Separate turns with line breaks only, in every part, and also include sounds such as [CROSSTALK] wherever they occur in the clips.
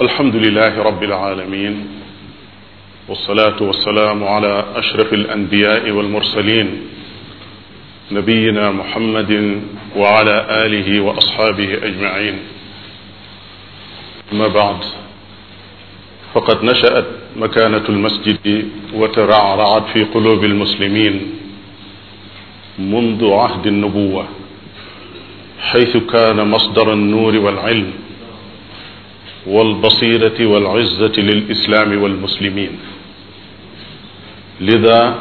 alhamdulilahi rabbil alamin wasalaatu wasalaamu ala ashrafi alanbiyaai walmursalin nabiyina muhammadin wa ala alihi wa ashaabihi ajmain amma baad faqad nashaat makanatu almasjidi wa taraaraat fi qulubi almuslimin mundu ahdi annubuwa xaytu kaana masdara annuuri walilm والبصيرة والعزة للإسلام والمسلمين لذا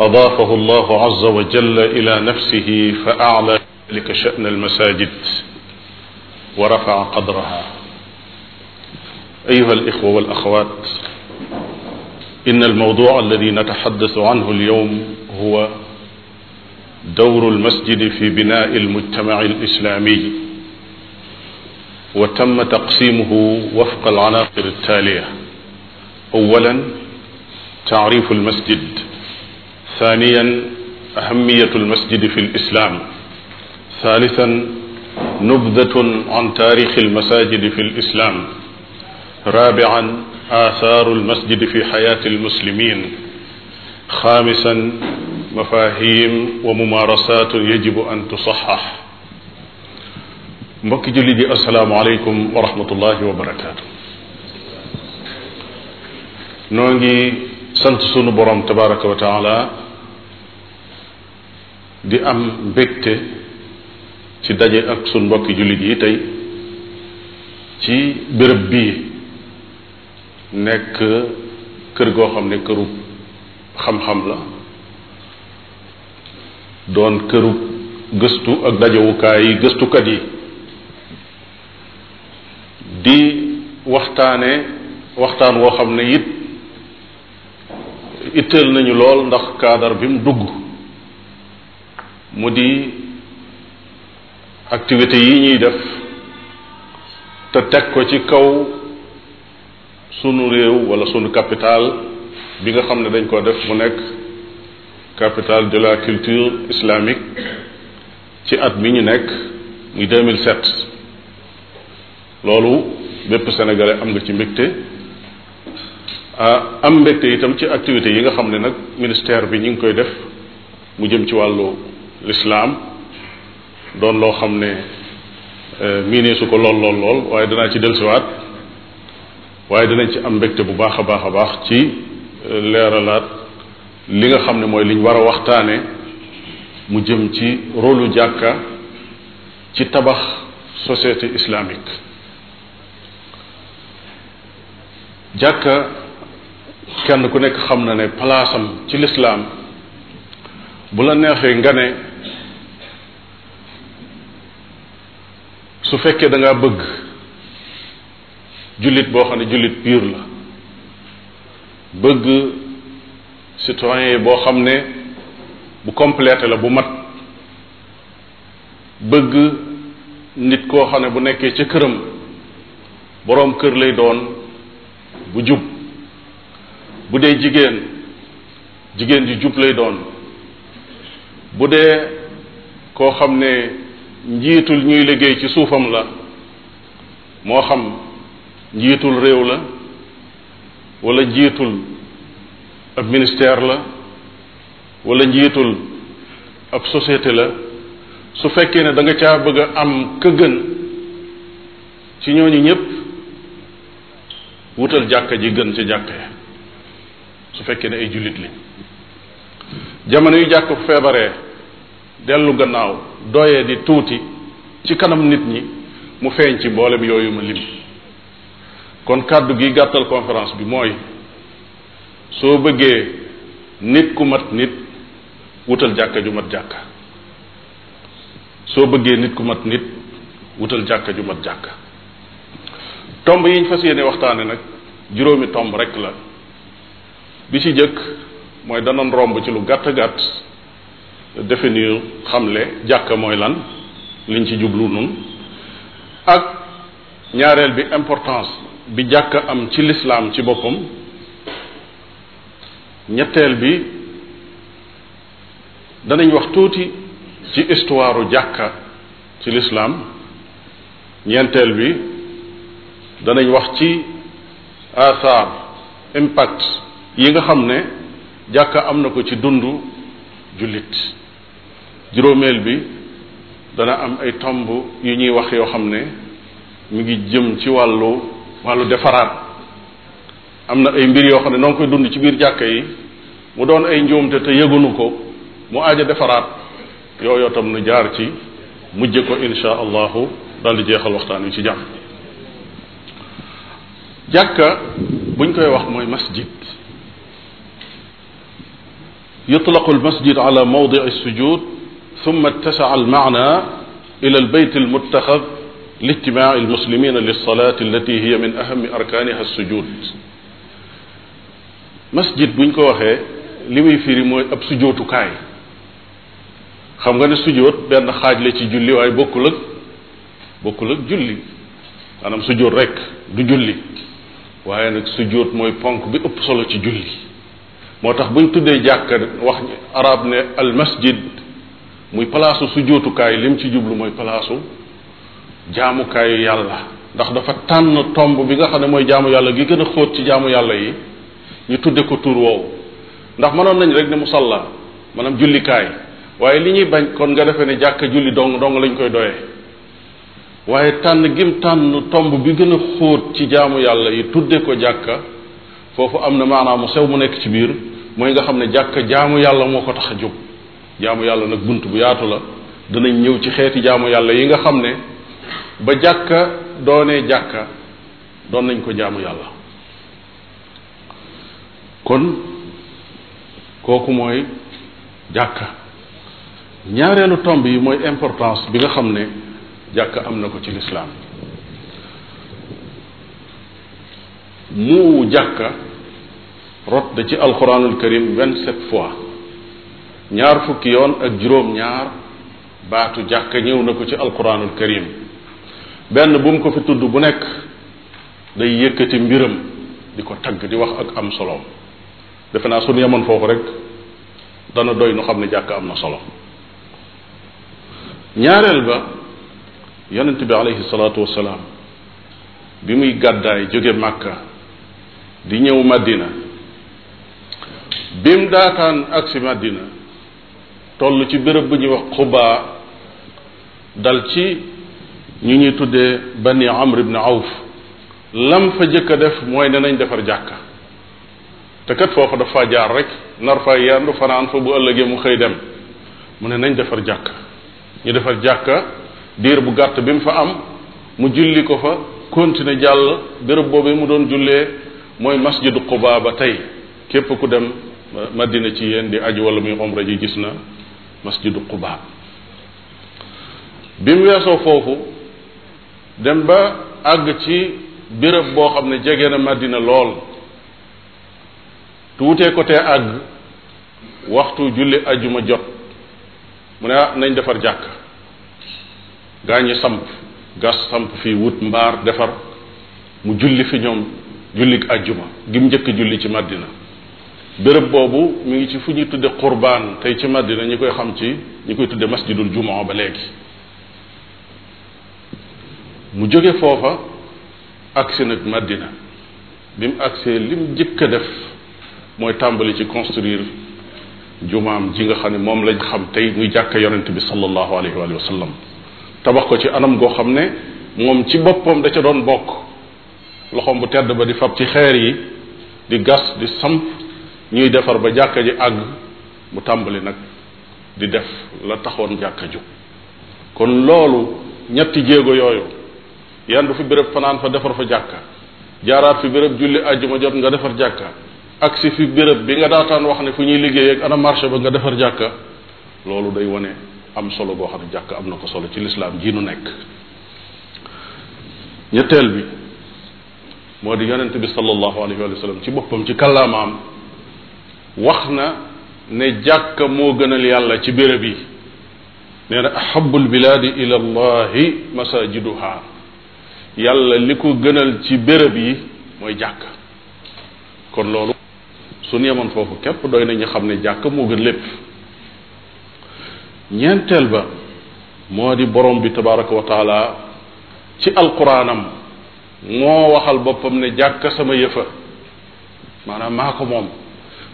أضافه الله عز وجل إلى نفسه فأعلى ذلك شأن المساجد ورفع قدرها أيها الإخوة والأخوات إن الموضوع الذي نتحدث عنه اليوم هو دور المسجد في بناء المجتمع الإسلامي wa tamma taqsimuhu wafqa al-anaaqir at-taaliya awalan taarifu al-masjid ثانيا أهمية المسجد في الإسلام ثالثا نبذة عن تاريخ المساجد في الإسلام رابعا آثار المسجد في حياة المسلمين خامسا مفاهيم وممارسات يجب أن تصحح mbokki jullit yi asalaamaaleykum wa rahmatullahi wa barakaatu. noo ngi sant sunu borom tabaraka wa taala di am mbégte ci daje ak sunu mbokki jullit yi tey ci bërëb bii nekk kër goo xam ne këru xam-xam la doon këru gëstu ak dajewukaay yi gëstukat yi di waxtaane waxtaan woo xam ne it itteel nañu lool ndax kaadar bi mu dugg mu di activités yi ñuy def te teg ko ci kaw sunu réew wala sunu capital bi nga xam ne dañ ko def mu nekk capital de la culture islamique ci at mi ñu nekk muy 2007 loolu bépp sénégalais am nga ci mbégte ah, am mbégte itam ci activités yi nga xam ne nag ministère bi ñu ngi koy def mu jëm ci wàllu lislaam doon loo xam ne eh, miinee su ko lool lool lool waaye danaa ci dellusiwaat waaye danañ ci am mbégte bu baax a baax a baax ci eh, leeralaat li nga xam ne mooy liñ war a waxtaane mu jëm ci rôlu jàkka ci tabax société islamique jàkka kenn ku nekk xam na ne palaasam ci lislaam bu la neexee nga ne su fekkee da bëgg jullit boo xam ne jullit pur la bëgg citoyen boo xam ne bu complété la bu mat bëgg nit koo xam ne bu nekkee ca këram boroom kër lay doon bu jub bu dee jigéen jigéen ju jub lay doon bu dee koo xam ne njiitul ñuy liggéey ci suufam la moo xam njiitul réew la wala njiitul ab ministère la wala njiitul ab société la su fekkee ne danga nga caa bëgg a am ka ci ñooñu ñëpp wutal jàkka ji gën ci jàkka su fekkee ne ay jullit lañ jamono yu jàkk feebaree dellu gannaaw doyee di tuuti ci kanam nit ñi mu feeñ ci mboolem yooyu ma lim kon kàddu gi gàttal conférence bi mooy soo bëggee nit ku mat nit wutal jàkka ju mat jàkka soo bëggee nit ku mat nit wutal jàkka ju mat jàkka tomb yiñ fas yéene waxtaane nag juróomi tomb rek la bi ci jëkk mooy danañ romb ci lu gàtt gàtt définir xamle jàkka mooy lan liñ ci jublu nun ak ñaareel bi importance bi jàkka am ci lislaam ci boppam ñetteel bi danañ wax tuuti ci histoire jàkka ci lislaam ñeenteel bi danañ wax ci athar impact yi nga xam ne jàkka am na ko ci dundu jullit juróomeel bi dana am ay tomb yu ñuy wax yoo xam ne mu ngi jëm ci wàllu wàllu defaraat am na ay mbir yoo xam ne noo koy dund ci biir jàkka yi mu doon ay njuumte te yëgunu ko mu aaja defaraat yooyu tam nu jaar ci mujje ko insha allahu daldi jeexal waxtaan wi ci jàmm jàkka buñ koy wax mooy masjid yutlaqu almasjid ala mawdi alsujud thumma ittasaa almaana ila albayt almuttaxad lijtimaa almuslimina lilsalat allati hiya min ahami arkaniha alsujud masjid buñ ko waxee li muy firi mooy ab sujootukaay xam nga ne sujoot benn xaaj la ci julli waaye bokkul ak bokkul ak julli maanaam sujoot rek du julli waaye nag sujjóot mooy ponk bi ëpp solo ci julli moo tax buñ tuddee jàkka wax arab ne al masjid muy palaasu sujjóotukaay lim ci jublu mooy palaasu jaamukaayu yàlla ndax dafa tànn tomb bi nga xam ne mooy jaamu yàlla gi gën a xóot ci jaamu yàlla yi ñu tuddee ko tur woowu ndax mënoon nañu rek ne musalla maanaam jullikaay waaye li ñuy bañ kon nga defee ne jàkka julli dong dong lañ koy doyee waaye tànn gim tànn tomb bi gën a xóot ci jaamu yàlla yi tudde ko jàkka foofu am na maanaam mu sew mu nekk ci biir mooy nga xam ne jàkka jaamu yàlla moo ko tax a jóg jaamu yàlla nag bunt bu yaatu la danañ ñëw ci xeeti jaamu yàlla yi nga xam ne ba jàkka doonee jàkka doon nañ ko jaamu yàlla kon kooku mooy jàkka ñaareelu tomb yi mooy importance bi nga xam ne jàkk am na ko ci lislaam mu jàkka rot da ci alquranul karim vingt sept fois ñaar fukki yoon ak juróom ñaar baatu jàkka ñëw na ko ci alquranul karim benn bu mu ko fi tudd bu nekk day yëkkati mbiram di ko tagg di wax ak am solo defe naa suñu yemoon foofu rek dana doy nu xam ne jàkk am na solo ñaareel ba yonent bi aleyhi salaatu wasalaam bi muy gàddaay jóge màkka di ñëw madina bim daataan agsi madina toll ci béréb bu ñuy wax xubaa dal ci ñu ñuy tuddee bani amr ibn awf lam fa jëkk a def mooy ne nañ defar jàkka te foofu foofa dafa faa jaar rek nar faa yendu fanaan fa bu ëllëgee mu xëy dem mu ne nañ defar jàkka ñu defar jàkka diir bu gàtt bi mu fa am mu julli ko fa continuer jàll béréb boobu mu doon jullee mooy masjidu Quba ba tey képp ku dem Madina ci yéen di aju wala muy omra ji gis na masjidu Quba bi mu weesoo foofu dem ba àgg ci béréb boo xam ne jege na Madina lool tuutee ko tee àgg waxtu julli ajuma jot mu ne ah nañ defar jàkk gaa ñu samp gas samp fii wut mbaar defar mu julli fi ñoom jullik ak juma mu njëkk julli ci Madina béréb boobu mu ngi ci fu ñuy tudde qurbaan tey ci Madina ñi koy xam ci ñu koy tudde masjidul jumaa ba léegi mu jóge foofa agsi nag Madina bi mu agsee lim njëkk a def mooy tàmbali ci construire jumaam ji nga xam ne moom lañ xam tey muy jàkka yonent bi sallallahu alayhi wa sallam tabax ko ci anam goo xam ne moom ci boppam da ca doon bokk loxoom bu tedd ba di fab ci xeer yi di gas di samp ñuy defar ba jàkka ji tàmbali nag di def la taxoon jàkka ju kon loolu ñetti jéego yooyu yandu fi béréb fanaan fa defar fa jàkka jaaraat fi béréb julli àjjuma jot nga defar jàkka agsi fi béréb bi nga daataan wax ne fu ñuy liggéey ak ana marché ba nga defar jàkka loolu day wane am solo boo xam ne jàkk am na ko solo ci lislaam ji nu nekk ñetteel bi moo di yonent bi sallallahu alayhi wa sallam ci boppam ci kàllaamaam wax na ne jàkka moo gënal yàlla ci béréb yi nee na ahabul bilaadi ila allahi masajiduha yàlla li ko gënal ci béréb yi mooy jàkk kon loolu su ñu yemoon foofu képp doy nañu xam ne jàkk moo gën lépp ñeenteel ba moo di borom bi tabaraka wa taala ci alquraanam moo waxal boppam ne jàkk sama yëfa maanaam maa ko moom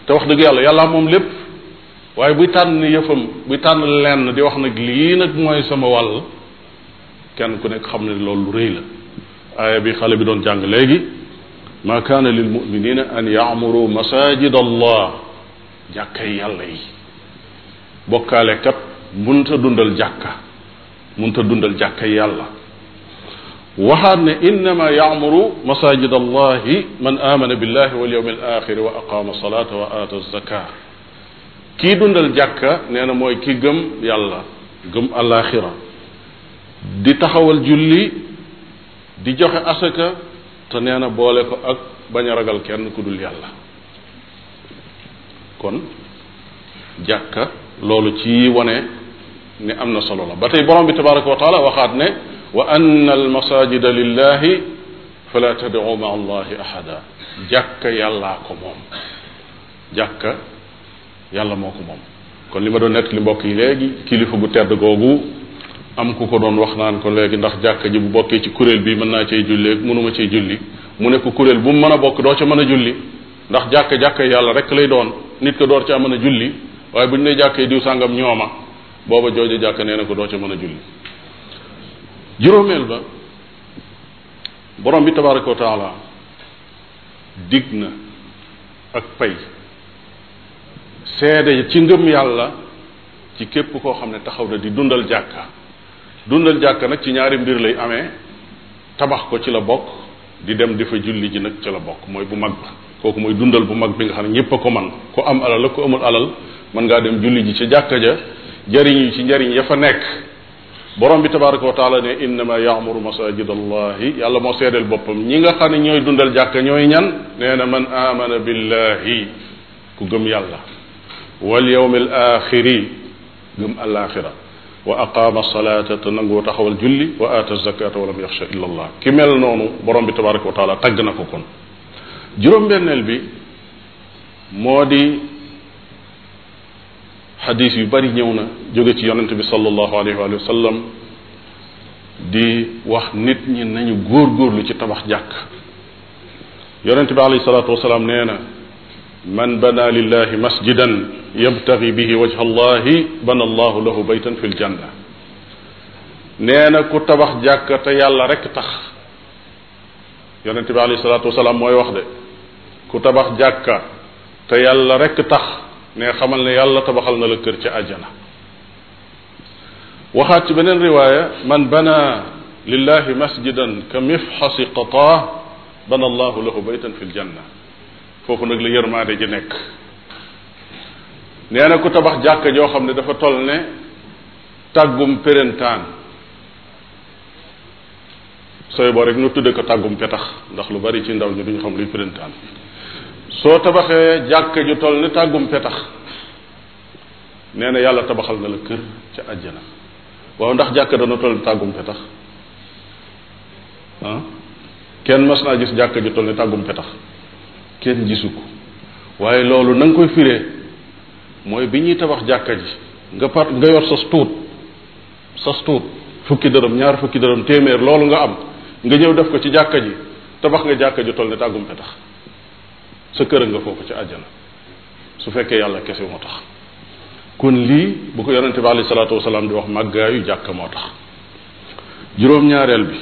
te wax dëgg yàlla yàlla moom lépp waaye buy tànn yëfam buy tànn lenn di wax nag lii nag mooy sama wal kenn ku nekk xam ne loolu lu rëy la aaya bi xale bi doon jàng léegi ma kaana lil muminina an yaamuru masajid allah jàkkay yàlla yi bokkaale munta dundal jàkka munta dundal jàkka yàlla waxaat ne innama yaamuru masajid allahi man amana billahi wal yawmi al wa aqama salata wa aata zaka kii dundal jàkka nee mooy ki gëm yàlla gëm alaxira di taxawal julli di joxe asaka te nee na boole ko ak bañ a ragal kenn ku dul yàlla kon jàkka loolu ci wone ni am na solo la ba tey borom bi tabaraka wa taala waxaat ne wa anna al masajida lillahi fala tad'u ma allahi ahada jàkka yàllaa ko moom jàkka yàlla moo ko moom kon li ma doon nett li mbokk yi léegi kilifa bu tedd googu am ku ko doon wax naan ko léegi ndax jàkka ji bu bokkee ci kuréel bi mën naa cee julli mënuma cee julli mu ne ko kuréel bu mu mën a bokk doo ci mën a julli ndax jàkka jàkka yàlla rek lay doon nit ko door caa mën a julli waaye bu ñu ne jàkkee sàngam ñooma booba jooju jàkk nee na ko doo ca mën a julli juróomeel ba borom bi tabaraka wa taala dig na ak pay seede ci ngëm yàlla ci képp koo xam ne taxaw na di dundal jàkka dundal jàkka nag ci ñaari mbir lay amee tabax ko ci la bokk di dem di fa julli ji nag ci la bokk mooy bu mag ba kooku mooy dundal bu mag bi nga xam ne ñépp a ko man ku am alal la ku amul alal mën ngaa dem julli ji ci jàkka ja jariñu ci njariñ ya fa nekk borom bi tabaraka wa taala ne innama yaamuru masajid allahi yàlla moo seedeel boppam ñi nga xam ne ñooy dundal jàkka ñooy ñan nee na man amana billahi ku gëm yàlla wal yawmi al axiri gëm alaxira wa aqaama salaata te nangoo taxawal julli wa aata zakata walam yaxsha illa allah ki mel noonu borom bi tabaraka wa taala tagg na ko kon juróom-benneel xadis yu bari ñëw na jóge ci yonent bi sallallahu alayhi wa sallam di wax nit ñi nañu góor góorlu ci tabax jàkk yonent bi alayhi salaatu wasalaam nee na man bana lillahi masjidan yabtagi bihi wajha allahi bana allahu lahu baytan fi ljanna nee na ku tabax jàkka te yàlla rek tax yonent bi alayhi salaatu wasalaam mooy wax de ku tabax jàkka te yàlla rek tax ne xamal ne yàlla tabaxal na la kër ci àjjana waxaat ci beneen riwaaya man bana lillahi masjidan ka mifxasi qataa bana allahu lahu baytan fi ljanna foofu nag la yërmaade ji nekk nee na ku tabax jàkka joo xam ne dafa toll ne tàggum pérentaan sooy boo rek nu tudde ko tàggum petax ndax lu bari ci ndaw ñu duñ xam luy soo tabaxee jàkka ju toll ni tàggum petax nee na yàlla tabaxal na la kër ca àjjana waaw ndax jàkka dana toll ni tàggum petax ah? kenn mas naa gis jàkka ju toll ni tàggum petax kenn gisu ko waaye loolu na nga koy firee mooy bi ñuy tabax jàkka ji nga par nga yor sas tuut sas tuut fukki dërëm ñaar fukki dërëm téeméer loolu nga am nga ñëw def ko ci jàkka ji tabax nga jàkka ju toll ne tàggum petax sa kër nga foofu ci ajala su fekkee yàlla kese moo tax kon lii bu ko yonente bi alayhi salaatu wasalaam di wax màggaayu jàkk moo tax juróom-ñaareel bi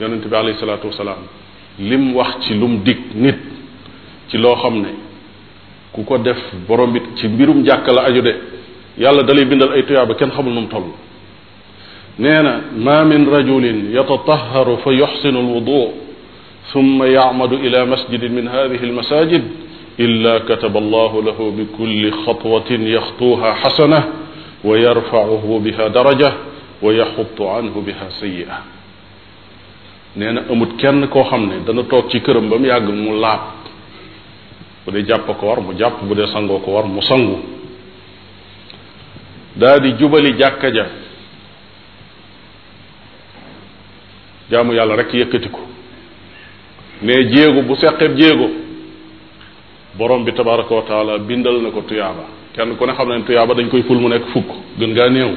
yonente bi alayhi salaatu wasalaam lim wax ci lum dig nit ci loo xam ne ku ko def borom bi ci mbirum jàkk la aju de yàlla dalay bindal ay tuyaaba kenn xamul nu mu toll nee na ma min rajulin yatataharu fa yuxsinu alwudu summa yacmadu ila masjidin min hadihi almasajid illa kataba allahu lahu bi kulli xatwatin yaxtuuha xasana wa yarfacuhu biha daraja wa yaxutu anhu biha sayia nee na amut kenn koo xam ne dana toog ci këram ba mu yàgg mu laab bu dee jàpp ko war mu jàpp bu dee sangoo ko war mu sangu daa di jubali jàkka ja jaamu yàlla rek yëkkati ko ne jéego bu seqeeb jéego borom bi tabaraka wa bindal na ko tuyaaba kenn ku ne xam ne tuyaaba dañ koy ful mu nekk fukk gën ngaa néew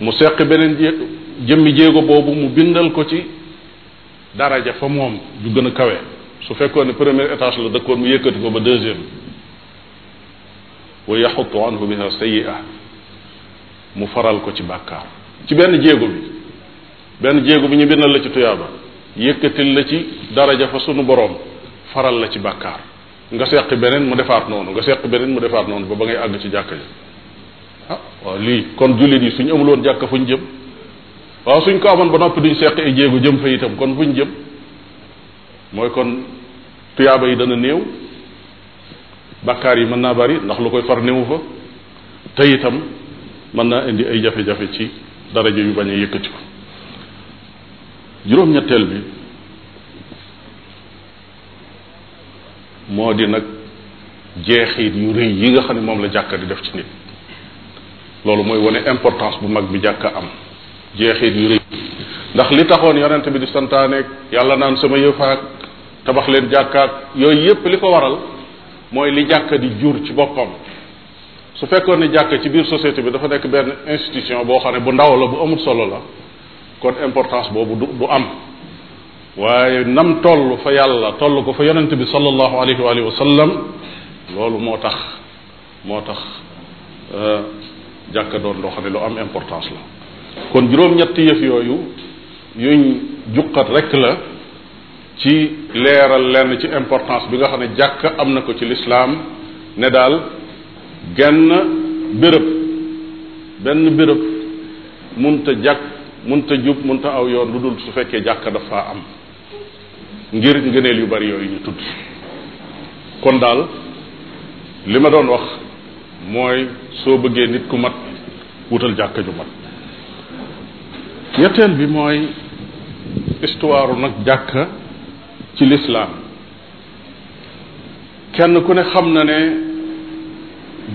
mu seq beneen jé jëmmi jéego boobu mu bindal ko ci daraja fa moom ju gën a kawe su fekkoon ne premier étage la dëkkoon mu yëkkati ko ba deuxième wa yaxutu anhu biha sayyi'a mu faral ko ci bàkkaar ci benn jéego bi benn jéego bi ñu bindal la ci tuyaaba yëkkatil la ci daraja fa sunu boroom faral la ci bàkkaar nga seq beneen mu defaat noonu nga seq beneen mu defaat noonu ba ba ngay àgg ci jàkka ja ah waaw lii kon jullit yi su amul woon jàkka fuñ jëm waaw suñ ko amoon ba noppi duñ seq ay jéegu jëm fa itam kon fuñ jëm mooy kon tuyaaba yi dana néew bàkkaar yi mën naa bari ndax lu koy far néewu fa te itam mën naa indi ay jafe-jafe ci daraja yu bañ a yëkkati ko juróom-ñetteel bi moo di nag jeexit yu rëy yi nga xam ne moom la jàkka di def ci nit loolu mooy wane importance bu mag bi jàkk am jeexiit yu rëy ndax li taxoon yonente bi di santaaneeg yàlla naan sama yëfaak tabax leen jàkkaak yooyu yépp li ko waral mooy li jàkka di jur ci boppam su fekkoon ne jàkka ci biir société bi dafa nekk benn institution boo xam ne bu ndaw la bu amul solo la kon importance boobu du am waaye nam toll fa yàlla toll ko fa yonent bi sallallahu alayhi wa alihi wa loolu moo tax moo tax euh, jàkka doon loo xam ne lu am importance la kon juróom-ñetti yëf yooyu yuñ juqat rekk la ci leeral lenn ci importance bi nga xam ne jàkka am na ko ci lislaam ne daal genn béréb benn béréb munta jàkk munta jub munta aw yoon lu dul su fekkee jàkka dafa am ngir ngëneel yu bari yooyu ñu tudd kon daal li ma doon wax mooy soo bëggee nit ku mat wutal jàkka ju mat ñetteel bi mooy histoire nag jàkka ci lislaam kenn ku ne xam na ne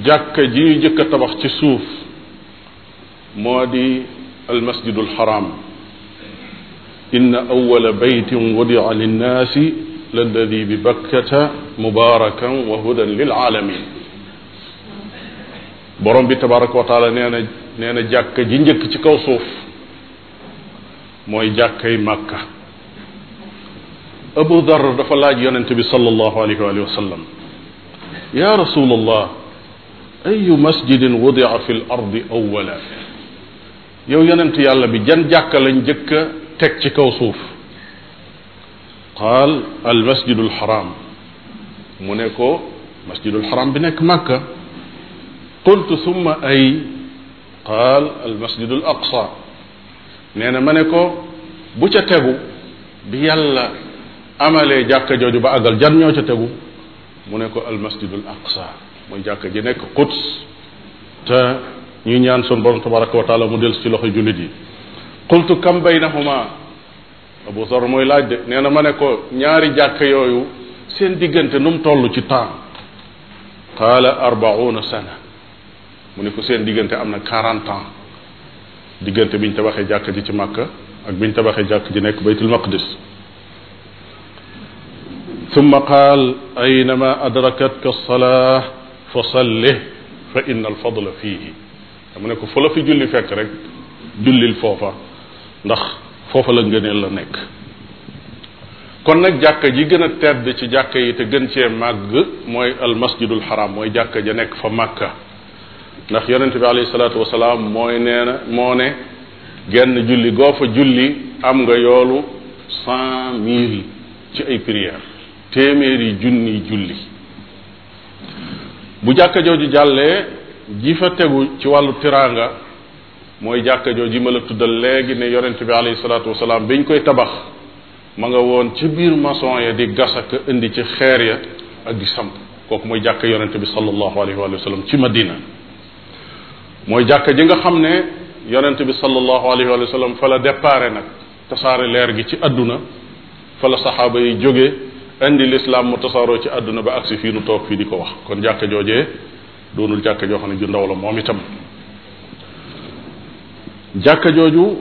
jàkka ji ñu jëkk tabax ci suuf moo di almasjidu alxaram inna awala baytin wudia linnaasi lalladi bi bakkata mubaarakan wa hudan lilaalamin borom bi tabaraka wa taala nee na nee na jàkka ji njëkk ci kaw suuf mooy jàkkay màkka abu dar dafa laaj yonente bi sallallahu alayhi wa alihi wa sallam ya rasul allah ayu masjidin wudia fi l ardi awala yow yonent yàlla bi jan jàkka lañ jëkk a teg ci kaw suuf qaal al masjidul xaram mu ne ko masjidul xaram bi nekk màkka qultu summa ay qaal al masjidul aqsa nee na ma ne ko bu ca tegu bi yàlla amalee jàkka jooju ba àggal jan ñoo ca tegu mu ne ko al masjidul aqsa mooy jàkka ji nekk quds te ñuy ñaan sun borom tabaraka wa taala mu dellusi ci loxo jullit yi qultu kam baynahuma abu zar mooy laaj de nee na ma ne ko ñaari jàkk yooyu seen diggante nu mu toll ci temps qaala arbauna sana mu ne ko seen diggante am na quarante ans diggante biñ tabaxee jàkk ji ci màkka ak biñ tabaxee jàkk ji nekk baytul maqdis summa qaal aynama adrakatka alsalaa fa sallih fa alfadla fiihi mu ne ko fa la fi julli fekk rek jullil foofa ndax foofa la ngëneel la nekk kon nag jàkka ji gën a tedd ci jàkka yi te gën cee màgg mooy al masjidul xaram mooy jàkka ja nekk fa màkka ndax yonente bi alayhi salaatu wasalaam mooy nee na moo ne genn julli goo fa julli am nga yoolu cent ci ay prière téeméeri junni julli bu jàkka jooju jàllee ji fa tegu ci wàllu tiraanga mooy jàkka joo ji ma la tuddal léegi ne yonent bi alayhi salaatu wasalaam biñ koy tabax ma nga woon ci biir mason ya di gas ak indi ci xeer ya ak di samp kooku mooy jàkka yonent bi sallallahu alayhi wa sallam ci Madina mooy jàkka ji nga xam ne yonent bi sallallahu alayhi wa sallam fa la déparé nag tasaare leer gi ci àdduna fa la saxaaba yi jóge indi lislaam mu tasaaroo ci àdduna ba agsi fii nu toog fii di ko wax kon jàkka joojee doonul jàkka joo xam ne ju ndaw la moom itam jàkka jooju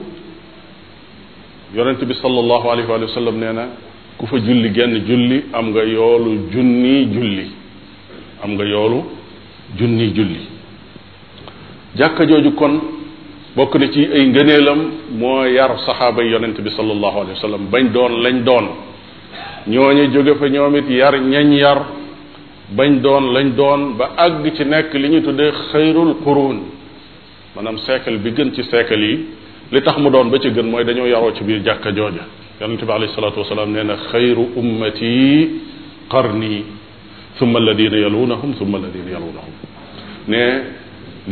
yonent bi sallallahu alayhi wa sallam nee na ku fa julli genn julli am nga yoolu junni julli am nga yoolu junni julli jàkka jooju kon bokk na ci ay ngëneelam moo yar saxaaba yi yonent bi sallallahu alayhi wa sallam bañ doon lañ doon ñooñu jóge fa ñoom yar ñañ yar bañ doon lañ doon ba àgg ci nekk li ñu tuddee xayrul quruun maanaam siècle bi gën ci siècle yi li tax mu doon ba ci gën mooy dañoo yaroo ci biir jàkka jooja yonente bi alayhi salaatu wasalaam nee na xayru ummati qarni thumma alladina yalunahum thumma alladina yalunahum ne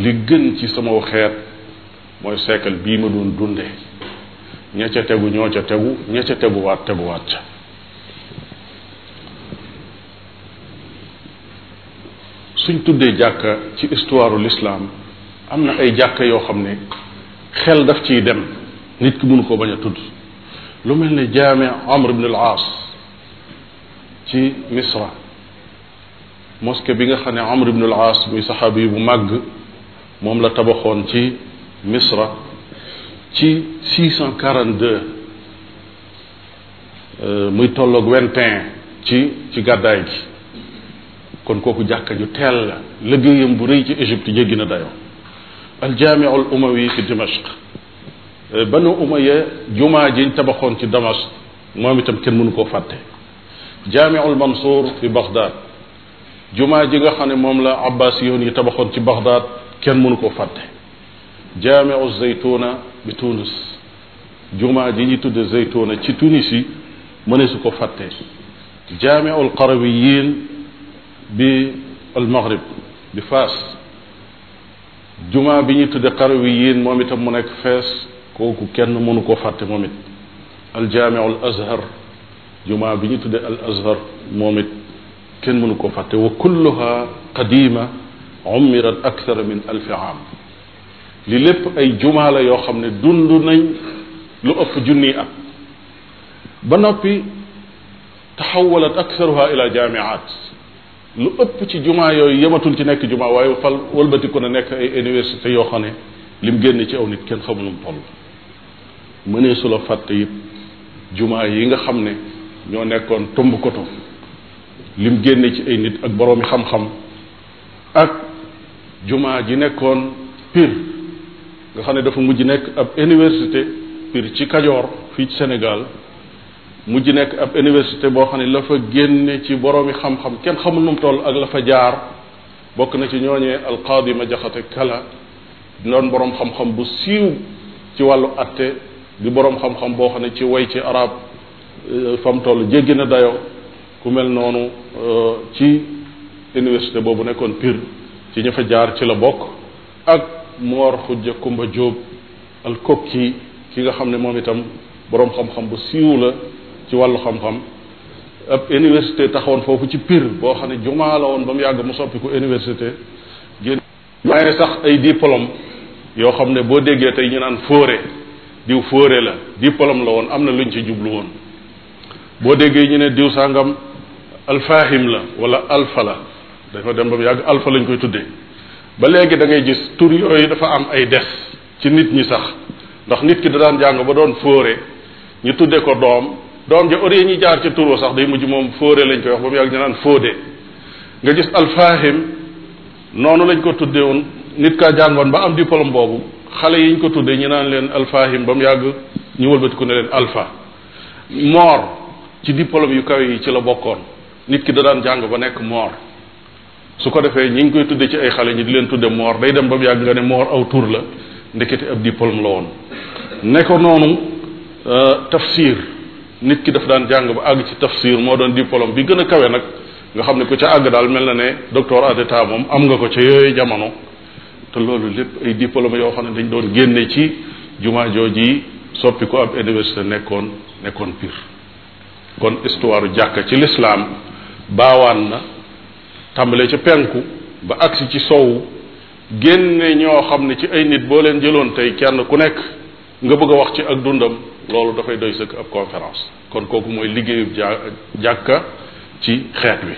li gën ci sama xeet mooy siècle bii ma doon dunde ña ca tegu ñoo ca tegu ña ca teguwaat teguwaat ca suñ tuddee jàkka ci histoire lislaam am na ay jàkka yoo xam ne xel daf ciy dem nit ki mënu ko bañ a tudd lu mel ne jaami Amr ibn al-Aas ci Misra moske bi nga xam ne Amr ibn al-Aas muy saxaabi yi bu màgg moom la tabaxoon ci Misra ci 642 euh, muy tolloog 21 ci ci gàddaay gi kon kooku jàkka ju teel la liggéeyam bu rëy ci Égypte jéggi na dayoo aljaamiu al umawi fi dimashq banu umaya jumaa jiñ tabaxoon ci damashq moom itam kenn mënu koo fàtte jaamiul mansour fi baghdad jumaa ji nga xam ne moom la abbas yoon yi tabaxoon ci baghdad kenn mënu koo fàtte jaamiu zaytuna bi tunis jumaa ji ñuy tudde zaytuna ci tunis yi mëne su ko fàtte bi al maghrib bi faas juma bi ñu tudde Qarawiyyin moom itam mu nekk fees kooku kenn mënu koo fàtte moom it aljaamiu al azhar juma bi ñu tudde al azhar moom it kenn mënu koo fàtte wa kulluha qadima ummirat akthara min alfi aam li lépp ay juma la yoo xam ne dund nañ lu ëpp junniy at ba noppi taxawalat aktharuha ila jaamiat lu ëpp ci jumaa yooyu yematul ci nekk jumaa waaye fal wëlbatiku na nekk ay université yoo xam ne lim génne ci aw nit kenn xamu nu mu toll mënee su la fàtte it jumaa yi nga xam ne ñoo nekkoon tomb koto lim génne ci ay nit ak boroomi xam-xam ak jumaa ji nekkoon piir nga xam ne dafa mujj nekk ab université piir ci Kajoor fii ci Sénégal mujj nekk ab université boo xam ne la fa génne ci boroomi xam-xam kenn xamul nu mu toll ak la fa jaar bokk na ci ñooñee alqaadi ma jaxate kala doon boroom xam-xam bu siiw ci wàllu atte di boroom xam-xam boo xam ne ci way ci arab euh, fa mu toll jéggi na dayo ku mel noonu euh, ci université boobu nekkoon Pire ci ña fa jaar ci la bokk ak Mor Xujja Kumba Jóob al Kokki ki nga xam ne moom itam borom xam-xam bu siiw la ci wàllu xam-xam ab université taxawoon foofu ci piir boo xam ne jumaa la woon ba mu yàgg mu soppi ko université génn waaye sax ay diplôme yoo xam ne boo déggee tey ñu naan fóore diw fóore la diplôme la woon am na lu luñ ci jublu woon boo déggee ñu ne diw sàngam alfahim la wala alfa la dafa dem ba mu yàgg alfa lañ koy tuddee ba léegi da ngay gis tur yooyu dafa am ay des ci nit ñi sax ndax nit ki da daan jàng ba doon fóore ñu tudde ko doom doom ja orée ñi jaar ca tur wa sax day mujj moom fóore lañ koy wax ba mu yàgg ñu naan fóode nga gis alfaahim noonu lañ ko tuddee woon nit kaa jàngoon ba am diplôme boobu xale yi ñu ko tuddee ñu naan leen alfaahim ba mu yàgg ñu ko ne leen alpha moor ci diplôme yu kawe yi ci la bokkoon nit ki da daan jàng ba nekk moor su ko defee ñu ngi koy tuddee ci ay xale ñi di leen tudde moor day dem ba mu yàgg nga ne moor aw tur la ndekete ab diplôme la woon ne ko noonu euh, tafsir nit ki daf daan jàng ba àgg ci tafsir moo doon diplôme bi gën a kawe nag nga xam ne ko ca àgg daal mel na ne doctorat d'état moom am nga ko ca yooyu jamono te loolu lépp ay diplôme yoo xam ne dañ doon génne ci jumaa jooji soppi ko ab université nekkoon nekkoon Pire kon histoire jàkka ci lislaam baawaan na tàmbalee ca penku ba agsi ci sowu génne ñoo xam ne ci ay nit boo leen jëloon tey kenn ku nekk nga bëgg a wax ci ak dundam loolu dafay doy sëkk ab conférence kon kooku mooy liggéeyub ja jàkka ci xeet wi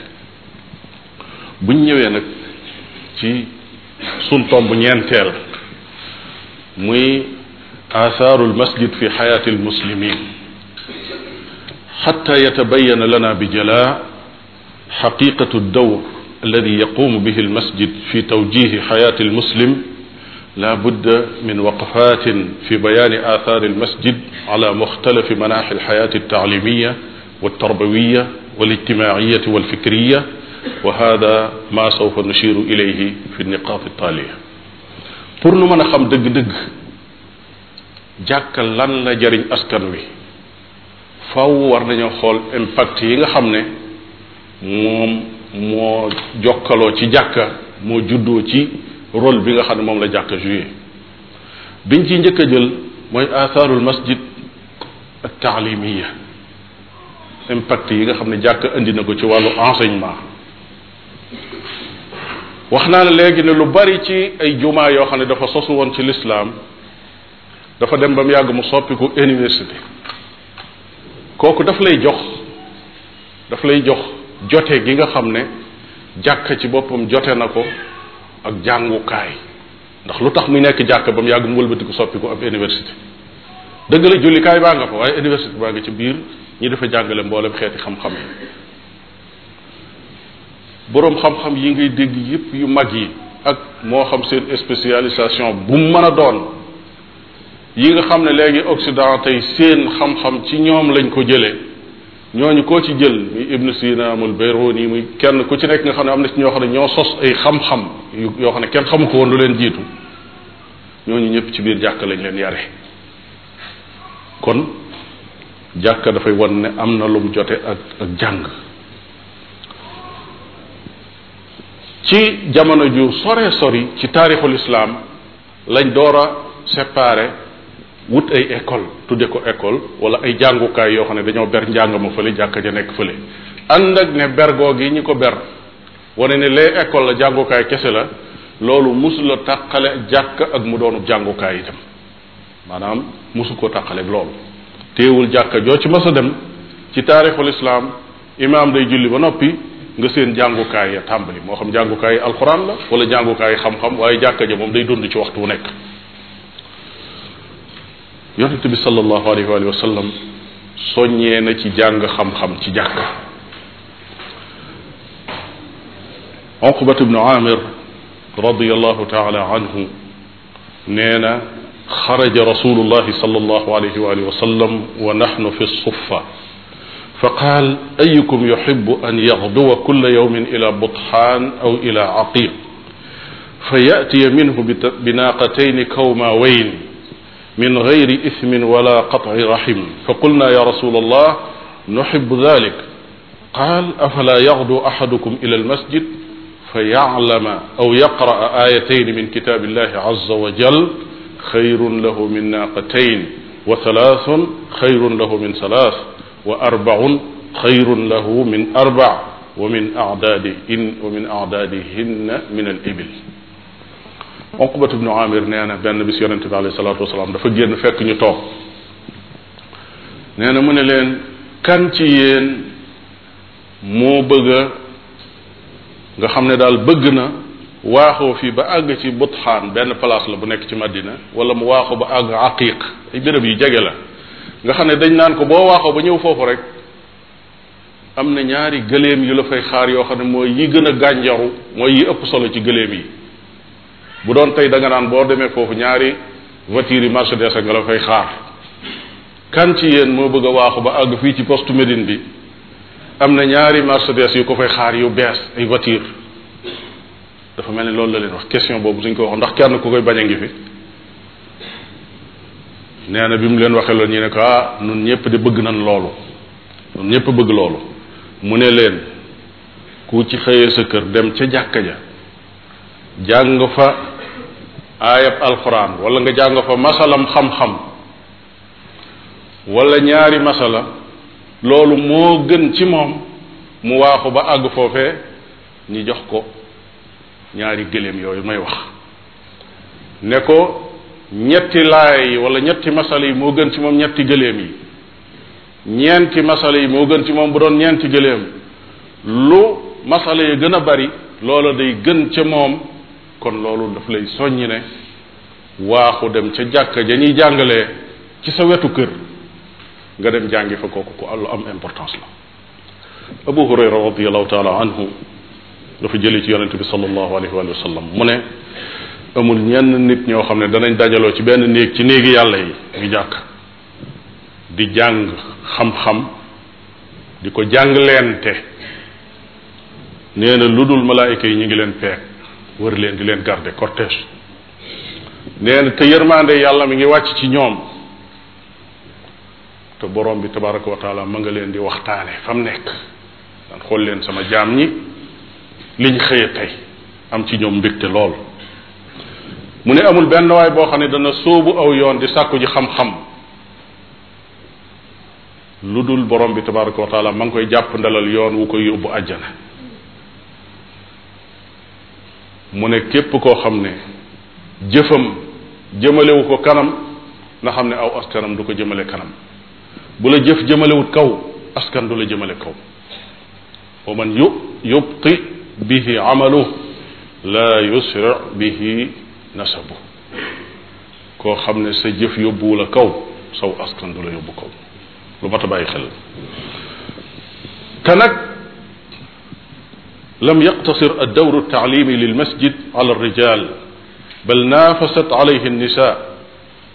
buñ ñëwee nag ci sun tomb ñeenteel muy athaarul masjid fi xayaati almuslimin xata yatabayana lana bi jala xaqiqatu dawr alladi yaqumu bihi almasjid fi tawjihi xayaati almuslim la budda min waqfatin fi bayaani athar almasjid ala muxtalafi manaxi alxayaati altaalimiya waltarbawiya walijtimaaciyati walfikriya wa hada ma sawfa nushiru ilayhi fi niqaat taaliya pour nu mën a xam dëgg-dëgg jàkka lan la jariñ askan wi faw war nañoo xool impact yi nga xam ne moom moo jokkaloo ci jàkka moo juddoo ci rôle bi nga xam ne moom la jàkka joué biñ ci njëkk a jël mooy atharul masjid ak taalimiya impact yi nga xam ne jàkk indi na ko ci wàllu enseignement wax naa ne léegi ne lu bari ci ay jumaa yoo xam ne dafa sosu woon ci lislaam dafa dem ba mu yàgg mu soppiku université kooku daf lay jox daf lay jox jote gi nga xam ne jàkk ci boppam jote na ko ak jàngukaay ndax lu tax mu nekk jàkk ba mu yàgg mu ko soppi ko ab université dëgg la jullikaay baa nga fa waaye université baa nga ci biir ñi dafa jàngale mboolem xeeti xam-xam yi boroom xam-xam yi ngay dégg yépp yu mag yi ak moo xam seen spécialisation bu mën a doon yi nga xam ne léegi Occident tey seen xam-xam ci ñoom lañ ko jëlee ñooñu koo ci jël muy ibnu sina mul Biruni muy kenn ku ci nekk nga xam ne am na ci ñoo xam ne ñoo sos ay xam-xam yu yoo xam ne kenn xamu ko woon lu leen jiitu ñooñu ñëpp ci biir jàkka lañ leen yare kon jàkka dafay won ne am na lum jote ak ak jàng ci jamono ju sore sori ci taarixul islaam lañ door a séparé wut ay école tudde ko école wala ay jàngukaay yoo xam ne dañoo ber njàng ma fële jàkka ja nekk fële ànd ak ne ber googu yi ñu ko ber wane ne lee école la jàngukaay kese la loolu musu la tàqale jàkk ak mu doonu jàngukaay itam maanaam musu ko tàqale loolu téewul jàkka joo ci mas a dem ci taarixul islaam imaam day julli ba noppi nga seen jàngukaay ya tàmbali moo xam jàngukaay alxuraan la wala jàngukaay xam-xam waaye jàkka ja moom day dund ci waxtu wu nekk yonent bi sallallahu alayhi wa sallam soññee na ci jàng xam-xam ci jàkka Uqbat ibnu Amir radiyallahu taala anhu nee na xaraja rasulullahi sallallahu alayhi wa sallam wa nahnu fi suffa fa qaal ayukum yuxibu an yaxduwa kulla yawmin ila butxaan aw ila aqiq fa yatiya minhu binaaqatayni kawmaawayn min gayri ismin wala qatci rahim fa qulna ya rasul allah nuxibu dalik qaal afala yagdu axadukum ila almasjid fa yaclama aw yaqra'a aayatayn min kitaab illahi azza wa jal xayrun lahu min naaqatayn wa salaasun xayrun lahu min salaas wa arbaun xayrun lahu min arbac wa min acdaadi in wa min acdaadihinna min al ibil Uqbat ibnu Amir nee na benn bis yonente bi alayhi salaatu wasalaam dafa génn fekk ñu toog nee na mu ne leen kan ci yéen moo bëgg nga xam ne daal bëgg na waaxoo fii ba àgg ci Butxaan benn place la bu nekk ci Madina wala mu waaxoo ba àgg Aqiq ay béréb yu jege la nga xam ne dañ naan ko boo waaxoo ba ñëw foofu rek am na ñaari gëléem yu la fay xaar yoo xam ne mooy yi gën a gànjaru mooy yi ëpp solo ci gëléem yi bu doon tey danga nga boo demee foofu ñaari voitures yi Mercedes nga la fay xaar kan ci yéen moo bëgg waaxu ba àgg fii ci poste Médine bi am na ñaari Mercedes yu ko fay xaar yu bees ay voitures dafa mel ni loolu la leen wax question boobu suñ ko wax ndax kenn ku koy bañ a ngi fi nee na bi mu leen waxee la ñu ne ko ah nun ñëpp di bëgg nañ loolu nun ñëpp bëgg loolu mu ne leen ku ci xëyee sa kër dem ca jàkka ja jàng fa aayab alxuraan walla nga jàng fa masalam xam-xam wala ñaari masala loolu moo gën ci moom mu waaxu ba àgg foofee ñi jox ko ñaari gëléem yooyu may wax ne ko ñetti laay yi wala ñetti masala yi moo gën ci moom ñetti gëléem yi ñeenti masala yi moo gën ci moom bu doon ñeenti gëléem lu masala yi gën a bari loola day gën ci moom kon loolu daf lay soññi ne waaxu dem ca jàkka ja ñuy jàngale ci sa wetu kër nga dem jàngi fa kooku ku àllu am importance la abu hurayra radiallahu taala anhu dafa jëli ci yonente bi salallahu alayhi wa sallam mu ne amul ñenn nit ñoo xam ne danañ dajaloo ci benn néeg ci néegi yàlla yi ñu jàkk di jàng xam-xam di ko jàng leente nee na lu dul malaayika yi ñu ngi leen peeg wër leen di leen garder cortège nee na te yërmande yàlla mi ngi wàcc ci ñoom te borom bi tabaraka wa ma nga leen di waxtaane fa mu nekk daan xool leen sama jaam ñi liñ xëye tey am ci ñoom mbégte lool mu ne amul benn waay boo xam ne dana sóobu aw yoon di sàkku ji xam-xam lu dul borom bi tabaraka wa ma ngi koy jàpp ndalal yoon wu koy yóbbu àjjana mu ne képp koo xam ne jëfam jëmalewu ko kanam na xam ne aw askanam du ko jëmale kanam bu la jëf jëmalewut kaw askan du la jëmale kaw wa man yu yubqi bihi amalu la yusri bihi nasabu koo xam ne sa jëf yóbbuwu la kaw saw askan du la yóbbu kaw lu mat a bàyyi xel ka nag lam yaqtasir ad-dawr at-ta'limi lil masjid ala ar-rijal bal naafasat alayhi an-nisa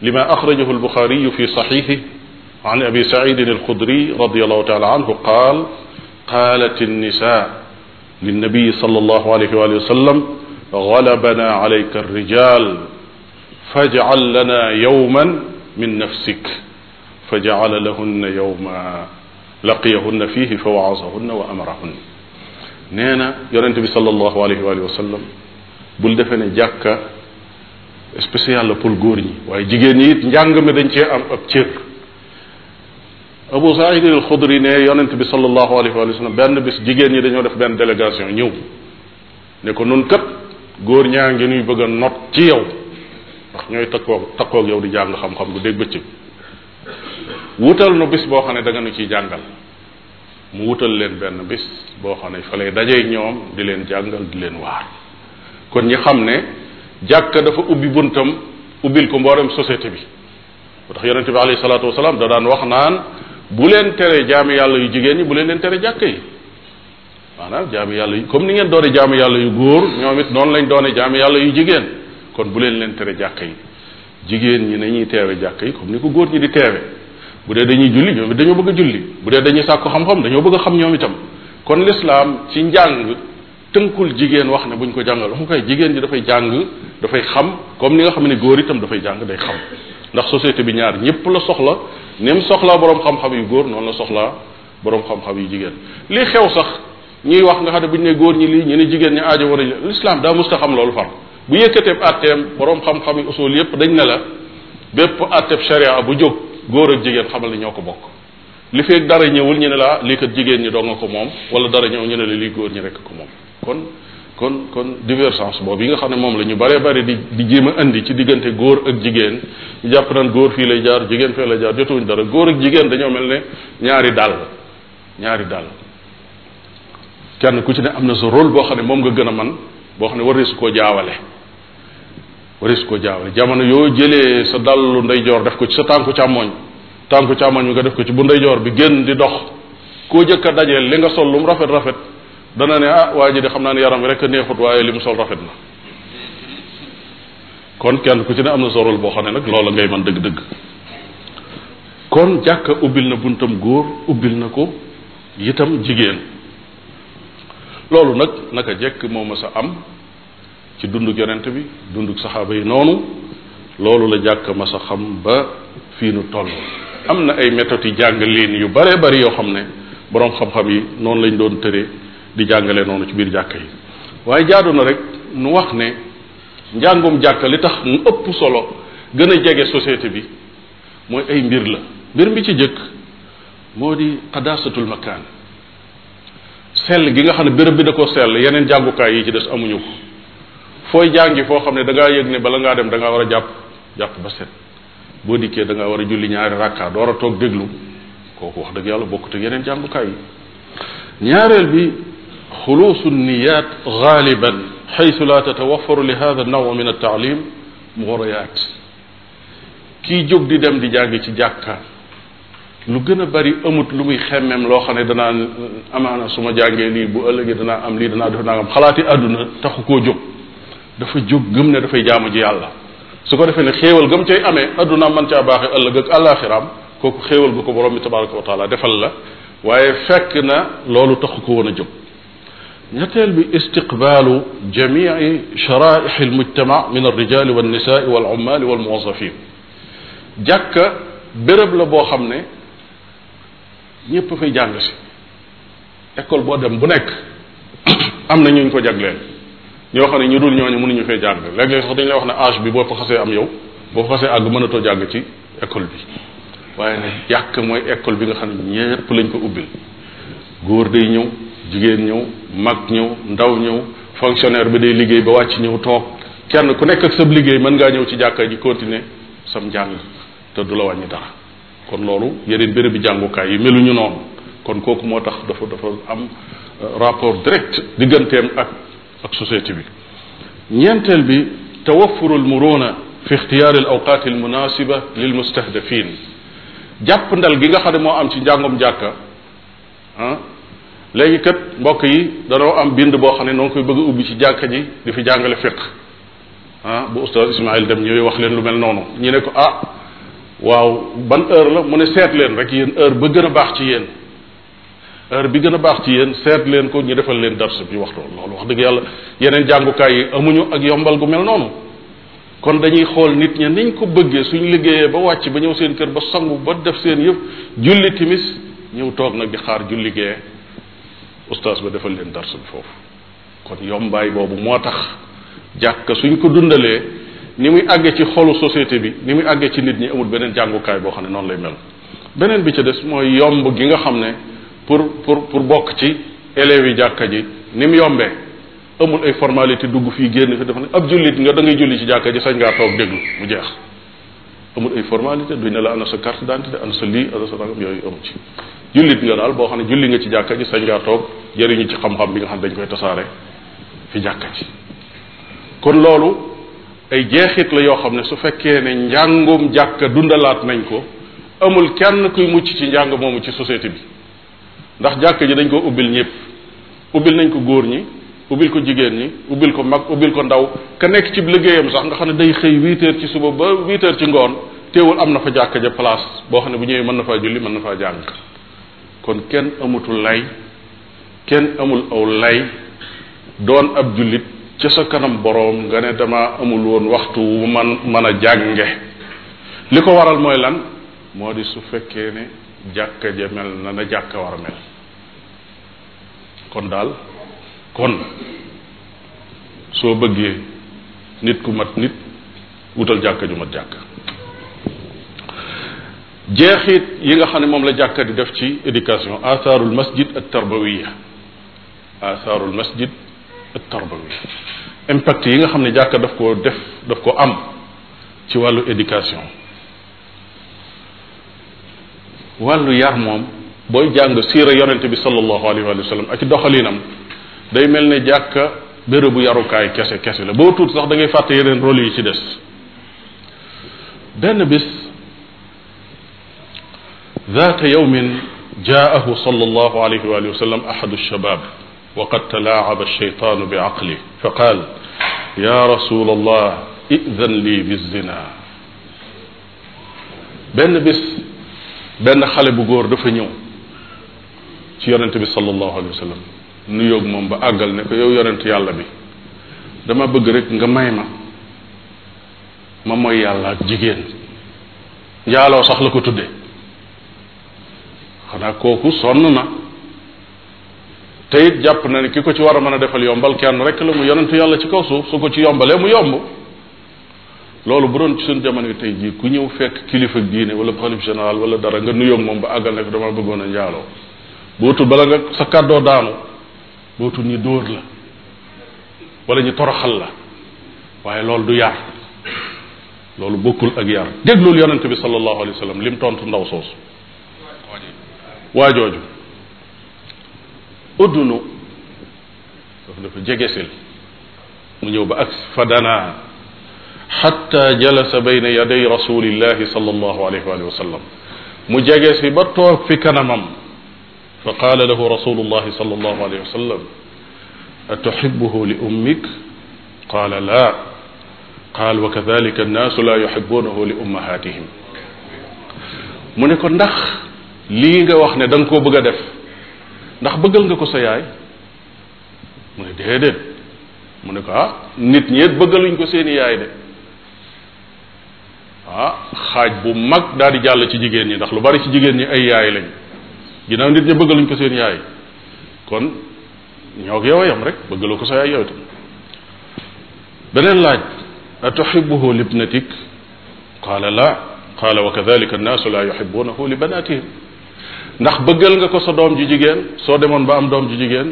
lima akhrajahu al-bukhari fi sahihi عن أبي سعيد الخدري رضي الله تعالى عنه قال قالت النساء للنبي صلى الله عليه وآله وسلم غلبنا عليك الرجال فاجعل لنا يوما من نفسك فجعل لهن يوما لقيهن فيه فوعظهن وأمرهن nee na yonente bi sallallahu alayhi wa sallam bul defee ne jàkka spécial la pour góor ñi waaye jigéen ñi it njàng mi dañ cee am ab cër Abu Saïd al Xudri ne yonent bi sallallahu alayhi wa sallam benn bis jigéen ñi dañoo def benn délégation ñëw ne ko nun kat góor ñaa ngi nuy bëgg a not ci yow ndax ñooy takkoo takkoog yow di jàng xam-xam bu dégg bëccëg wutal nu bis boo xam ne da nga nu ciy jàngal mu wutal leen benn bis boo xam ne fa lay dajeeg ñoom di leen jàngal di leen waar kon ñi xam ne jàkka dafa ubbi buntam ubbil ko mboolem société bi moo tax yonente bi alayhi salaatu wasalaam da daan wax naan bu leen tere jaami yàlla yu jigéen ñi bu leen leen tere jàkka yi maanaam jaami yàlla yu comme ni ngeen doone jaami yàlla yu góor ñoom lañ doone jaami yàlla yu jigéen kon bu leen leen tere jàkka yi jigéen ñi nañuy teewe jàkka yi comme ni ko góor ñi di teewe bu dee dañuy julli ñoom it dañoo bëgg a julli bu dee dañuy sàkk xam-xam dañoo bëgg a xam ñoom itam kon lislaam ci njàng tënkul jigéen wax ne ñu ko jàngal jigéen ji dafay jàng dafay xam comme ni nga xam ne góor itam dafay jàng day xam ndax société bi ñaar ñëpp la soxla ni soxlaa boroom xam yu góor noonu la soxlaa boroom xam yu jigéen li xew sax ñuy wax nga xam ne bu ñu ne góor ñi lii ñu ne jigéen ñi aajo war a lislaam daa musta xam loolu far bu yëkkateeb atteem boroom xam-xam yi usul yépp dañ ne la bépp atteeb sharia bu jóg góor ak jigéen xamal ni ñoo ko bokk li feeg dara ñëwul ñu ne laa lii ko jigéen ñi dong nga ko moom wala dara ñëw ñu ne la lii góor ñi rekk ko moom kon kon kon divergence boobu yi nga xam ne moom la ñu baree bari di di jéem a indi ci diggante góor ak jigéen ñu jàpp naan góor fii lay jaar jigéen fee lay jaar jotuwuñ dara góor ak jigéen dañoo mel ne ñaari dàll ñaari dàll kenn ku ci ne am na su rôle boo xam ne moom nga gën a man boo xam ne war su koo jaawale waris ko jaawale jamono yoo jëlee sa dallu ndeyjoor def ko ci sa tànku càmmoñ tànku càmmoñ bi nga def ko ci bu ndeyjoor bi génn di dox koo jëkk a li nga sol lu rafet rafet dana ne ah waa ji de xam naa ne yaram wi rek a neexut waaye li mu sol rafet na kon kenn ku ci ne am na sorul boo xam ne nag loola ngay mën dëgg-dëgg kon jàkka ubbil na buntam góor ubbil na ko itam jigéen loolu nag naka jekk moo ma sa am ci dunduk yonent bi dunduk saxaaba yi noonu loolu la jàkk ma sa xam ba fii nu toll am na ay méthodes yi jàng leen yu bare bari yoo xam ne boroom xam yi noonu lañ doon tëree di jàngale noonu ci biir jàkk yi waaye jaadu na rek nu wax ne njàngum jàkk li tax mu ëpp solo gën a jege société bi mooy ay mbir la mbir mi ci jëkk moo di qadaasatul makaan sell gi nga xam ne béréb bi da ko sell yeneen jàngukaay yi ci des amuñu ko fooy jàngi foo xam ne da ngaa yëg ne bala ngaa dem da war a jàpp jàpp ba set boo dikkee da war a julli ñaari rakka door a toog déglu kooku wax dëgg yàlla bokkut ak yeneen jàngukaay yi ñaareel bi xuluusu niyaat gaaliban xaytu la tatawafaru li hada naw min attaalim kii jóg di dem di jàngi ci jàkka lu gën a bari amut lu muy xemmem loo xam ne danaa amaana su ma jàngee lii bu ëllëgee danaa am lii danaa def naa am xalaati àdduna taxu koo jóg dafa jub gëm ne dafay jaamu ji yàlla su ko defee ne xéewal gëm cay amee adduna man caa baaxee ëllëg ak àllaaxiraam kooku xéewal gu ko borom bi tabaraka wa taala defal la waaye fekk na loolu taxu ko woon a jóg ñetteel bi istiqbaalu jamii sharaixi almujtama min alrijali walnisaai walumali walmuwasafin jàkka béréb la boo xam ne ñépp fay jàng si école boo dem bu nekk am na ñu ñu ko jagleel ñoo xam ne ñu dul ñoo ñooñu mënuñu fee jàng léeg-léeg sax dañu lay wax ne âge bi boo fa xasee am yow boo fa xasee àgg mënatoo jàng ci école bi waaye ne yàq mooy école bi nga xam ne ñëpp lañ ko ubbil góor day ñëw jigéen ñëw mag ñëw ndaw ñëw fonctionnaire bi day liggéey ba wàcc ñëw toog kenn ku nekk ak sab liggéey mën ngaa ñëw ci jàkka ji continuer sam jàng te du la wàññi dara kon loolu yeneen béréb bi jàngukaay yi meluñu noonu kon kooku moo tax dafa dafa am euh, rapport direct digganteem ak ak bi ñeenteel bi tawafuru lmuruna fi ixtiyaari al awqaati al munasiba lil mustahdafin jàpp ndal gi nga xam ne moo am ci njàngum jàkka ah léegi kat mbokk yi danoo am bind boo xam ne noo koy bëgg a ubbi ci jàkka ji di fi jàngale fiq ah bu ustaz Ismail dem ñëwee wax leen lu mel noonu ñu ne ko ah waaw ban heure la mu ne seet leen rek yéen heure ba gën a baax ci yéen heure bi gën a baax ci yéen seet leen ko ñu defal leen dars bi waxtu loolu wax dëgg yàlla yeneen jàngukaay yi amuñu ak yombal gu mel noonu kon dañuy xool nit ña niñ ko bëggee suñ liggéeyee ba wàcc ba ñëw seen kër ba sangu ba def seen yëpp julli timis ñëw toog nag di xaar julli gee ustaas ba defal leen dars bi foofu kon yombaay boobu moo tax jàkka suñ ko dundalee ni muy àggee ci xolu société bi ni muy àggee ci nit ñi amul beneen jàngukaay boo xam ne noonu lay mel beneen bi ca des mooy yomb gi nga xam ne pour pour pour bokk ci élèves yi jàkka ji ni mu yombee amul ay formalité dugg fii génn fi dafa ne ab jullit nga dangay ngay julli ci jàkka ji sañ ngaa toog déglu mu jeex amul ay formalité duñ ne la ana sa carte d'identité ana sa lii ana sa nangam yooyu amu ci jullit nga daal boo xam ne julli nga ci jàkka ji sañ ngaa toog jëriñu ci xam-xam bi nga xam ne dañ koy tasaare fi jàkka ji kon loolu ay jeexit la yoo xam ne su fekkee ne njàngum jàkka dundalaat nañ ko amul kenn kuy mucc ci njàng moomu ci société bi ndax jàkk ji dañ ko ubbil ñëpp ubbil nañ ko góor ñi ubbil ko jigéen ñi ubbil ko mag ubbil ko ndaw ka nekk ci liggéeyam sax nga xam ne day xëy huit ci suba ba huit ci ngoon teewul am na fa jàkk ja place boo xam ne bu ñëwee mën na faa julli mën na faa jàng kon kenn amatul lay kenn amul aw lay doon ab jullit ca sa kanam boroom nga ne dama amul woon waxtu wu man mën a jànge li ko waral mooy lan moo di su fekkee ne jàkka ja mel na na jàkka war a mel kon daal kon soo bëggee nit ku mat nit wutal jàkka ju mat jàkka jeexit yi nga xam ne moom la jàkka di def ci éducation atharul masjid ak tarbawiya atharul masjid ak tarbawiya impact yi nga xam ne jàkka daf ko def daf ko am ci wàllu éducation wàllu yar moom booy jàng siira yonente bi sallallahu alayhi wa sallam ak ci doxalinam day mel ne jàkka bérébu yarukaay kese kese la boo tuut sax da ngay fàtte yeneen rôle yi ci des benn bis zaata yawmin jaahu sallallahu alayhi wa sallam ahadu shabab waqad talaacaba alsheytaanu bi aqli fa qaal ya rasul allah idan lii bizina benn bis benn xale bu góor dafa ñëw ci yonente bi sallallahu alayhi wa sallam nu yoog moom ba àggal ne ko yow yonent yàlla bi dama bëgg rek nga may ma ma mooy yàlla ak jigéen njaaloo sax la ko tudde xanaa kooku sonn na te jàpp na ni ki ko ci war a mën a defal yombal kenn rek la mu yonent yàlla ci kaw suuf su ko ci yombalee mu yomb loolu bu doon ci suñ jamono yi tey jii ku ñëw fekk kilifa diine wala xalif général wala dara nga nuyoog moom ba àggal ne ko dama bëggoon a njaaloo bootul bala nga sa kàddoo daanu bootul ñi dóor la wala ñu toroxal la waaye loolu du yar loolu bokkul ak yar déglul yonente bi sallallahu alayhi wa sallam lim tontu ndaw soosu waa mu ñëw ba ak fa danaa xatta jalasa bayna yaday rasulillahi sallallahu alayhi wa sallam mu jege si ba toog fi kanamam fa qaala lahu rasulullahi sallallahu alayhi wa sallam atuxibuhu li ummik qaala laa qaal wa kadalika annaasu laa yuxibuunahu li ummahaatihim mu ne ko ndax lii nga wax ne da nga koo bëgg a def ndax bëggal nga ko sa yaay mu ne déedéet mu ne ko ah nit ñeet bëggaluñ ko seeni yaay de ah xaaj bu mag daal di jàll ci jigéen ñi ndax lu bari ci jigéen ñi ay yaay lañ ginnaaw nit ñi bëggaluñ ko seen yaay kon ñoo ak yow yam rek bëggaloo ko sa yaay yow itam beneen laaj atuxibuhu libnatik qaala la qaala wa kadalika annaasu la yuxibunahu li banatihim ndax bëggal nga ko sa doom ji jigéen soo demoon ba am doom ji jigéen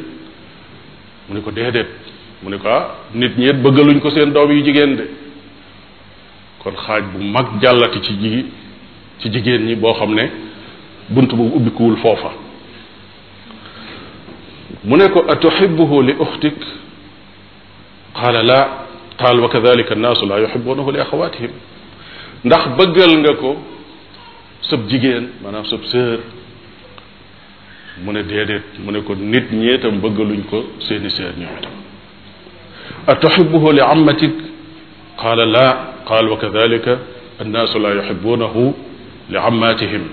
mu ne ko déedéet mu ne ko ah nit ñi it bëggaluñ ko seen doom yu jigéen de kon xaaj bu mag jàllati ci ji ci jigéen ñi boo xam ne bunt bu ubbikuwul foofa mu ne ko atuxibuhu li uxtik qaala la qaal wa kadalika annaasu la yuxibuunahu li axawatihim ndax bëggal nga ko sëb jigéen maanaam sëb sœur mu ne déedéet mu ne ko nit ñeetam bëggaluñ ko seeni sœur ñoom itam atuxibuhu li amatik qaala laa qaal wa kadalika annaasu laa yuxibuunahu li ammatihim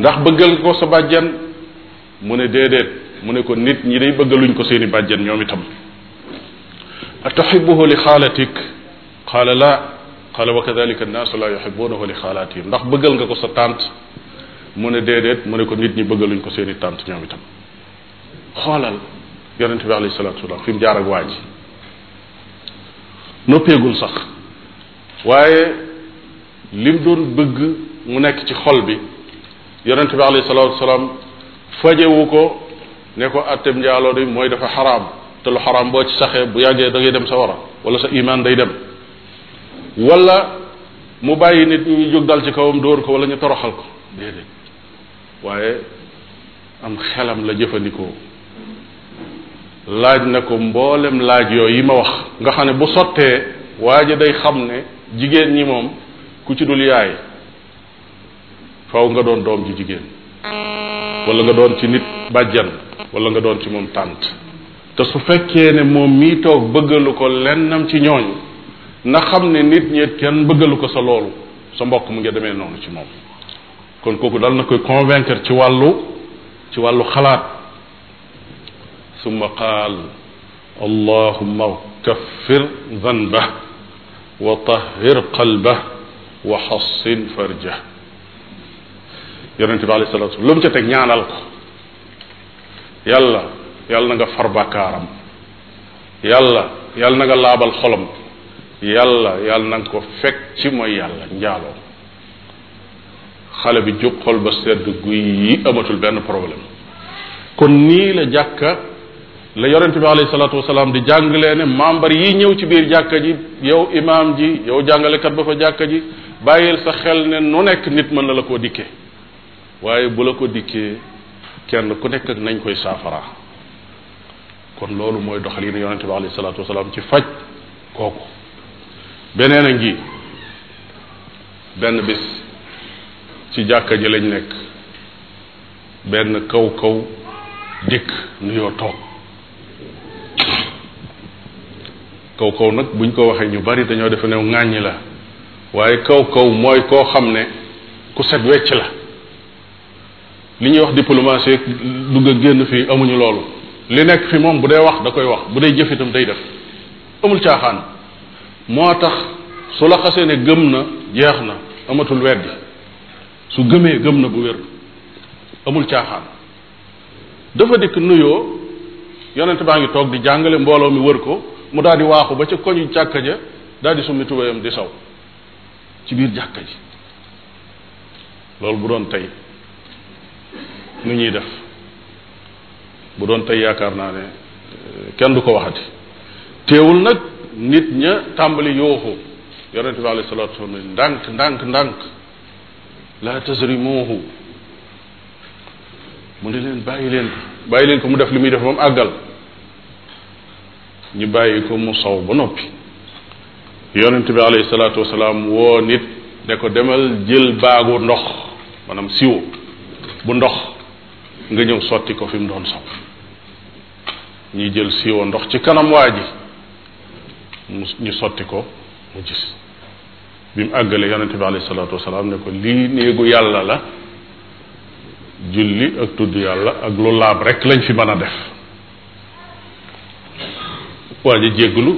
ndax bëggal nga ko sa bàjjan mu ne déedéet mu ne ko nit ñi day bëggaluñ ko seeni bàjjan ñoom itam a tuxibuhu li xaalatik qaala laa qaala wa kadalika annaasu laa yuxibuunahu li xaalatihim ndax bëggal nga ko sa tante mu ne déedéet mu ne ko nit ñi bëggaluñ ko seeni tante ñoom itam xoolal yonente bi alayhi salatu wasalam fi mu jaar ak waa ji noppeegul sax waaye lim doon bëgg mu nekk ci xol bi yonente bi alayhi salatu wasalaam fajewu ko ne ko attem njaaloo di mooy dafa xaraam te lu xaraam boo ci saxee bu yàggee da ngay dem sa wara wala sa iman day dem wala mu bàyyi nit ñi jóg dal ci kawam dóor ko wala ñu toroxal ko waaye am xelam la jëfandikoo laaj na ko mboolem laaj yooyu yi ma wax nga xam ne bu sottee waa ji day xam ne jigéen ñi moom ku ci dul yaay faw nga doon doom ji jigéen wala nga doon ci nit bàjjan wala nga doon ci moom tànt te su fekkee ne moom mi toog bëggalu ko lennam ci ñooñ na xam ne nit ñeet kenn bëggalu ko sa loolu sa mbokk mu nga demee noonu ci moom kon kooku dal na koy convaincre ci wàllu ci wàllu xalaat summa qaal allahumma kaffir zanba wa tahhir qalba wa xassin farja yonente bi alei salatu salaam lu mu ca teg ñaanal ko yàlla yàlla na nga far bàkkaaram yàlla yàlla na nga laabal xolam yàlla yàlla na nga ko fekk ci mooy yàlla njaaloo xale bi jóg xol ba sedd guy yi amatul benn problème kon nii la jàkka la yonent bi alayhi salaatu wasalaam di jàngalee ne membre yi ñëw ci biir jàkka ji yow imaam ji yow jàngalekat ba fa jàkka ji bàyyil sa xel ne nu nekk nit mën na la koo dikkee waaye bu la ko dikkee kenn ku nekk ak nañ koy saafara kon loolu mooy doxal yi ne yonent bi alayhi salaatu wasalaam ci faj kooku beneen a ngi benn bis ci jàkka ji lañ nekk benn kaw kaw dikk nuyoo toog kaw kaw nag buñ ko waxee ñu bari dañoo defe new ŋàññi la waaye kaw kaw mooy koo xam ne ku set wecc la li ñuy wax diplomatie dugg a génn fii amuñu loolu li nekk fi moom bu dee wax da koy wax bu dee jëf itam day def amul caaxaan moo tax su laxasee ne gëm na jeex na amatul weddi su gëmee gëm na bu wér amul caaxaan dafa dikk nuyoo yonent baa ngi toog di jàngale mbooloo mi wër ko mu daal di waaxu ba ca koñu jàkka ja daal di summi tubéyam di saw ci biir jàkka ji loolu bu doon tey nu ñuy def bu doon tey yaakaar naa ne euh, kenn du ko waxati teewul nag nit ña tàmbali yooxu yonente bi alayhi salatu wasalam ndànk ndànk ndànk la tasrimuhu mu ne leen bàyyi leen ko bàyyi leen ko mu def li muy def ba àggal ñu bàyyi ko mu sow ba noppi yonent bi alayhi salaatu wasalaam woo nit ne ko demal jël baagu ndox manam siwo bu ndox nga ñëw sotti ko fi mu doon sow ñuy jël siwo ndox ci kanam waa ji mu ñu sotti ko mu gis bi mu àggalee yonente bi alayhi salaatu wasalaam ne ko lii néegu yàlla la julli ak tudd yàlla ak lu laab rek lañ fi mën a def waa ji jégglu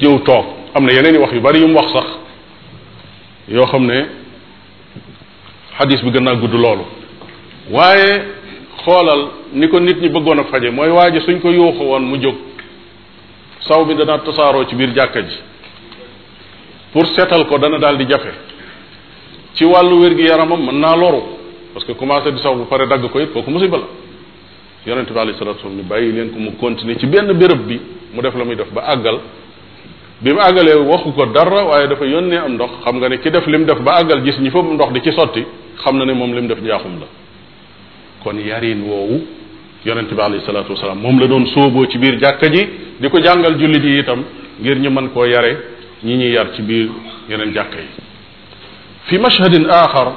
jëw toog am na yeneen i wax yu bari yu mu wax sax yoo xam ne xadis bi gën naa gudd loolu waaye xoolal ni ko nit ñi bëggoon a faje mooy waa ji suñ ko yuuxu woon mu jóg saw bi dana tasaaroo ci biir jàkka ji pour seetal ko dana daal di jafe ci wàllu wér-gi-yaramam mën naa loru parce que commencé di saw bu pare dagg ko it kooku musiba la yonente bi alayhi salatu wasallam ni bàyyi leen ko mu continuer ci benn béréb bi mu def la muy def ba àggal bi mu àggalee waxu ko dara waaye dafa yónnee am ndox xam nga ne ki def lim def ba àggal gis ñi fa ndox di ci sotti xam na ne moom lim def njaaxum la kon yarin woowu yonente bi alayhi salatu wasalam moom la doon sóoboo ci biir jàkka ji di ko jàngal jullit yi itam ngir ñu mën koo yare ñi ñuy yar ci biir yeneen jàkka yi fi mashhadin axar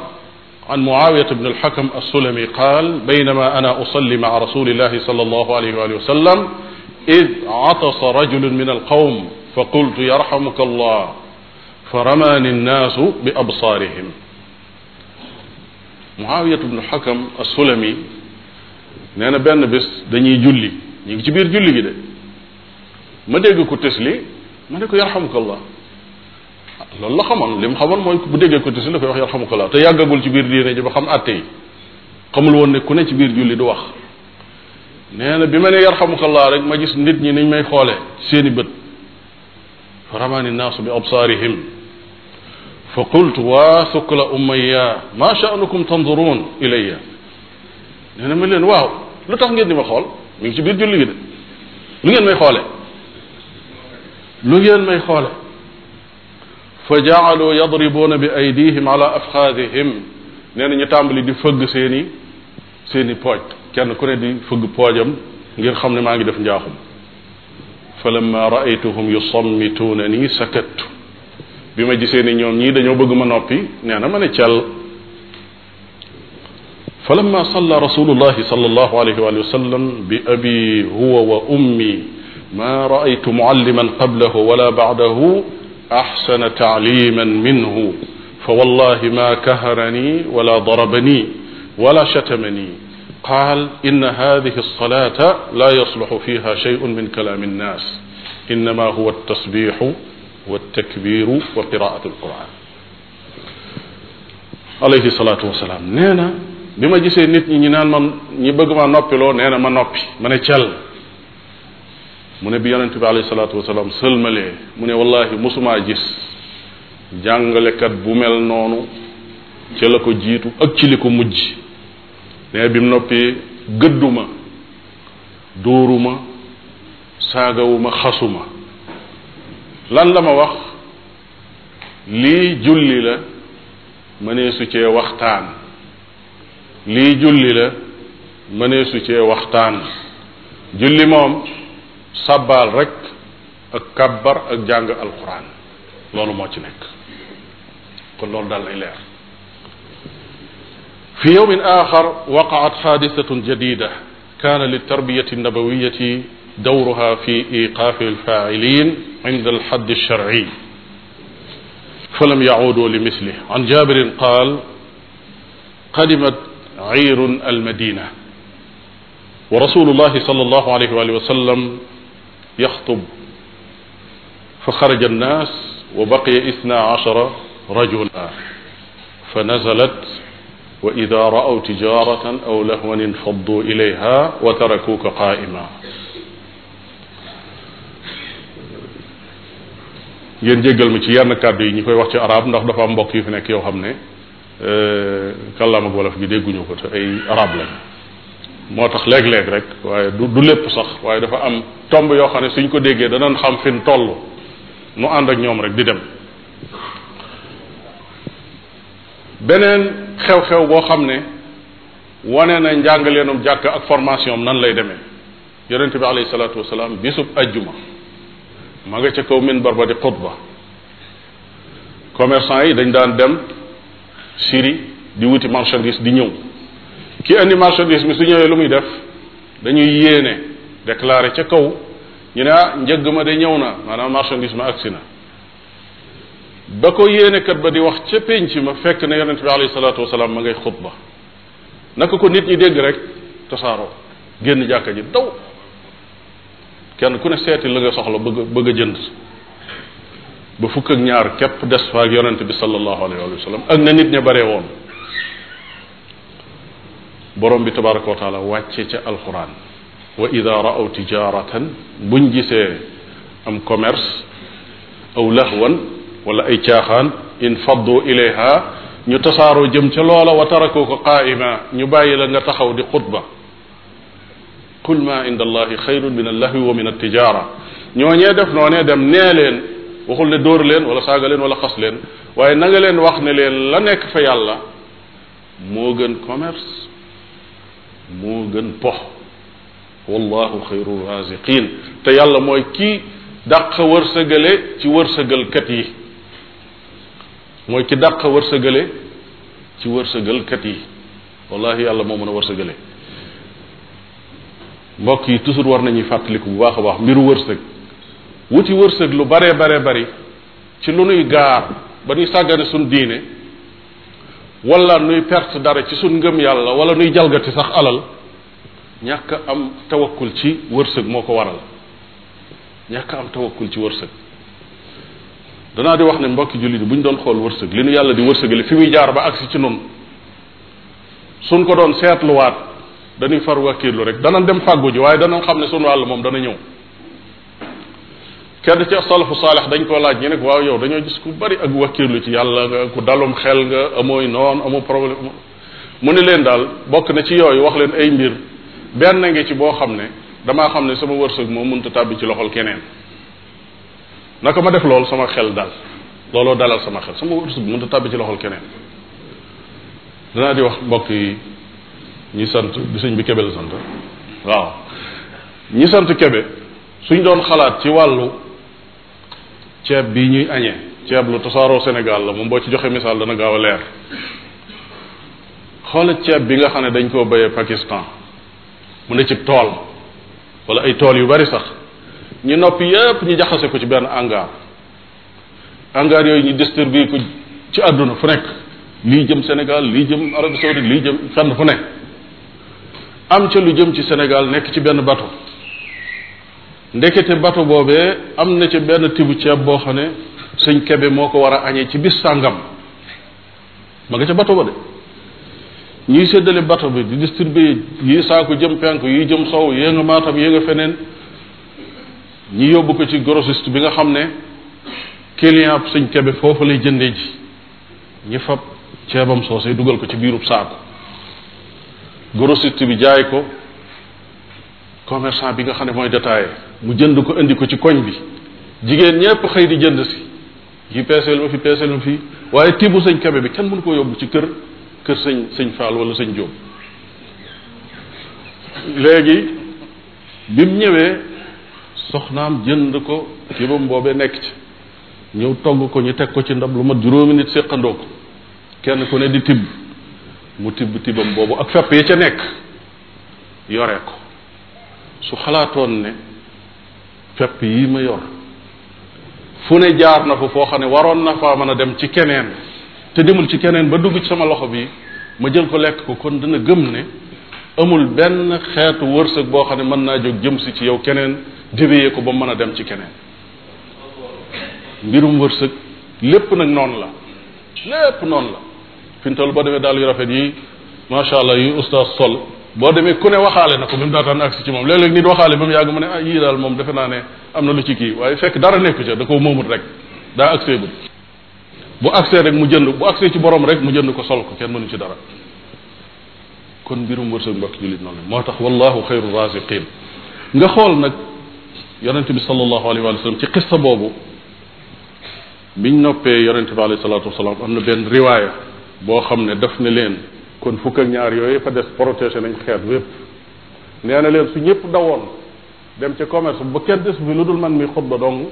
عن معاوية بن الحكم السلمي قال بينما أنا أصلي مع رسول الله صلى الله عليه وآله وسلم إذ عطس رجل من القوم فقلت يرحمك الله فرماني الناس بأبصارهم معاوية بن الحكم السلمي nee na benn bés dañuy julli ñu ngi ci biir julli gi de ma dégg ku tës li ma ne ko yarhamukallah loolu la xamoon li mu xamoon mooy bu déggee ko tisi dafay wax yar xamu ko la te yàggagul ci biir diine ji xam àtte yi xamul woon ne ku ne ci biir julli du wax bi ma ne yarxamukallah rek ma gis nit ñi niñ may xoole seeni bët fa ramani naasu bi absaarihim fa qultu waa sukla umaya ma sha'nukum tanzurun ilayya nee na ma leen waaw lu tax ngeen di ma xool mi ngi ci biir julli gi de lu ngeen may xoole lu ngeen may xoole fa jaalu yadribuuna bi aydihim ala afxaadihim nee na ñu tàmbali di fëgg seeni seeni pooj kenn ku ne di fëgg poojam ngir xam ne maa ngi def njaaxum fa lamma raaytuhum yusammituuna nii sakattu bi ma gisee ni ñoom ñii dañoo bëgg ma noppi nee na ma ne cel fa lamma salla rasulullahi sallallahu alayhi wa sallam bi abi huwa wa ummi ma raaytu mualliman qablahu wala baadahu axsana taaliman minhu fa wallahi ma kaharani wala darabani wala shatamani qaal inna hadihi alsalata la yasluxu fiha sheyun min kalaami annas innama huwa altasbixu waltakbiru wa qiraatu alquran alayhi salaatu wasalaam nee na bi ma gisee nit ñi ñi naan ma ñi bëgg ma noppiloo nee na ma noppi ma ne cel mu ne bi yonent bi alayhi salaatu wasalaam sëlmalee mu ne wallahi masumaa gis jàngalekat bu mel noonu ca la ko jiitu ak ci li ko mujj ne bi mu noppee gëdduma dóoruma saagawuma xasuma lan la ma wax lii julli la mënee su cee waxtaan lii julli la mënee su cee waxtaan julli moom sàbbaal rek ak kàbbar ak jàng alquran loolu moo ci nekk kon loolu daal nay leer fi yowmin axar waqaat xaadisatun jadida kaana liltarbiyati nabawiyati dawruha fi iqaafi alfaailin عند الحد الشرعي فلم يعودوا لمثله عن جابر قال قدمت عير المدينة ورسول الله صلى الله عليه وآله وسلم yaxtub fa xaraja annaas wa baqiya isna ashara rajula fa nazalat wa ida ra'aw tijaratan aw lahwan infaddu ilayha wa tarakuuka qaa'ima ngeen jéggal ma ci yenn kàddu yi ñu koy wax ci arab ndax dafa am mbokk yu fi nekk yoo xam ne euh, kàllaama wolof gi dégguñu ko te ay arab lañ moo tax léeg-léeg rek waaye du du lépp sax waaye dafa am tomb yoo xam ne suñ ko déggee danañ xam fi mu toll nu ànd ak ñoom rek di dem beneen xew-xew boo xam ne wane na njàng njàngaleenum jàkk ak formation nan lay demee yonente bi alayhi salaatu wasalaam bisub ajjuma ma nga ca kaw minbar ba di xutba commerçant yi dañ daan dem Syrie di wuti marchandise di ñëw ki indi marchandise bi su ñëwee lu muy def dañuy yéene déclaré ca kaw ñu ne ah njëgg ma de ñëw na maanaam marchandise ma agsi na ba ko yéenekat ba di wax ca pénc ma fekk na yonente bi alayhi salaatu ma ngay xutba naka ko nit ñi dégg rek tasaaroo génn jàkka ji daw kenn ku ne seeti la nga soxla bëgg bëgg a jënd ñaar képp des fa ak bi sallallahu alayhi wa sallam ak na nit ña bare woon borom bi tabaraka wa taala wàcce ca alquran wa ida raaw tijaratan buñ am commerce aw lahwan wala ay caaxaan in faddu ilayha ñu tasaaroo jëm ca loola wa tarakuka qaa'ima ñu bàyyi la nga taxaw di xutba qul ma inda allahi xayrun min allahwi wa min altijara ñooñee def noonee dem nee leen waxul ne dóor leen wala saaga leen wala xas leen waaye na nga leen wax ne leen la nekk fa yàlla moo gën commerce moo gën po wallahu xayru raziqin te yàlla mooy kii dàq wërsëgale ci wërsëgalkat yi mooy ki dàq wërsëgale ci wërsëgalkat yi wallahi yàlla moo mën a wërsëgale mbokk yi toujours war nañuy fàttaliku bu baax a baax mbiru wërsëg wuti wërsëg lu baree baree bari ci lu nuy gaar ba nuy sàggane suñ diine wala nuy perte dara ci sun ngëm yàlla wala nuy jalgati sax alal ñàkk am tawakkul ci wërsëg moo ko waral ñàkk am tawakkul ci wërsëg danaa di wax ne mbokki jullit bu ñu doon xool wërsëg li nu yàlla di wërsëgale fi muy jaar ba agsi ci noonu suñ ko doon seetluwaat dañuy far wàkkiirlu rek dana dem fàggu ji waaye dana xam ne sunu wàll moom dana ñëw kenn ci asalafu saalex dañ koo laaj ñi nag waaw yow dañoo gis ku bari ak wax wakkiirlu ci yàlla nga ku dalum xel nga amooy noon amoo problème mu ne leen daal bokk na ci yooyu wax leen ay mbir benn ngi ci boo xam ne damaa xam ne sama wërsëg moom mënta tàbbi ci loxol keneen naka ma def loolu sama xel dal looloo dalal sama xel sama wërsëg mënta tàbbi ci loxol keneen danaa di wax mbokk yi ñi sant bi sëñ bi kebe la sant waaw ñi kebe suñ doon xalaat ci wàllu ceeb bii ñuy añee ceeb lu tasaaroo Sénégal la moom boo ci joxe misaal dana gaaw a leer xoola ceeb bi nga xam ne dañ koo béyee Pakistan mu ne ci tool wala ay tool yu bari sax ñu noppi yépp ñu jaxase ko ci benn hangar hangar yooyu ñu distribué ko ci àdduna fu nekk lii jëm Sénégal lii jëm Arabie Saoudite lii jëm fenn fu nekk am ca lu jëm ci Sénégal nekk ci benn bato ndekete bato boobee am na ci benn tibu ceeb boo xam ne sëñ kebe moo ko war a añee ci bis sàngam ma nga ca bato ba de ñuy séddale bato bi di distribuer yi saako jëm penk yi jëm sow yee nga maatam yee nga feneen ñi yóbbu ko ci grossiste bi nga xam ne client ab kebe foofu lay jënde ji ñi fab ceebam soosee dugal ko ci biirub saako grossiste bi jaay ko commerçant bi nga xam ne mooy détaillé mu jënd ko indi ko ci koñ bi jigéen ñépp xëy di jënd si yi peeseel ma fi peeseel ma fii waaye tibu sañ kabe bi kenn mënu ko yóbbu ci kër kër sañ sëñ faal wala sañ jóob léegi bi mu ñëwee soxnaam jënd ko tibam boobee nekk ci ñëw togg ko ñu teg ko ci ndab lu mat juróomi nit séqandoo ko kenn ku ne di tibb mu tibb tibam boobu ak fepp yi ca nekk yore ko su xalaatoon ne pepp yi ma yor fu ne jaar na fa foo xam ne waroon na faa mën a dem ci keneen te demul ci keneen ba dugg ci sama loxo bi ma jël ko lekk ko kon dana gëm ne amul benn xeetu wërsëg boo xam ne mën naa jóg jëm si ci yow keneen déwéyee ko ba mën a dem ci keneen mbirum wërsëg lépp nag noon la lépp noonu la fi mu boo demee daal yu rafet yi macha allah yu ustaas sol boo demee ku ne waxaale na ko même daataan agsi ci moom léeg-léeg nit waxaale ba mu yàgg mu ne ah, yii daal moom defe naa ne am na lu ci kii waaye fekk dara nekku ca da koo moomut rek daa agsee bu bu agsee rek mu jënd bu agsee ci borom rek mu jënd ko sol ko kenn mënu ci dara kon mbirum wërsëg mbokk jullit noonu moo tax wallahu xayru raziqin nga xool nag yonente bi sallallahu alayhi wa sallam ci xissa boobu biñ noppee yonente bi alayhi salatu wasalaam am na benn riwaaya boo xam ne def ne leen kon fukk ak ñaar yooyu fa des protégé nañ xeet wépp nee na leen su ñëpp dawoon dem ca commerce ba kenn des bi lu dul man mi xutba dong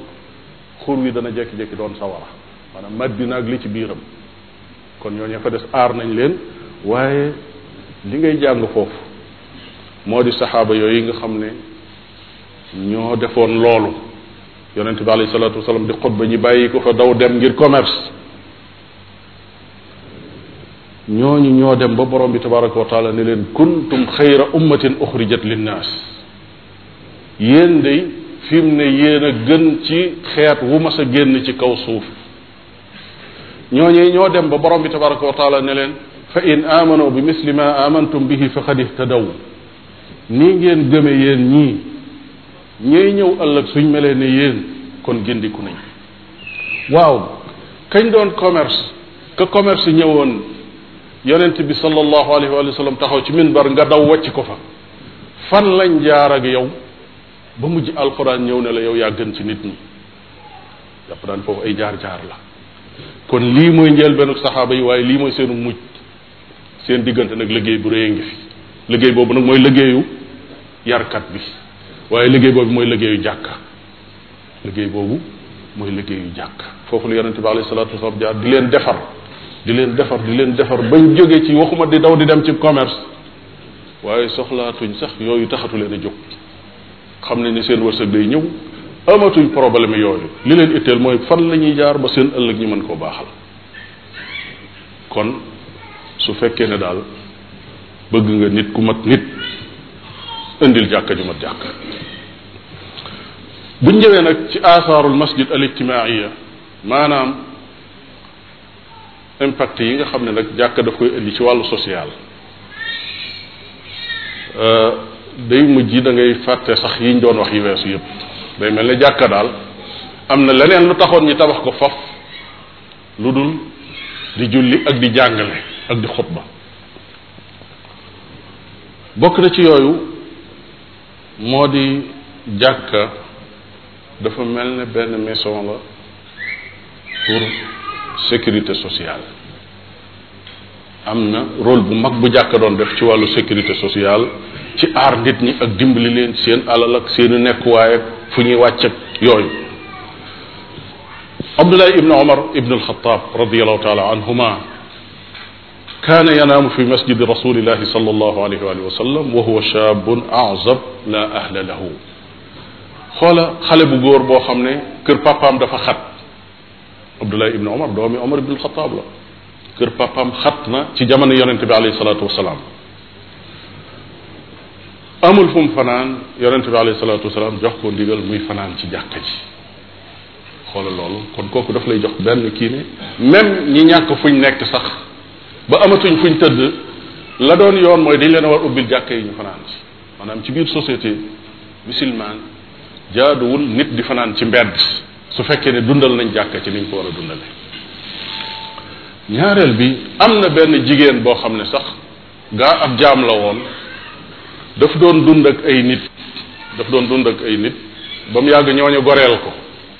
xur wi dana jekki-jekki doon sawara maanaam Madina ak li ci biiram kon ñooñu fa des aar nañ leen waaye li ngay jàng foofu moo di saxaaba yooyu nga xam ne ñoo defoon loolu yonente bi alayhi salaatu wasalaam di xutba ñi bàyyi ko fa daw dem ngir commerce ñooñu ñoo dem ba borom bi tabaraka wa taala ne leen kuntum xayra ummatin uxrijat linnaas yéen day fi mu ne yéen a gën ci xeet wu mas a génn ci kaw suuf ñooñee ñoo dem ba borom bi tabaraka wa taala ne leen fa in amanu bi misli ma amantum bihi faqad ihtadaw nii ngeen gëme yéen ñii ñay ñëw ëllëg suñ melee ne yéen kon gindiku nañ waaw kañ doon commerce que commerce ñëwoon yonent bi sallallahu alayhi wa sallam taxaw ci minbar nga daw wàcc ko fa fan lañ jaar ak yow ba mujj alquran ñëw ne la yow yaa gën ci nit ñi jàpp daan foofu ay jaar-jaar la kon lii mooy njëlbeenu saxaaba yi waaye lii mooy seenu mujj seen diggante nag liggéey bu rëy fi liggéey boobu nag mooy liggéeyu yarkat bi waaye liggéey boobu mooy liggéeyu jàkka liggéey boobu mooy liggéeyu jàkk foofu la yonente bi alayhi salatu wasalam jaar di leen defar di leen defar di leen defar bañ jóge ci waxuma di daw di dem ci commerce waaye soxlaatuñ sax yooyu taxatu leen a jóg xam ne ni seen wërsëg day ñëw amatuñ problème yooyu li leen itteel mooy fan la ñuy jaar ba seen ëllëg ñu mën koo baaxal kon su fekkee ne daal bëgg nga nit ku mat nit indil jàkka ju mat jàkk buñ ñëwee nag ci asaarul masjid al ijtimaaiya maanaam impact yi nga xam ne nag jàkka daf koy indi ci wàllu social euh, day mujj yi dangay fàtte sax yiñ doon wax yi weesu yëpp day mel ne jàkka daal am na leneen lu taxoon ñi tabax ko faf lu dul di julli ak di jàngale ak di xutba bokk na ci yooyu moo di jàkka dafa mel ne benn maison la pour sécurité sociale am na rôle bu mag bu jàkka doon def ci wàllu sécurité sociale ci aar nit ñi ak dimbali leen seen alal ak seeni nekkuwaay ak fu ñuy wàcc ak yooyu abdullah ibn omar ibn alxataab radiallahu taala anhuma kaana yanaamu fi masjidi rasulillahi sal allahu alayhi waalihi wa sallam wa huwa shaabun azab la ahla lahu xoola xale bu góor boo xam ne kër papaam dafa xat Abdullah ibn Omar doomi Omar ibn Xataab la kër papam xat na ci jamono yonente bi alayhi salaatu wasalaam amul fu mu fanaan yonente bi alayhi salaatu wasalaam jox ko ndigal muy fanaan ci jàkka ji xoolal loolu kon kooku daf lay jox benn kii ne même ñi ñàkk fuñ nekk sax ba amatuñ fuñ tëdd la doon yoon mooy dañ leen a war ubbil jàkka yi ñu fanaan ci maanaam ci biir société musulmane jaaduwul nit di fanaan ci mbedd su fekkee ne dundal nañ jàkk ci niñ ko war a dundale ñaareel bi am na benn jigéen boo xam ne sax gaa ab jaam la woon daf doon dund ak ay nit daf doon dund ak ay nit ba mu yàgg ñooñu goreel ko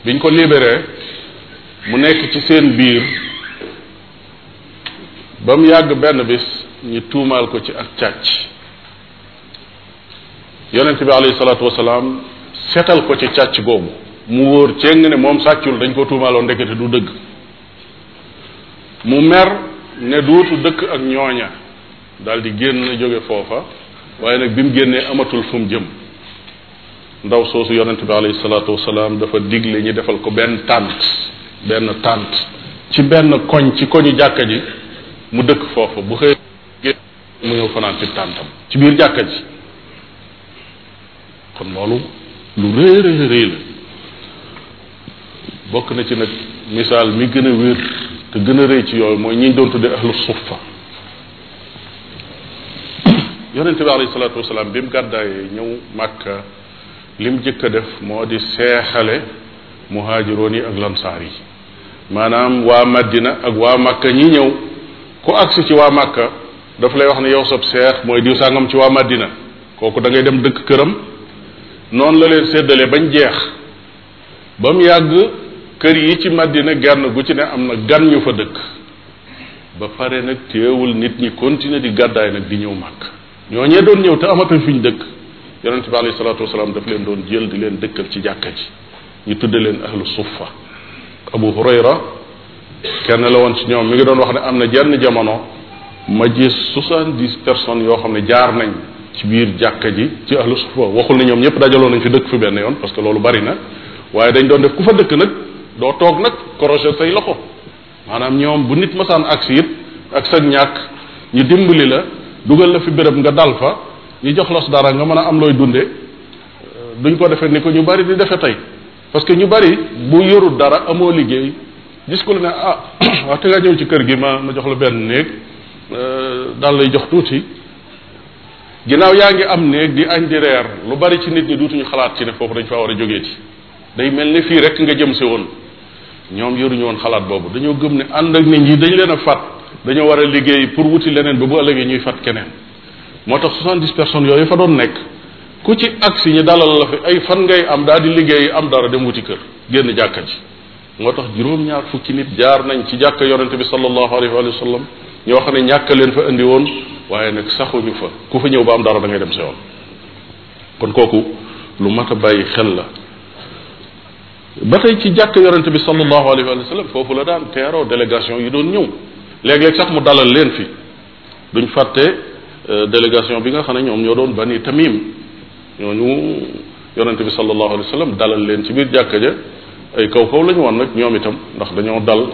biñ ko libéré mu nekk ci seen biir ba mu yàgg benn bis ñu tuumaal ko ci ak càcc yonent bi alayhi salaatu wasalaam seetal ko ci càcc googu mu wóor ceng ne moom sàccul dañ ko tuumaaloon ndekete du dëgg mu mer ne duutu dëkk ak ñooña daal di génn jóge foofa waaye nag bi mu génnee amatul fu jëm ndaw soosu yonent bi alayhi salaatu wasalaam dafa digle ñi defal ko benn tànt benn tànt ci benn koñ ci koñu jàkka ji mu dëkk foofa bu xëy mu ñëw fanaan ci tàntam ci biir jàkka ji kon loolu lu rëy rëy rëy la bokk na ci nag misaal mi gën a wér te gën a rëy ci yooyu mooy ñi doon tuddee ahlu suuf yonente bi alayhi salaatu wasalaam bi mu gàddaayee ñëw màkka lim mu a def moo di seexale muhaajiroon yi ak lansaar yi maanaam waa madina ak waa màkka ñi ñëw ku agsi ci waa màkka daf lay wax ne yow sab seex mooy diw sàngam ci waa màddina kooku da ngay dem dëkk këram noonu la leen séddale bañ jeex ba mu yàgg kër yi ci Madina genn gu ci ne am na gan ñu fa dëkk ba pare nag teewul nit ñi continuer di gàddaay nag di ñëw màkk ñoo ñee doon ñëw te amatuñ fi ñu dëkk yonente bi alayhi salaatu wasalaam daf leen doon jël di leen dëkkal ci jàkka ñu tudde leen ahlu suffa abu hurayra kenn la woon si ñoom mi ngi doon wax ne am na jenn jamono ma gis soixante-dix personnes yoo xam ne jaar nañ ci biir jàkka ji ci ahlu suffa waxul ne ñoom ñëpp dajaloo nañ fi dëkk fi benn yoon parce que loolu bari na waaye dañ doon def ku fa dëkk nag doo toog nag croché say loxo maanaam ñoom bu nit masaan agsi yëpp ak sa ñàkk ñu dimbali la dugal la fi béréb nga dal fa ñu jox los dara nga mën a am looy dunde duñ ko defee ni ko ñu bari di defe tey parce que ñu bari bu yorul dara amoo liggéey gis ko la ne ah [COUGHS] wax nga ñëw ci kër gi ma ma jox la benn néeg euh, dal lay jox tuuti ginnaaw yaa ngi am néeg di añ di reer lu bari ci nit ñi duutuñu xalaat ci ne foofu dañ faa war a jógee ci day mel ni fii rek nga jëm si woon ñoom yoruñu woon xalaat boobu dañoo gëm ne ànd ak nit ñi dañ leen a fat dañoo war a liggéey pour wuti leneen ba bu ëllëgee ñuy fat keneen moo tax soixante-dix personnes yooyu fa doon nekk ku ci agsi ñi dalal la fi ay fan ngay am daal di liggéey am dara dem wuti kër génn jàkka ji moo tax juróom-ñaar fukki nit jaar nañ ci jàkka yonente bi sallallahu alayhi wa sallam ñoo xam ne ñàkk leen fa indi woon waaye nag saxuñu fa ku fa ñëw ba am dara da dem sa yoon kon kooku lu mat a bàyyi xel la ba tey ci jàkk yonente bi sallallahu alayhi wa sallam foofu la daan teeroo délégation yi doon ñëw léeg-léeg sax mu dalal leen fi duñ fàtte euh, délégation bi nga xam ne ñoom ñoo doon bani tamim ñooñu yonente bi sallallahu alayhi wa sallam dalal leen ci biir jàkka ay kaw kaw la woon nag ñoom itam ndax dañoo dal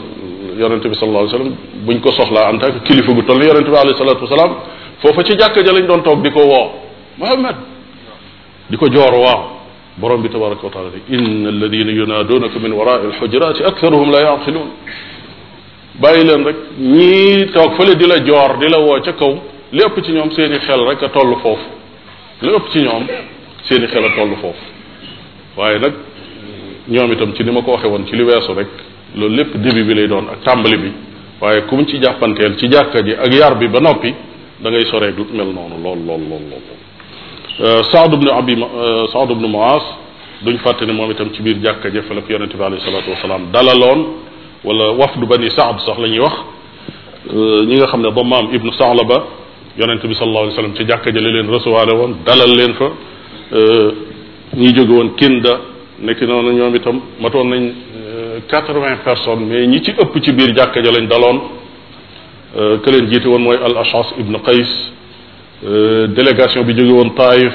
yonente bi sallallahu alayhi buñ ko soxlaa en kilifa gu toll ni yonente bi alayhi salatu wasalaam foofa ci jàkka ja lañu doon toog di ko woo Muhammad di ko joor waaw borom bi tabaraka wa taala ne inna alladina yunaadunaka min warai alxujurati aktharuhum la yaqiluun bàyyi leen rek ñii toog fële di la joor di la woo ca kaw li ëpp ci ñoom seeni xel rek a toll foofu li ëpp ci ñoom seeni xel a toll foofu waaye nag ñoom itam ci ni ma ko waxee woon ci li weesu rek loolu lépp début bi lay doon ak tàmbali bi waaye ku mu ci jàppanteel ci jàkka ji ak yar bi ba noppi da ngay soreeg mel noonu lool lool lool lool Euh, Saad ibn Abi euh, Saad ibn Muas duñ fàtte ne moom itam ci biir jàkka jëfal ak yonente bi alayhi salaatu wasalaam dalaloon wala wafdu bani Saad sax la ñuy wax euh, ñi nga xam ne Dammaam ibnu Saalaba yonente bi sallallahu alayhi wasallam ci jàkka ja la leen recevoir woon dalal leen fa ñi jóge woon Kinda nekk noonu ñoom itam matoon nañ quatre-vingts personnes mais ñi ci ëpp ci biir jàkka ja lañ daloon ke leen woon mooy al Ashas ibnu Qays Euh, délégation bi jógewoon woon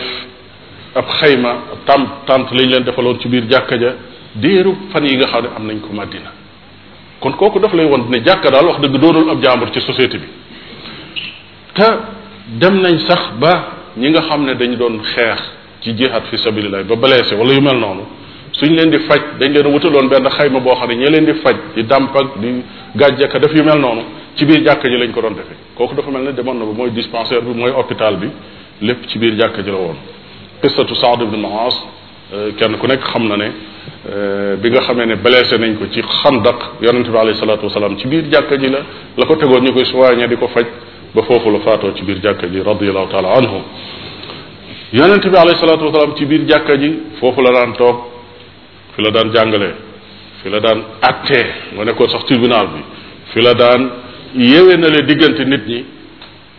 ab xayma tam tant lañ ñu leen defaloon ci biir jàkka ja déeru fan yi nga xam ne am nañ ko Madina kon kooku def lay won ne jàkka daal wax dëgg doonul ab jàmbur ci société bi te dem nañ sax ba ñi nga xam ne dañu doon xeex ci jihaad fi sabilillah ba blessé wala yu mel noonu suñ leen di faj dañ leen wutaloon benn xayma boo xam ne ñee leen di faj di dàmp ak di gàjjaka def yu mel noonu ci biir jàkka ji lañ ko doon defee kooku dafa mel na demoon na ba mooy dispensaire bi mooy hôpital bi lépp ci biir jàkka ji la woon qissatu Saad ibn Muaz euh, kenn ku nekk xam na ne euh, bi nga xamee ne blessé nañ ko ci xandak yonente bi alayhi salaatu salaam ci biir jàkka ji la la ko tegoon ñu koy soigné di ko faj ba foofu la faatoo ci biir jàkka ji radiallahu taala anhu yonente bi alayhi salaatu wasalaam ci biir jàkka ji foofu la daan toog fi la daan jàngalee la daan attee nga nekkoon sax tribunal bi fi la daan yéwee na le diggante nit ñi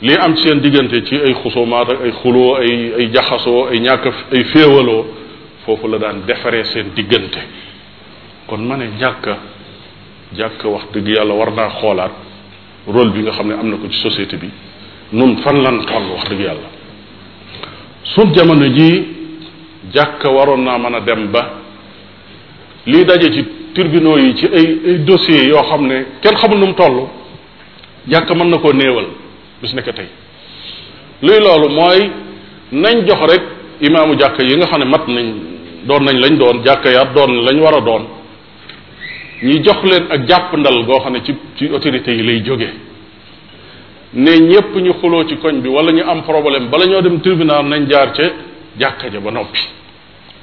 li am ci seen diggante ci ay xusumaat ay xuloo ay ay jaxasoo ay ñàkk ay féewaloo foofu la daan defaree seen diggante kon ma ne jàkka jàkka wax dëgg yàlla war naa xoolaat rôle bi nga xam ne am na ko ci société bi nun fan lan toll wax dëgg yàlla sun jamono ji jàkka waroon naa mën a dem ba lii daje ci tribunaux yi ci ay ay dossiers yoo xam ne kenn xamul nu mu toll jàkk mën na koo néewal bis nekk tey luy loolu mooy nañ jox rek imaamu jàkk yi nga xam ne mat nañ doon nañ lañ doon jàkk yaat doon lañ war a doon ñi jox leen ak jàpp ndal goo xam ne ci ci autorités yi lay jóge ne ñépp ñu xuloo ci koñ bi wala ñu am problème bala ñoo dem tribunal nañ jaar ca jàkka ja ba noppi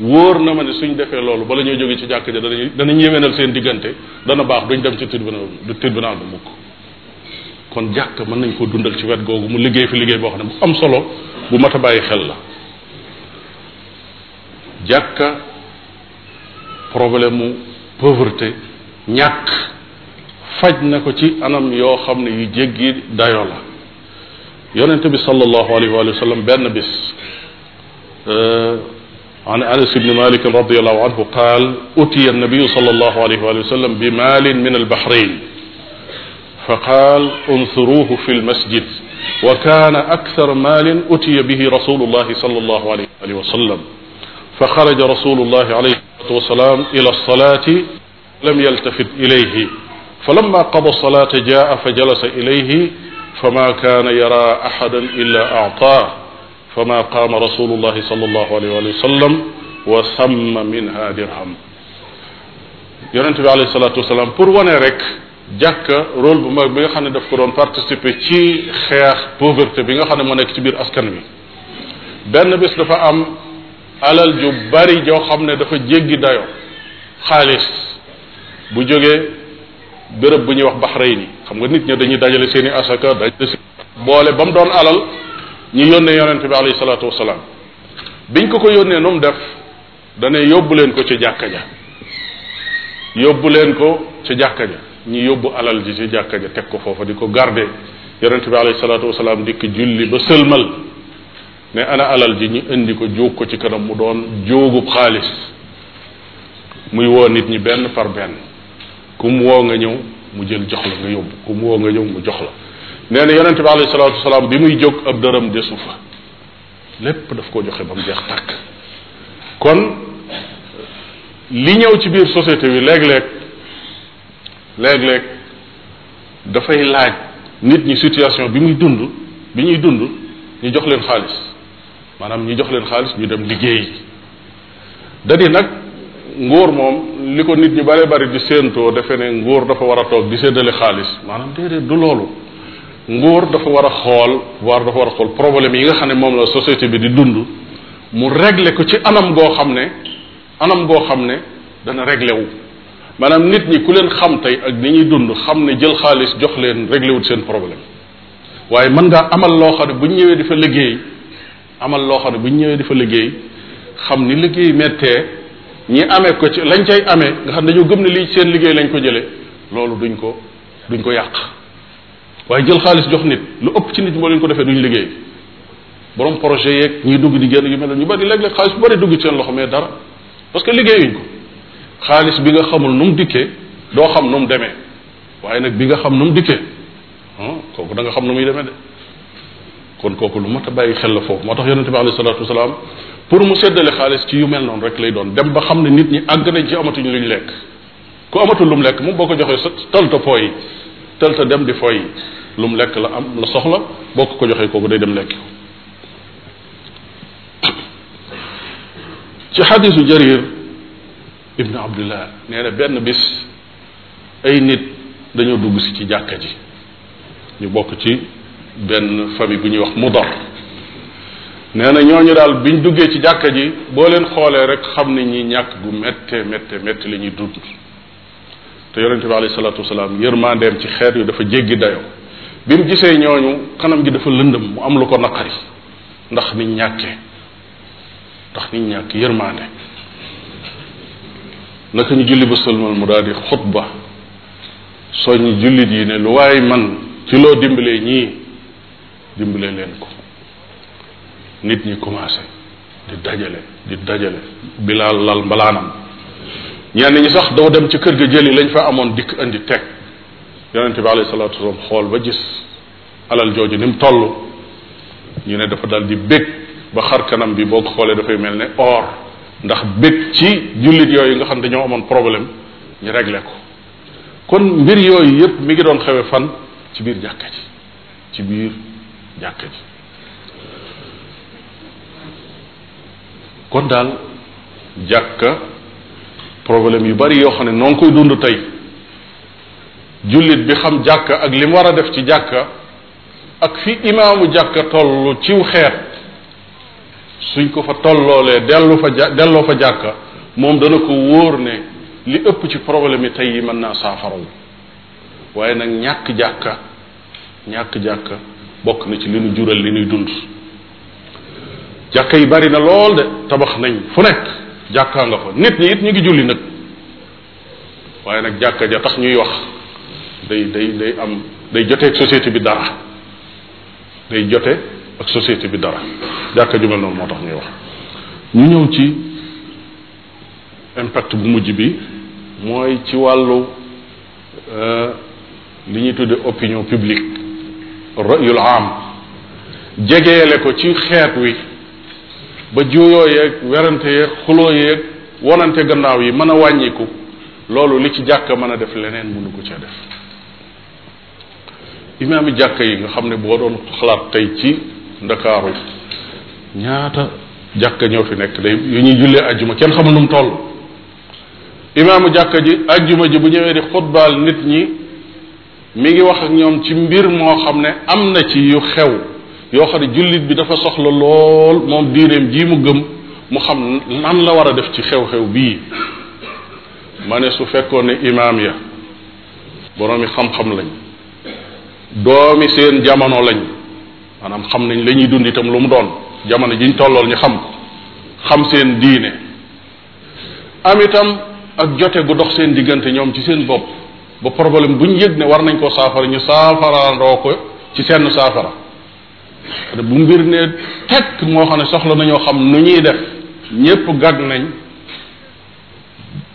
wóor na ma ne suñ defee loolu bala ñoo jóge ci jàkka ja danañ danañ yewenal seen diggante dana baax duñ dem ci tribunal du tribunal bu mukk kon jàkk mën nañ koo dundal ci wet googu mu liggéey fi liggéey boo xam ne am solo bu mat a bàyyi xel la jàkka problème mu pauvreté ñàkk faj na ko ci anam yoo xam ne yu jéggi dayo la yonente bi sallallahu alayhi wa sallam benn bis euh, an anas ibni malik radiallahu anhu qaal utiya annabiyu sallallahu alayhi wa sallam bi maalin min al bahrain fa qaal unsuruuhu fi lmasjid wa kaana akthara maalin utiya bihi rasulullahi sallallahu alayhi wa sallam fa xaraja rasulullahi alayhi salatu wasalaam ila alsalati lam yaltafit ilayhi falamma qada alsalata jaa fa jalasa ilayhi fama kaana yara axadan illa actaa fama qaama rasulullahi sallallahu alayhi wa sallam wa samma minha dirham yonente bi alayhi salatu wasalaam pour wane rek jàkka rôle bu mag bi nga xam ne daf ko doon participer ci xeex pauvreté bi nga xam ne moo nekk ci biir askan wi benn bis dafa am alal ju bari joo xam ne dafa jéggi dayo xaalis bu jógee béréb bu ñuy wax Bahrayn xam nga nit ñi dañuy dajale seeni asaka dajale seen boole ba mu doon alal ñu yónnee yonente bi alayhi salaatu wasalaam biñ ko ko yónnee nu def dane yóbbu leen ko ci jàkka ja yóbbu leen ko ci jàkka ja ñu yóbbu alal ji ci jàkka ja teg ko foofa di ko garde yonente bi alayhi salaatu wasalaam dikk julli ba sëlmal ne ana alal ji ñu indi ko jóog ko ci kanam mu doon jóogub xaalis muy woo nit ñi benn par benn ku mu woo nga ñëw mu jël jox la nga yóbbu ku woo nga ñëw mu jox la nee na yonente bi alayhi salaatu wasalaam bi muy jóg ab dërëm desu fa lépp daf ko joxe ba mu jeex tàkk kon li ñëw ci biir société bi léeg-léeg léeg-léeg dafay laaj nit ñi situation bi muy dund bi ñuy dund ñu jox leen xaalis maanaam ñu jox leen xaalis ñu dem liggéey da di nag nguur moom li ko nit ñu bare bari di séentoo defe ne nguur dafa war a toog di séddale xaalis maanaam déedéet du loolu nguur dafa war a xool war dafa war a xool problème yi nga xam ne moom la société bi di dund mu régler ko ci anam goo xam ne anam goo xam ne dana réglé wu maanaam nit ñi ku leen xam tey ak ni ñuy dund xam ne jël xaalis jox leen réglé wut seen problème waaye mën ngaa amal loo xam ne bu ñu ñëwee di fa liggéey amal loo xam ne bu ñu ñëwee di fa liggéey xam ni liggéey mettee ñi amee ko ci lañ cay amee nga xam ne dañoo gëm ne lii seen liggéey lañ ko jëlee loolu duñ ko duñ ko yàq waaye jël xaalis jox nit lu ëpp ci nit moo leen ko defee duñ liggéey borom projet yeeg ñuy dugg di génn yu mel ñu bari léeg-léeg xaalis dugg ci seen loxo mais dara parce que liggéeyuñ ko. xaalis bi nga xamul nu mu dikkee doo xam nu mu demee waaye nag bi nga xam nu mu dikkee ah, kooku danga xam nu muy demee de kon kooku lu mat a bàyyi xel la foofu moo tax yonente bi alayhi salaatu wasalaam pour mu seddale xaalis ci yu mel noonu rek lay doon dem ba xam ne nit ñi àgg nañ ci amatuñ luñ lekk ku amatul lu mu lekk moom boo ko joxee sa tëlta fooy tëlta dem di fooy lu mu lekk la am la soxla boo ko ko joxee kooku day dem lekk [COUGHS] ci xadisu jarir ibnu abdullah nee na benn bis ay nit dañoo dugg si ci jàkka ji ñu bokk ci benn famille bu ñuy wax mudar nee na ñooñu daal biñ duggee ci jàkka ji boo leen xoolee rek xam ne ñi ñàkk gu métte métte métti lañuy ñuy dund te yonente bi alayhi salatu wasalaam yërmandeem ci xeet yu dafa jéggi dayoo bi mu gisee ñooñu kanam gi dafa lëndëm mu am lu ko naqari ndax niñ ñàkkee ndax niñ ñàkk yërmande naka ñu julli ba sëlmal mu daal di xutba soññ jullit yi ne lu waaye man ci loo dimbale ñii dimbale leen ko nit ñi commencé di dajale di dajale bilaa lal mbalaanam ñenn ñi sax doo dem ci kër ga jëli lañ fa amoon dikk indi teg yonente bi alayhi salaatu wasallam xool ba gis alal jooju ni mu toll ñu ne dafa dal di bég ba xar kanam bi boo ko xoolee dafay mel ne or ndax bëgg ci jullit yooyu nga xam dañoo amoon problème ñu regle ko kon mbir yooyu yépp mi ngi doon xewe fan ci biir jàkka ji ci biir jàkka ji kon daal jàkka problème yu bari yoo xam ne noo koy dund tey jullit bi xam jàkka ak li mu war a def ci jàkka ak fi imaamu jàkka tollu ciw xeet suñ ko fa tolloolee dellu fa ja delloo fa jàkka moom dana ko wóor ne li ëpp ci problème yi tey yi mën naa saafarawu waaye nag ñàkk jàkka ñàkk jàkka bokk na ci li nu jural li nuy dund jàkka yi bari na lool de tabax nañ fu nekk jàkkaa nga fa nit ñi it ñu ngi julli nag waaye nag jàkka ja tax ñuy wax day day day am day joteeg société bi dara day jote ak société bi dara jàkka ju mel noonu moo tax ñuy wax ñu ñëw ci impact bu mujj bi mooy ci wàllu euh, li ñuy tudde opinion publique rayul am jegeele ko ci xeet wi ba juuyoo yeeg werante yeeg xuloo yeeg wonante gannaaw yi mën a wàññiku loolu li ci jàkk mën a def leneen mënu ko cee def imaami jàkka yi nga xam ne boo doon xalaat tey ci ndakaaru ñaata jàkka ñoo fi nekk day yu ñuy jullee ajjuma kenn xamul nu mu toll imaamu jàkka ji ajjuma ji bu ñëwee di xutbaal nit ñi mi ngi wax ak ñoom ci mbir moo xam ne am na ci yu xew yoo xam ne jullit bi dafa soxla lool moom diineem ji mu gëm mu xam nan la war a def ci xew-xew bii ma ne su fekkoon ne imaam ya boroomi xam-xam lañ doomi seen jamono lañ maanaam xam nañ la ñuy dund itam lu mu doon jamono jiñ tollool ñu xam ko xam seen diine am itam ak jote gu dox seen diggante ñoom ci seen bopp ba problème bu ñu yëg ne war nañ koo saafara ñu saafaraandoo ko ci seen saafara bu mbir ne tekk moo xam ne soxla nañoo xam nu ñuy def ñépp gag nañ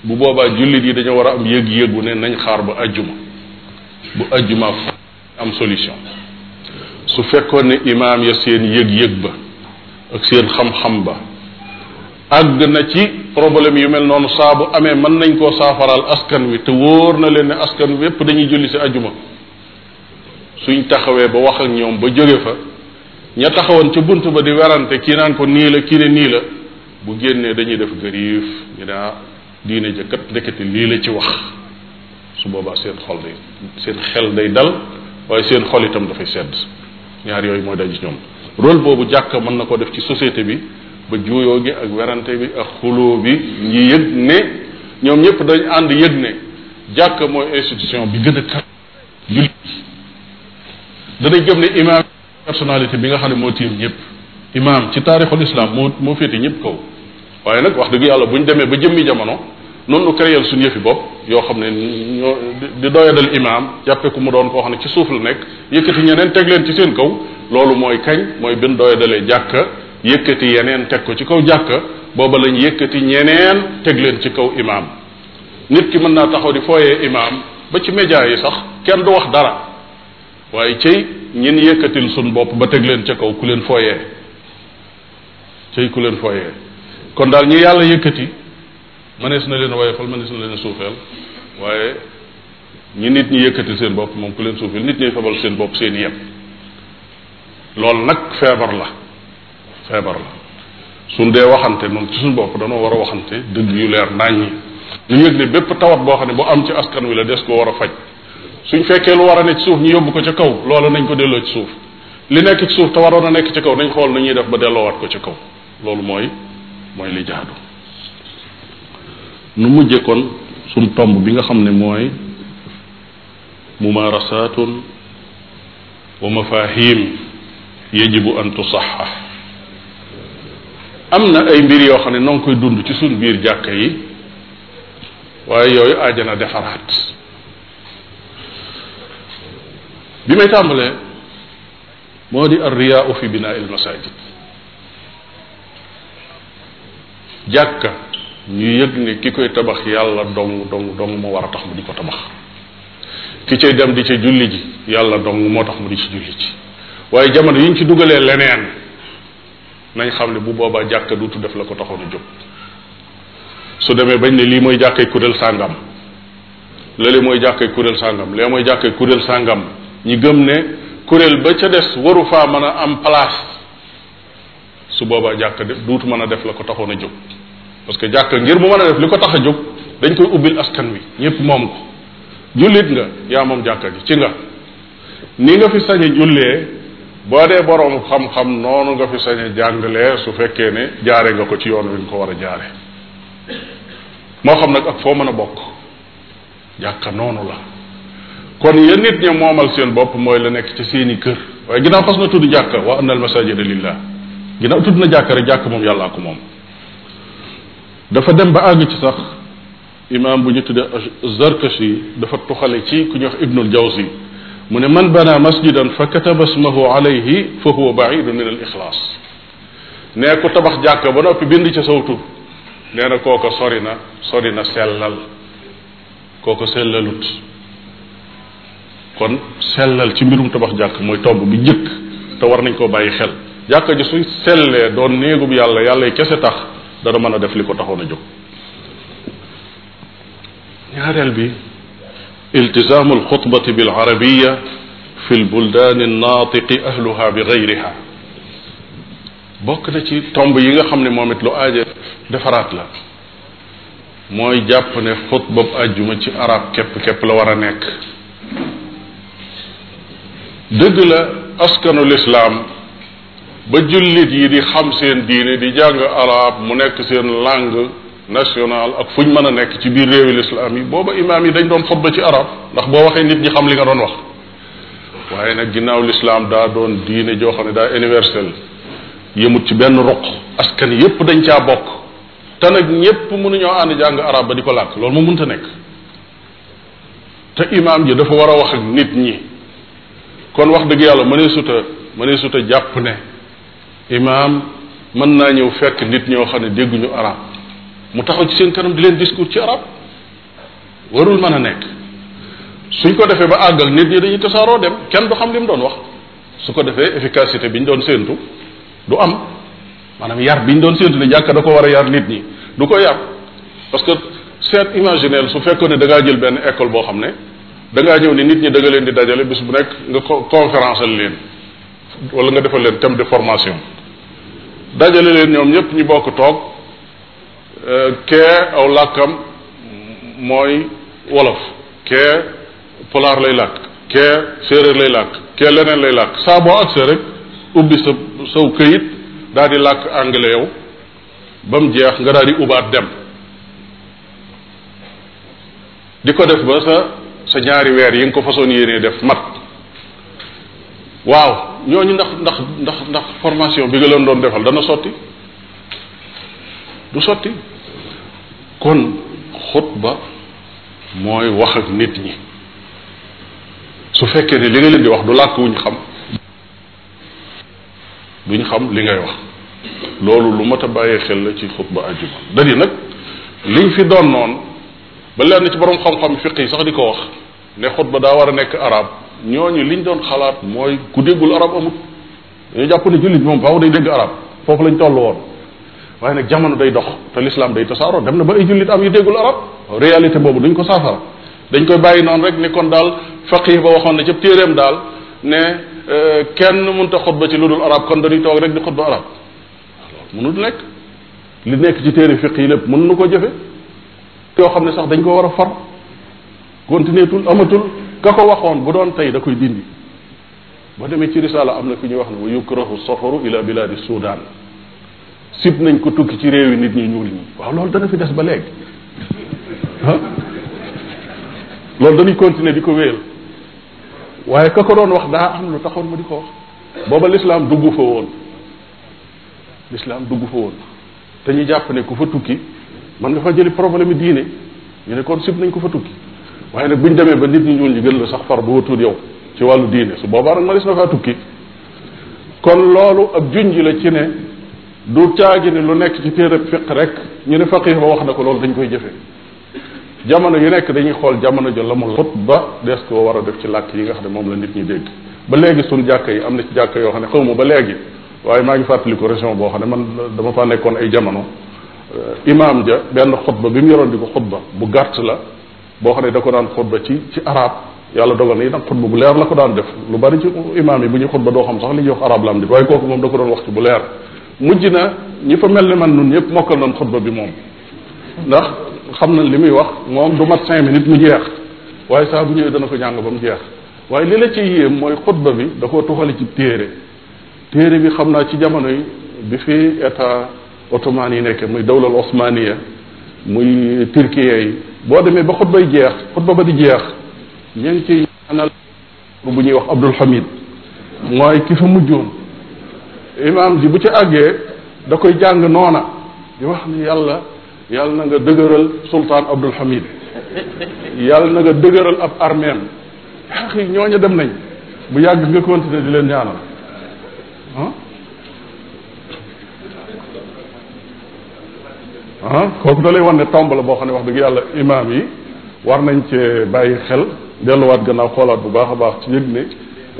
bu boobaa jullit yi dañoo war a am yëg-yëgu ne nañ xaar ba ajjuma bu ajjuma am solution su fekkoon ne imaam ya seen yëg-yëg ba ak seen xam-xam ba àgg na ci problème yu mel noonu saabu amee mën nañ koo saafaraal askan wi te wóor na leen ne askan wi yépp dañuy julli si ajuma suñ taxawee ba wax ak ñoom ba jóge fa ña taxawoon ca bunt ba di werante kii naan ko nii la kii ne nii la bu génnee dañuy def gariif ñu ne ah diine ja kat ndekete lii la ci wax su boobaa seen xol day seen xel day dal waaye seen xol itam dafay sedd ñaar yooyu mooy daje ci ñoom rôle boobu jàkk mën na ko def ci société bi ba juuyoo gi ak werante bi ak xuloo bi ñi yëg ne ñoom ñëpp dañ ànd yëg ne jàkk mooy institution bi gën a kat jullit danañ gëm ne imaam personnalité bi nga xam ne moo tiim ñëpp imaam ci taarixul islam moo moo féete ñëpp kaw waaye nag wax dëgg yàlla bu ñu demee ba jëmmi jamono noonu nu créé suñu yëfi bopp yoo xam ne ñoo di doyadal imaam jàppe ku mu doon koo xam ne ci suuf la nekk yëkkati ñeneen teg leen ci seen kaw loolu mooy kañ mooy bin doyadalee jàkka yëkkati yeneen teg ko ci kaw jàkka booba lañ yëkkati ñeneen teg leen ci kaw imaam nit ki mën naa taxaw di fooyee imaam ba ci média yi sax kenn du wax dara waaye cey ñin yëkkatil suñ bopp ba teg leen ci kaw ku leen fooyee cey ku leen fooyee kon daal ñi yàlla yëkkati mënees na leen woyofal mënees na leen suufeel waaye ñi nit ñi yëkkati seen bopp moom ku leen suuf nit ñi fabal seen bopp seen yem loolu nag feebar la feebar la suñ dee waxante noonu ci suñ bopp danoo war a waxante dëgg yu leer naañ ñi lu yëg ne bépp tawat boo xam ne bu am ci askan wi la des ko war a faj suñ fekkee lu war a nekk suuf ñu yóbbu ko ca kaw loola nañ ko delloo ci suuf li nekk ci suuf te waroon a nekk ci kaw nañ xool na ñuy def ba delloowaat ko ci kaw loolu mooy mooy li jaadu nu mujje kon suñ tomb bi nga xam ne mooy mumaarasatun wa mafahim yajibu an tusaxa am na ay mbir yoo xam ne noo koy dund ci suñ biir jàkk yi waaye yooyu ajana defaraat bi may tàmbalee moo di arriyaa fi binaa il jàkka ñu yëg ne ki koy tabax yàlla dong dong dong moo war a tax mu di ko tabax ki cay dem di ca julli ji yàlla dong moo tax mu di ci julli ji waaye jamono yi ñu ci dugalee leneen nañ xam ne bu boobaa jàkka duutu def la ko taxoon a jóg su demee bañ ne lii mooy jàkkay kuréel sàngam lële mooy jàkkay kuréel sàngam lee mooy jàkkay kuréel sàngam ñi gëm ne kuréel ba ca des waru faa mën a am place su boobaa jàkk def duutu mën a def la ko taxoon a jóg parce que jàkka ngir mu man a def li ko tax a jóg dañ koy ubbil askan wi ñëpp moom ko jullit nga yaa moom jàkka gi ci nga ni nga fi sañ a jullee boo dee boroom xam-xam noonu nga fi sañ a jàngalee su fekkee ne jaare nga ko ci yoon wi nga ko war a jaare moo xam nag ak foo mën a bokk jàkka noonu la kon yéen nit ña moomal seen bopp mooy la nekk ci seeni kër waaye ginnaaw fas na tudd jàkka wa anna al masajida lillah ginnaaw tudd na jàkka rek jàkka moom yàllaa ko moom dafa dem ba àgg ci sax imaam bu ñu tuddee Zarkashi dafa tuxale ci ku ñuy wax Ibnul Jawzi mu ne man bana masjidan fa kataba smahu ale fa huwa baidun min al ixlaas nee ku tabax jàkka ba noppi bind ci sawtu nee na kooko sori na sori na sellal kooko sellalut kon sellal ci mbirum tabax jàkk mooy tomb bi njëkk te war nañ koo bàyyi xel jàkka ji suy sellee doon néegub yàlla yàlla kese tax dana mën a def li ko taxoon a jóg ñaareel bi iltisaamu alxutbati bil arabiya fi lbuldaani nnaatiqi ahluha bi gayriha bokk na ci tomb yi nga xam ne moom it lu aaje defaraat la mooy jàpp ne xutbab ajjuma ci arab képp-képp la war a nekk dëgg la askanu lislaam ba jullit yi di xam seen diine di jàng arab mu nekk seen langue nationale ak fu ñu mën a nekk ci biir réewi lislaam yi booba imaam yi dañ doon ba ci arab ndax boo waxee nit ñi xam li nga doon wax waaye nag ginnaaw lislaam daa doon diine joo xam ne daa universel yëmut ci benn ruq askan yépp dañ caa bokk te nag ñépp mënuñoo ànd jàng arab ba di ko làkk loolu ma mënta nekk te imaam ji dafa war a wax ak nit ñi kon wax dëgg yàlla mënee suta mënee suta jàpp ne imaam mën naa ñëw fekk nit ñoo xam ne dégguñu arab mu taxaw ci seen kanam di leen discours ci arab warul man a nekk suñ ko defee ba àggal nit ñi dañuy tasaaroo dem kenn du xam li mu doon wax su ko defee efficacité bi ñu doon séentu du am maanaam yar bi ñu doon séentu ne jàkka da ko war a yar nit ñi du ko yar parce que seet imaginel su fekkoon ne da ngaa jël benn école boo xam ne dangaa ñëw ni nit ñi da leen di dajale bis bu nekk nga conférence leen wala nga defal leen thème de formation dajale leen ñoom ñëpp ñu bokk toog euh, kee aw làkkam mooy wolof kee pulaar lay làkk kee séeréer lay làkk kee leneen lay làkk saa ak agsee rek ubbi sa saw këyit daal di làkk anglais yow ba mu jeex nga daal di ubaat dem di ko def ba sa sa ñaari weer yi nga ko façon yéenee def mat waaw ñooñu ndax ndax ndax ndax formation bi nga leen doon defal dana sotti du sotti kon xutba mooy wax ak nit ñi su fekkee ne li nga leen di wax du làkk wuñ xam duñ xam li ngay wax loolu lu mat a bàyyee xel la ci xutba ajjuma dadi nag liñ fi doon noonu ba leen ci boroom xam-xam fiq yi sax di ko wax ne xutba daa war a nekk arab ñooñu liñ doon xalaat mooy ku déggul arab amut dañu jàpp ne jullit moom faaw day dégg araab foofu lañ toll woon waaye nag jamono day dox te l'islam day tasaaroo dem na ba ay jullit am yu déggul arab réalité boobu duñ ko saafara dañ koy bàyyi noonu rek ne kon daal faqih ba waxoon ne ca téeréem daal ne euh, kenn mënta xutba ci lu dul arab kon dañuy toog rek di xutba arab mënul nekk li nekk ci téere fiq yi lépp mën na ko jëfe yoo xam ne sax dañ ko war a far continuer amatul ka ko waxoon bu doon tey da koy dindi boo demee ci risaala am na fi ñuy wax ne wa yukrahu safaru ila biladi sudan sib nañ ko tukki ci réew yi nit ñi ñuul ñi waaw loolu dana fi des ba léegi ah loolu dañuy continuer di ko wéyal waaye ka ko doon wax
daa am lu taxoon ma di ko
booba lislaam dugg fa woon lislaam dugg fa woon te ñu jàpp ne ku fa tukki mën nga fa jëli problème diine ñu nekkoon kon sib nañ ko fa tukki waaye nag bu ñu demee ba nit ñu ñuul ñu gën la sax far ba watuut yow ci wàllu diine su boobaa nag ma des na faa tukki kon loolu ab junj la ci ne du caagi ne lu nekk ci téereb fiq rek ñu ne faqih ba wax na ko loolu dañ koy jëfe jamono yu nekk dañuy xool jamono jo la mu xutba des ko war a def ci làkk yi nga xam ne moom la nit ñi dégg ba léegi suñ jàkka yi am na ci jàkka yoo xam ne ma ba léegi waaye maa ngi fàttaliku région boo xam ne man dama faa nekkoon ay jamono imaam ja benn xutba bi mu yoroon di ko xutba bu gàtt la boo xam ne da ko daan xutba ci ci arab yàlla dogal na nag xutba bu leer la ko daan def lu bari ci imaam yi bu ñuy xutba doo xam sax li ñuy wax la am di waaye kooku moom da ko doon wax ci bu leer mujj na ñi fa mel ne man nun ñëpp mokkal nañ xutba bi moom ndax xam na li muy wax moom du mat cinq minutes mu jeex waaye saa bu ñëwee dana ko jàng ba mu jeex waaye li la ci yéem mooy xutba bi da koo tuxale ci téere téere bi xam naa ci jamono yi bi fi état ottoman yi nekkee muy dawlal osmaniya muy turkiye yi boo demee ba xutbay jeex xutba ba di jeex ñu ngi ciy ñaanal bu ñuy wax Abdul Hamid mooy ki fa mujjoon imaam ji bu ci àggee da koy jàng noona yi wax ni yàlla yàlla na nga dëgëral sultaan Abdul Hamid yàlla na nga dëgëral ab armeem yaa yi ñooña dem nañ bu yàgg nga continuer di leen ñaanal ah kooku da lay ne tomb la boo xam ne wax dëgg yàlla imaam yi war nañ ci bàyyi xel delluwaat gannaaw xoolaat bu baax a baax ci yëg ne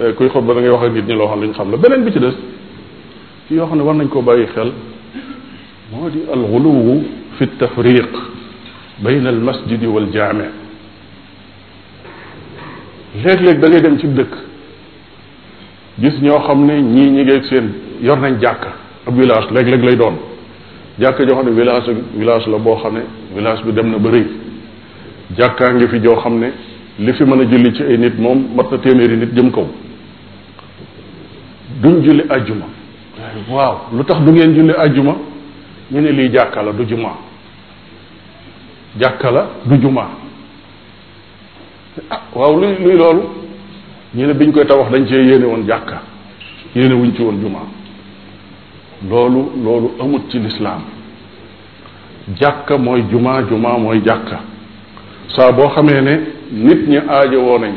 eh, kuy xutba da ngay wax ak nit ñi loo xam ne ñu xam la beneen bi ci des yoo xam ne war nañ koo bàyyi xel moo di al xuluwu fi tafriq bayn al masjidi wal jaame léeg-léeg da dem ci dëkk gis ñoo xam ne ñii ñi seen yor nañ jàkka ab village léeg-léeg lay doon jàkk joo xam ne village village la boo xam ne village bi dem na ba rëy jàkkaa ngi fi joo xam ne li fi mën a julli ci ay nit moom mat na téeméeri nit jëm kaw duñ julli ajjuma waaw lu tax du ngeen julli juma ñu ne lii jàkka la du juma jàkka du jumaa ah waaw luy luy loolu ñu ne biñ koy tabax dañ cee yéene woon jàkka yéene wuñ ci woon juma loolu loolu amut ci lislaam jàkka mooy jumaa jumaa mooy jàkka saa boo xamee ne nit ñi ajo aajowoo nañ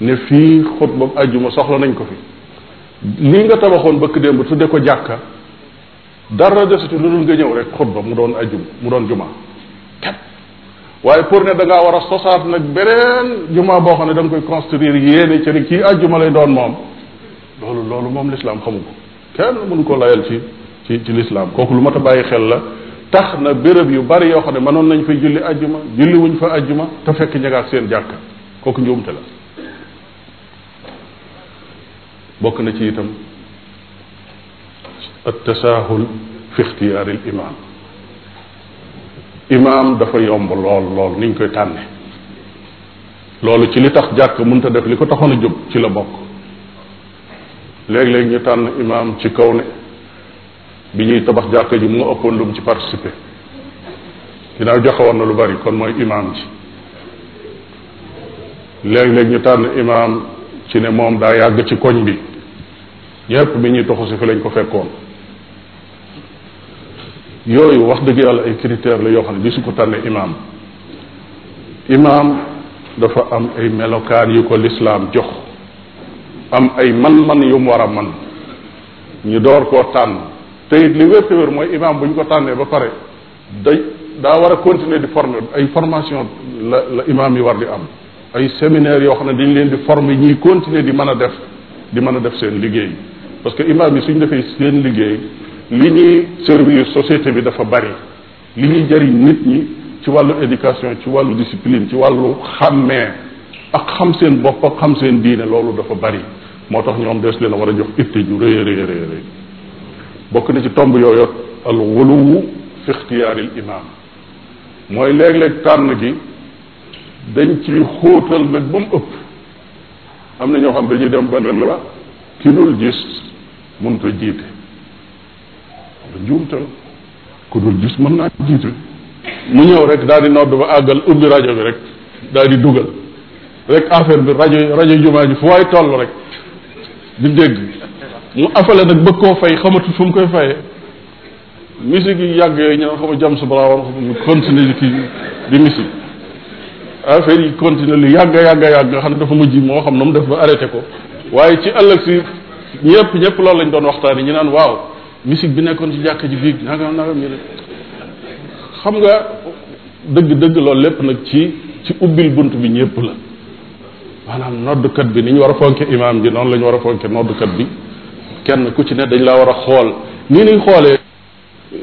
ne fii xutba ajjuma soxla nañ ko fi lii nga tabaxoon bëkk démb tudde ko jàkka dara desatu lu dul nga ñëw rek xutba mu doon ajjuma mu doon jumaa waaye pour ne da ngaa war a sosaat nag beneen jumaa boo xam ne da koy construire yéene ci ne kii ajjuma lay doon moom loolu loolu moom lislaam xamu ko kenn mënu ko layal ci ci ci lislaam kooku lu mat a bàyyi xel la tax na béréb yu bari yoo xam ne mënoon nañ fay julli ajjuma julli wuñ fa ajjuma te fekk ña ak seen jàkka kooku njuumte la bokk na ci itam at tasaahul fi ixtiyaaril imaam imaam dafa yomb lool lool niñ koy tànne loolu ci li tax jàkk mënta def li ko taxoon a jóg ci la bokk léegi léeg ñu tànn imaam ci kaw ne bi ñuy tabax jàkka ji mu ëppoon lu mu ci participé ginnaaw joxe woon na lu bari kon mooy imaam ji léeg-léeg ñu tànn imaam ci ne moom daa yàgg ci koñ bi ñépp bi ñuy toxu si fi lañ ko fekkoon yooyu wax dëgg yàlla ay critères la yoo xam ne gisu ko tànne imaam imaam dafa am ay melokaan yu ko lislaam jox am ay man-man yu mu war a man ñu door koo tànn te li wér te wér mooy imaam bu ñu ko tànnee ba pare day daa war a continuer di former ay formation la la imaam yi war di am ay séminaire yoo xam ne dañ leen di former ñuy continuer di mën a def di mën a def seen liggéey parce que imaam yi suñ defee seen liggéey li ñuy servir société bi dafa bari li ñuy jariñ nit ñi ci wàllu éducation ci wàllu discipline ci wàllu xàmmee ak xam seen bopp ak xam seen diine loolu dafa bari moo tax ñoom des leen na war a jox itte ju rëy a rëy bokk na ci tomb yooyu al xuluwu fi ixtiyaaril imaam mooy léeg-léeg tànn gi dañ ci xóotal nag ba mu ëpp am na ñoo xam dañuy dem ban la ki dul gis mënut a jiite la ku dul gis mën naa jiite mu ñëw rek daal di nodd ba àggal ubbi rajo bi rek daal di dugal rek affaire bi rajo rajo jumaa ji fu waay toll rek di dégg mu afale nag bëgg koo fay xamatu fu mu koy fayee musique yi yàgg yooyu ñu naan xam nga James Brown xam mu continuer di kii di musique affaire yi continuer lu yàgg yàgga yàgg nga xam ne dafa ji moo xam na mu def ba arrêté ko waaye ci ëllëg si ñëpp ñëpp loolu lañ doon waxtaan yi ñu naan waaw musique bi nekkoon ci jàkk ji biig nangam nangam ñu xam nga dëgg-dëgg loolu lépp nag ci ci ubbil bunt bi ñëpp la maanaam noddkat bi ni ñu war a fonke imaam ji noonu la ñu war a fonke noddkat bi kenn ku ci ne dañ la war a xool nii niñ xoolee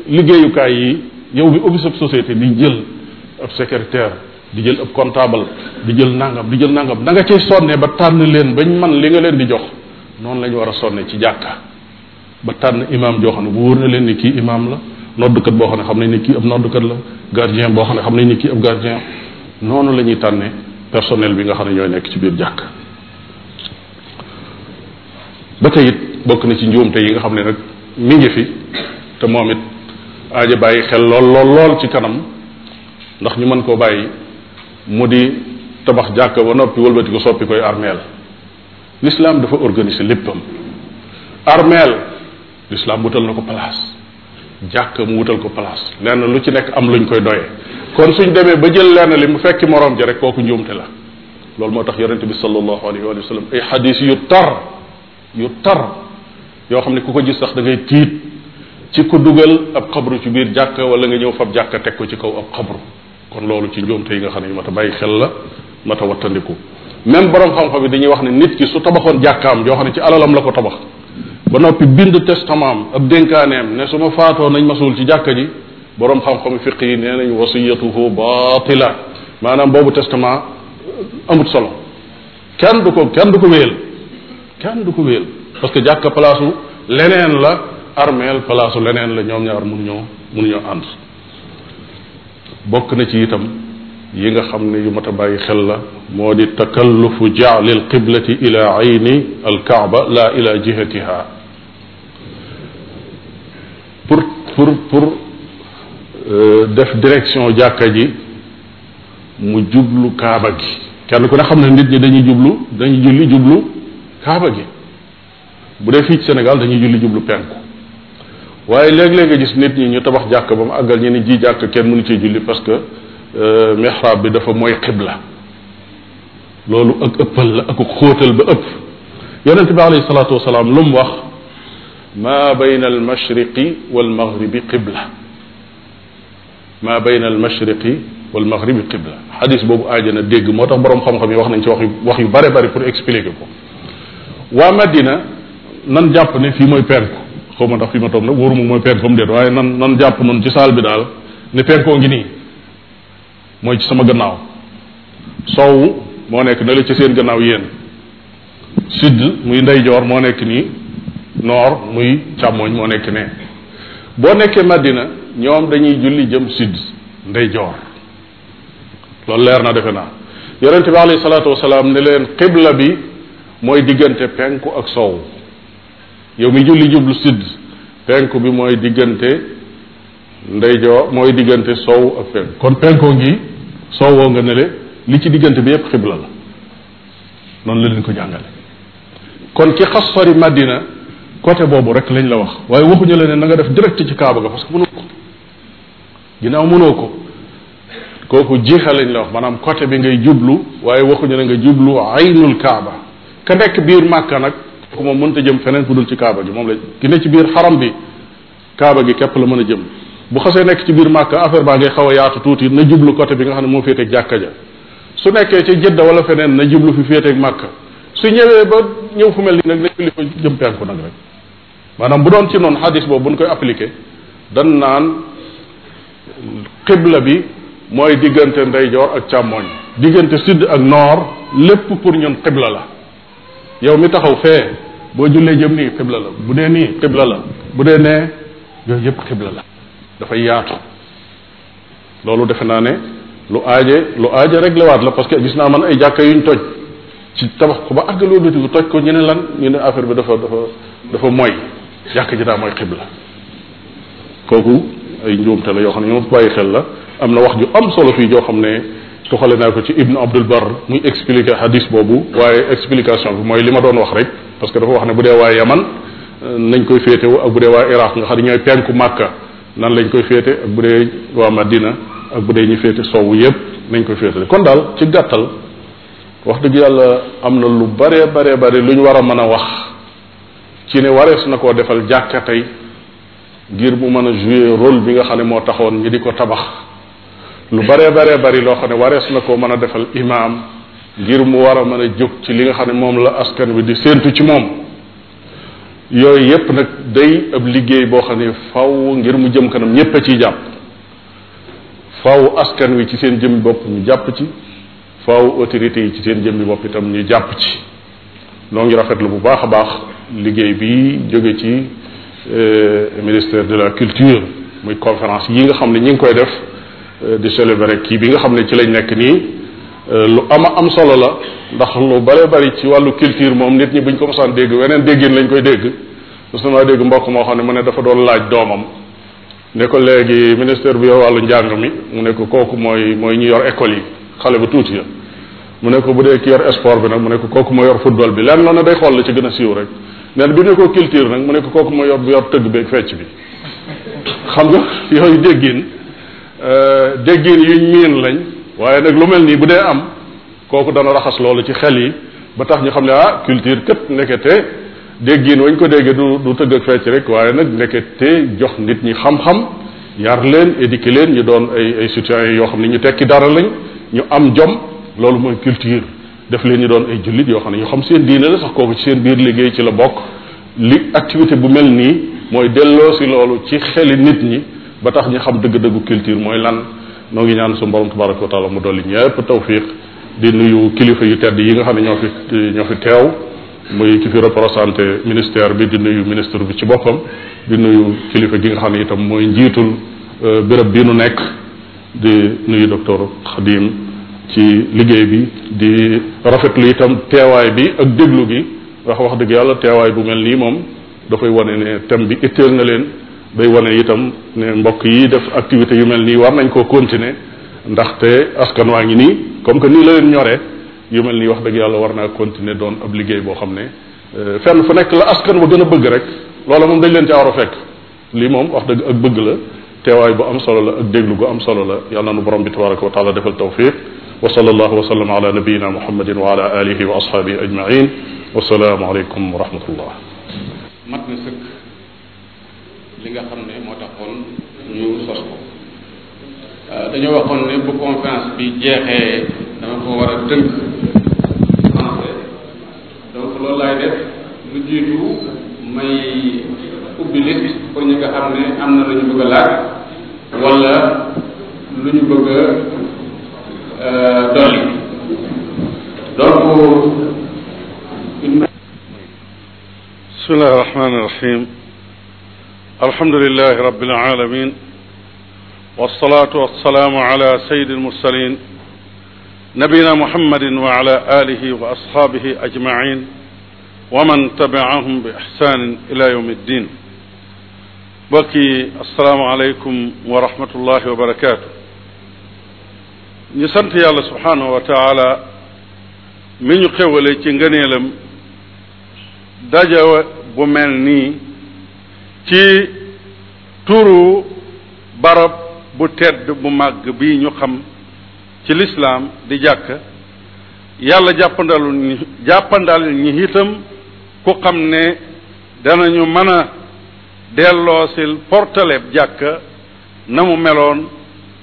liggéeyukaay yi yow bi office société di jël ab secrétaire di jël ab comptable di jël nangam di jël nangam da nga cay ba tànn leen bañ man li nga leen di jox noonu la war a sonne ci jàkka ba tànn imaam joo xam ne bu wóor na leen ni kii imaam la noddukat boo xam ne xam nañ ni kii ab noddukat la gardien boo xam ne xam nañ ni kii ab gardien noonu la ñuy tànnee personnel bi nga xam ne ñooy nekk ci biir jàkk ba tey bokk na ci njuumte yi nga xam ne nag mi ngi fi te moom it aaja bàyyi xel lool lool lool ci kanam ndax ñu mën koo bàyyi mu di tabax jàkk ba noppi wëlbati ko soppi koy armeel l'islam dafa organiser léppam armeel l'islam wutal na ko place jàkk mu wutal ko place lenn lu ci nekk am luñ koy doyee kon suñ demee ba jël lenn li mu fekki moroom ji rek kooku njuumte la loolu moo tax yonente bi sallallahu alayhi wa sallam ay xadis yu tar yu tar yoo xam ne ku ko gis sax da tiit ci ku dugal ab xabru ci biir jàkka wala nga ñëw fab jàkka teg ko ci kaw ab xabru kon loolu ci njuumte yi nga xam ne yu mat a bàyyi xel la mat a wattandiku même borom xam-xam yi dañuy wax ne nit ki su tabaxoon jàkkaam yoo xam ne ci alalam la ko tabax ba noppi bind testament am ab dénkaaneem ne su ma faatoo nañ ma suul ci jàkka ji borom xam-xam fiq yi nee nañ wasiyatuhu batila maanaam boobu testament amut solo kenn du ko kenn du ko wéyal kenn du ko wéyal parce que jàkk palaasu leneen la armeel palaasu leneen la ñoom ñaar mun ñoo mun ñoo ànd bokk na ci itam yi nga xam ne yu mat a bàyyi xel la moo di takallufu jaali alqiblati ila ayni alkaaba la ila jihatiha pour pour Euh, def direction jàkka ji mu jublu kaaba gi kenn ku ne xam ne nit ñi dañuy jublu dañuy julli jublu kaaba gi bu dee fii ci Sénégal dañuy julli jublu penku waaye léeg-léeg nga gis nit ñi ñu tabax jàkk ba mu àggal ñu ni ji jàkk kenn mënu cee julli parce que euh, mihrab bi dafa mooy xibla loolu ak ëppal la ak xóotal ba ëpp yonente bi alayhi salaatu wasalaam lu mu wax ma bayna al mashriqi wal maghribi qibla ma bayna al mashriqi wal maghribi qibla xadis boobu aajana dégg moo tax borom xam-xam yi wax nañ ci wax yu wax yu bare bari pour expliquer ko waa Madina nan jàpp ne fii mooy penku xaw ma ndax fi ma toog nag wóoruma mooy penku mu waaye nan nan jàpp noonu ci saal bi daal ne penkoo ngi nii mooy ci sama gannaaw soow moo nekk na la ci seen gannaaw yéen sud muy ndeyjoor moo nekk nii noor muy càmmooñ moo nekk ne boo nekkee Madina ñoom dañuy julli jëm sidd ndeyjoor loolu leer na defe naa yonente bi alayhi salaatu wasalaam ne leen xibla bi mooy diggante penku ak soow yow mi julli jublu sidd penku bi mooy diggante ndeyjoor mooy diggante sow ak penku kon penkoo ngi soowoo nga ne li ci diggante bi yépp xibla la noonu la leen ko jàngale kon ci xas sori madina côté boobu rek lañ la wax waaye waxuñu la ne na nga def direct ci kaaba ga parce que ginnaaw mënoo ko kooku jiixa lañ la wax maanaam côté bi ngay jublu waaye waxuñu ne nga jublu aynul kaaba ka nekk biir màkka nag kooku moom mënta jëm feneen fu dul ci kaaba gi moom la ki ne ci biir xaram bi kaaba gi képp la mën a jëm bu xasee nekk ci biir màkka affaire baa xaw a yaatu tuuti na jublu côté bi nga xam ne moo féeteeg jàkka ja su nekkee ci jëdda wala feneen na jublu fi féeteeg màkka su ñëwee ba ñëw fu mel ni nag na julli fa jëm penku nag rek maanaam bu doon ci noonu xadis boobu buñ koy appliqué dan naan xibla bi mooy diggante ndeyjoor ak càmmoñ diggante sud ak noor lépp pour ñun xibla la yow mi taxaw fee boo jullee jëm nii xibla la bu dee nii xibla la bu dee nee yooyu yëpp xibla la dafay yaatu loolu defe naa ne lu aaje lu aaje réglé lewaat la parce que gis naa man ay jàkka yuñ toj ci tabax ko ba àgg loolu dutigu toj ko ñu ne lan ñu ne affaire bi dafa dafa dafa mooy jàkk ji daa mooy xibla kooku ay njuumte la yoo xam ne ñu bàyyi xel la am na wax ju am solo fii joo xam ne su tuxale naa ko ci Ibn Abdul Bar muy expliquer hadis boobu waaye explication bi mooy li ma doon wax rek parce que dafa wax ne bu dee waa Yaman nañ koy féetewu ak bu dee waa Iraq nga xam ne ñooy penku Màkka nan lañ koy féete ak bu dee waa Madina ak bu dee ñu féete sowwu yépp nañ koy féetale kon daal ci gàttal wax dëgg yàlla am na lu bare bare bare lu ñu war a mën a wax ci ne warees na koo defal jàkka ngir mu mën a jouer rôle bi nga xam ne moo taxoon ñi di ko tabax lu baree baree bari loo xam ne warees na koo mën a defal imaam ngir mu war a mën a jóg ci li nga xam ne moom la askan wi di séentu ci moom yooyu yépp nag day ab liggéey boo xam ne faw ngir mu jëm kanam ñépp a ciy jàpp faw askan wi ci seen jëm bopp ñu jàpp ci faw autorités yi ci seen jëmmi bopp itam ñu jàpp ci noo ngi rafetlu bu baax a baax liggéey bi jóge ci Euh, ministère de la culture muy conférence yi nga xam ne ñi ngi koy def euh, di célébrer kii bi nga xam ne ci lañ nekk nii euh, lu ama am solo la ndax lu bare bari ci wàllu culture moom nit ñi buñ ko mosaan dégg weneen déggin lañ koy dégg mos na maa dégg mbokk moo xam ne mu ne dafa doon laaj doomam ne ko léegi ministère bi yor wàllu njàng mi mu ne ko kooku mooy mooy ñu yor école yi xale bu tuuti ya mu ne ko bu dee ki yor sport bi nag mu ne ko kooku moo yor football bi lenn loo ne day xool la ci gën a siiw rek nee na bi ne ko culture nag mu ne ko kooku ma yor yor tëgg beeg fecc bi xam nga [LAUGHS] yooyu déggin euh, déggin yuñ miin lañ waaye nag lu mel nii bu dee am kooku dana raxas loolu ci xel yi ba tax ñu xam ne ah culture kët ndekete déggin wañ ko déggee du du tëgg ak fecc rek waaye nag ndekete jox nit ñi xam-xam yar leen éduquer leen ñu doon ay ay citoyens yoo xam ne ñu tekki dara lañ ñu am jom loolu mooy culture def leen ñi doon ay jullit yoo xam ne ñu xam seen diine la sax kooku ci seen biir liggéey ci la bokk li activité bu mel nii mooy delloo si loolu ci xeli nit ñi ba tax ñi xam dëgg-dëggu culture mooy lan noo ngi ñaan suñu borom tabaraka wa taala mu dolli ñëpp tawfiq di nuyu kilifa yu tedd yi nga xam ne ñoo fi ñoo fi teew muy ki fi représenté ministère bi di nuyu ministre bi ci boppam di nuyu kilifa gi nga xam ne itam mooy njiitul euh, béréb bii nu nekk di nuyu ci liggéey bi di rafetlu itam teewaay bi ak déglu gi ndax wax dëgg yàlla teewaay bu mel nii moom dafay wane ne thème bi itteel na leen day wane itam ne mbokk yi def activité yu mel nii war nañ koo continuer ndaxte askan waa ngi nii comme que nii la leen ñoree yu mel nii wax dëgg yàlla war naa continuer doon ab liggéey boo xam ne euh, fenn fu nekk la askan wa gën a bëgg rek loola moom dañ leen ca war a fekk lii moom wax dëgg ak bëgg la teewaay bu am solo la ak déglu gu am solo la yàlla na nu borom bi tabaraka wa taala defal tawfiq wa sallallahu wa sallam ala nabiyina muhammadin wa ala alihi wa ashabihi ajmain wasalaamu aleykum wa rahmatullah mat na sëkk li nga xam ne moo taxoon ñu sos ko ah, dañoo waxoon ne bu conférence bi jeexee dama ko war a tënk
français donc loolu laay def lu jiitu may ubbi liste pour ñi nga xam ne am na lu ñu bëgg a laaj wala
lu ñu bëgg a dolli donc
bismillahi rahmani rahim alhamdulilahi rabbil alamin والصلاة والسلام على سيد المرسلين نبينا محمد وعلى آله وأصحابه أجمعين ومن تبعهم بإحسان إلى يوم الدين بكي السلام عليكم ورحمة الله وبركاته ñu sant yàlla subhaanahu wa mi ñu xewale ci ngëneelam dajawa bu mel nii ci turu barab bu tedd bu màgg bii ñu xam ci lislaam di jàkk yàlla jàppandalu ñi jàppandal ñi itam ku xam ne danañu mën a delloosil portaleeb jàkk na mu meloon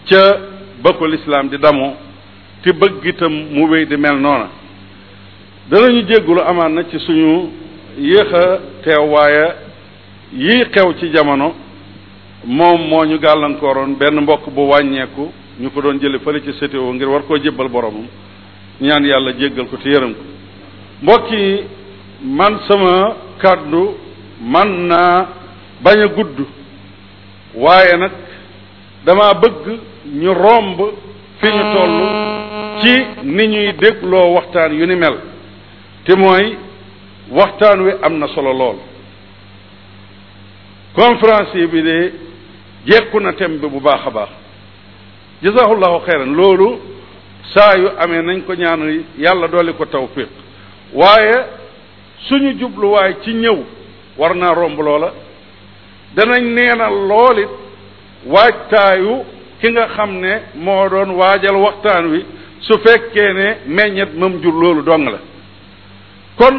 ca ba ko lislaam di damoo ti bëgg itam mu wéy di mel noona danañu jéggulu amaan na ci suñu yéex teew waaye yii xew ci jamono moom moo ñu gàllankooroon benn mbokk bu wàññeeku ñu ko doon jële fële ci sétéo ngir war koo jébbal boromam ñaan yàlla jéggal ko te yërëm ko mbokk yi man sama kàddu man naa bañ a gudd waaye nag dama bëgg ñu romb fi ñu toll ci ni ñuy dégloo waxtaan yu ni mel te mooy waxtaan wi am na solo lool conférence bi de jekku na thème bi bu baax a baax jazaahullahu xeyran loolu saa yu amee nañ ko ñaan yàlla doole ko tawfiq waaye suñu jubluwaay ci ñëw war naa romb loola danañ neena loolit waajtaayu ki nga xam ne moo doon waajal waxtaan wi su fekkee ne meññet mam jur loolu dong la kon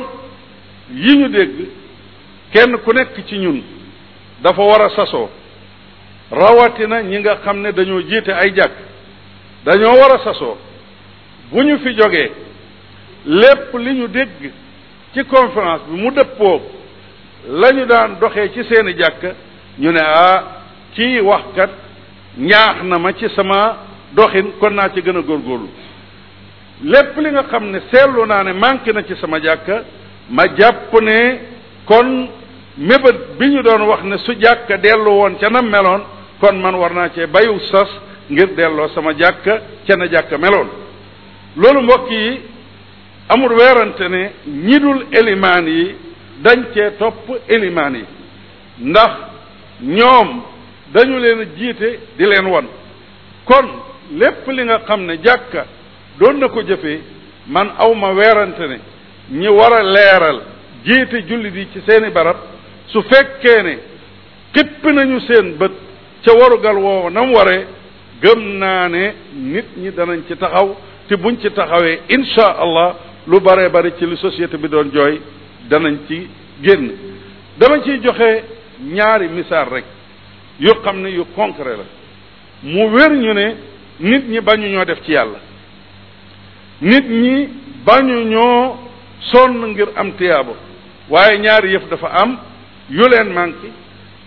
yi ñu dégg kenn ku nekk ci ñun dafa war a sasoo rawatina ñi nga xam ne dañoo jiite ay jàkk dañoo war a sasoo bu ñu fi jógee lépp li ñu dégg ci conférence bi mu dëppoo lañu daan doxee ci seeni jàkk ñu ne ah kii waxkat ñaax na ma ci sama doxin kon naa ci gën góor góorgóorlu lépp li nga xam ne seetlu naa ne manqué na ci sama jàkk ma jàpp ne kon mébét bi ñu doon wax ne su jàkka dellu woon ca na meloon kon man war naa cee bayu sas ngir delloo sama jàkk ca na jàkka meloon loolu mbokk yi amul weerante ne ñi dul elimaan yi dañ cee topp elimaan yi ndax ñoom dañu leen a jiite di leen wan kon lépp li nga xam ne jàkka doon na ko jëfee man awma ma weerante ne ñi war a leeral jiite jullit yi ci seeni barab su fekkee ne képp nañu seen bët ca warugal woowu nam mu waree gëm naa ne nit ñi danañ ci taxaw te buñ ci taxawee insha allah lu bare bare ci li société bi doon jooy danañ ci génn dama ciy joxe ñaari misaal rek yu xam ne yu concret la mu wér ñu ne nit ñi bañuñoo def ci yàlla nit ñi bañu ñoo sonn ngir am tiyaaba waaye ñaari yëf dafa am yu leen manqué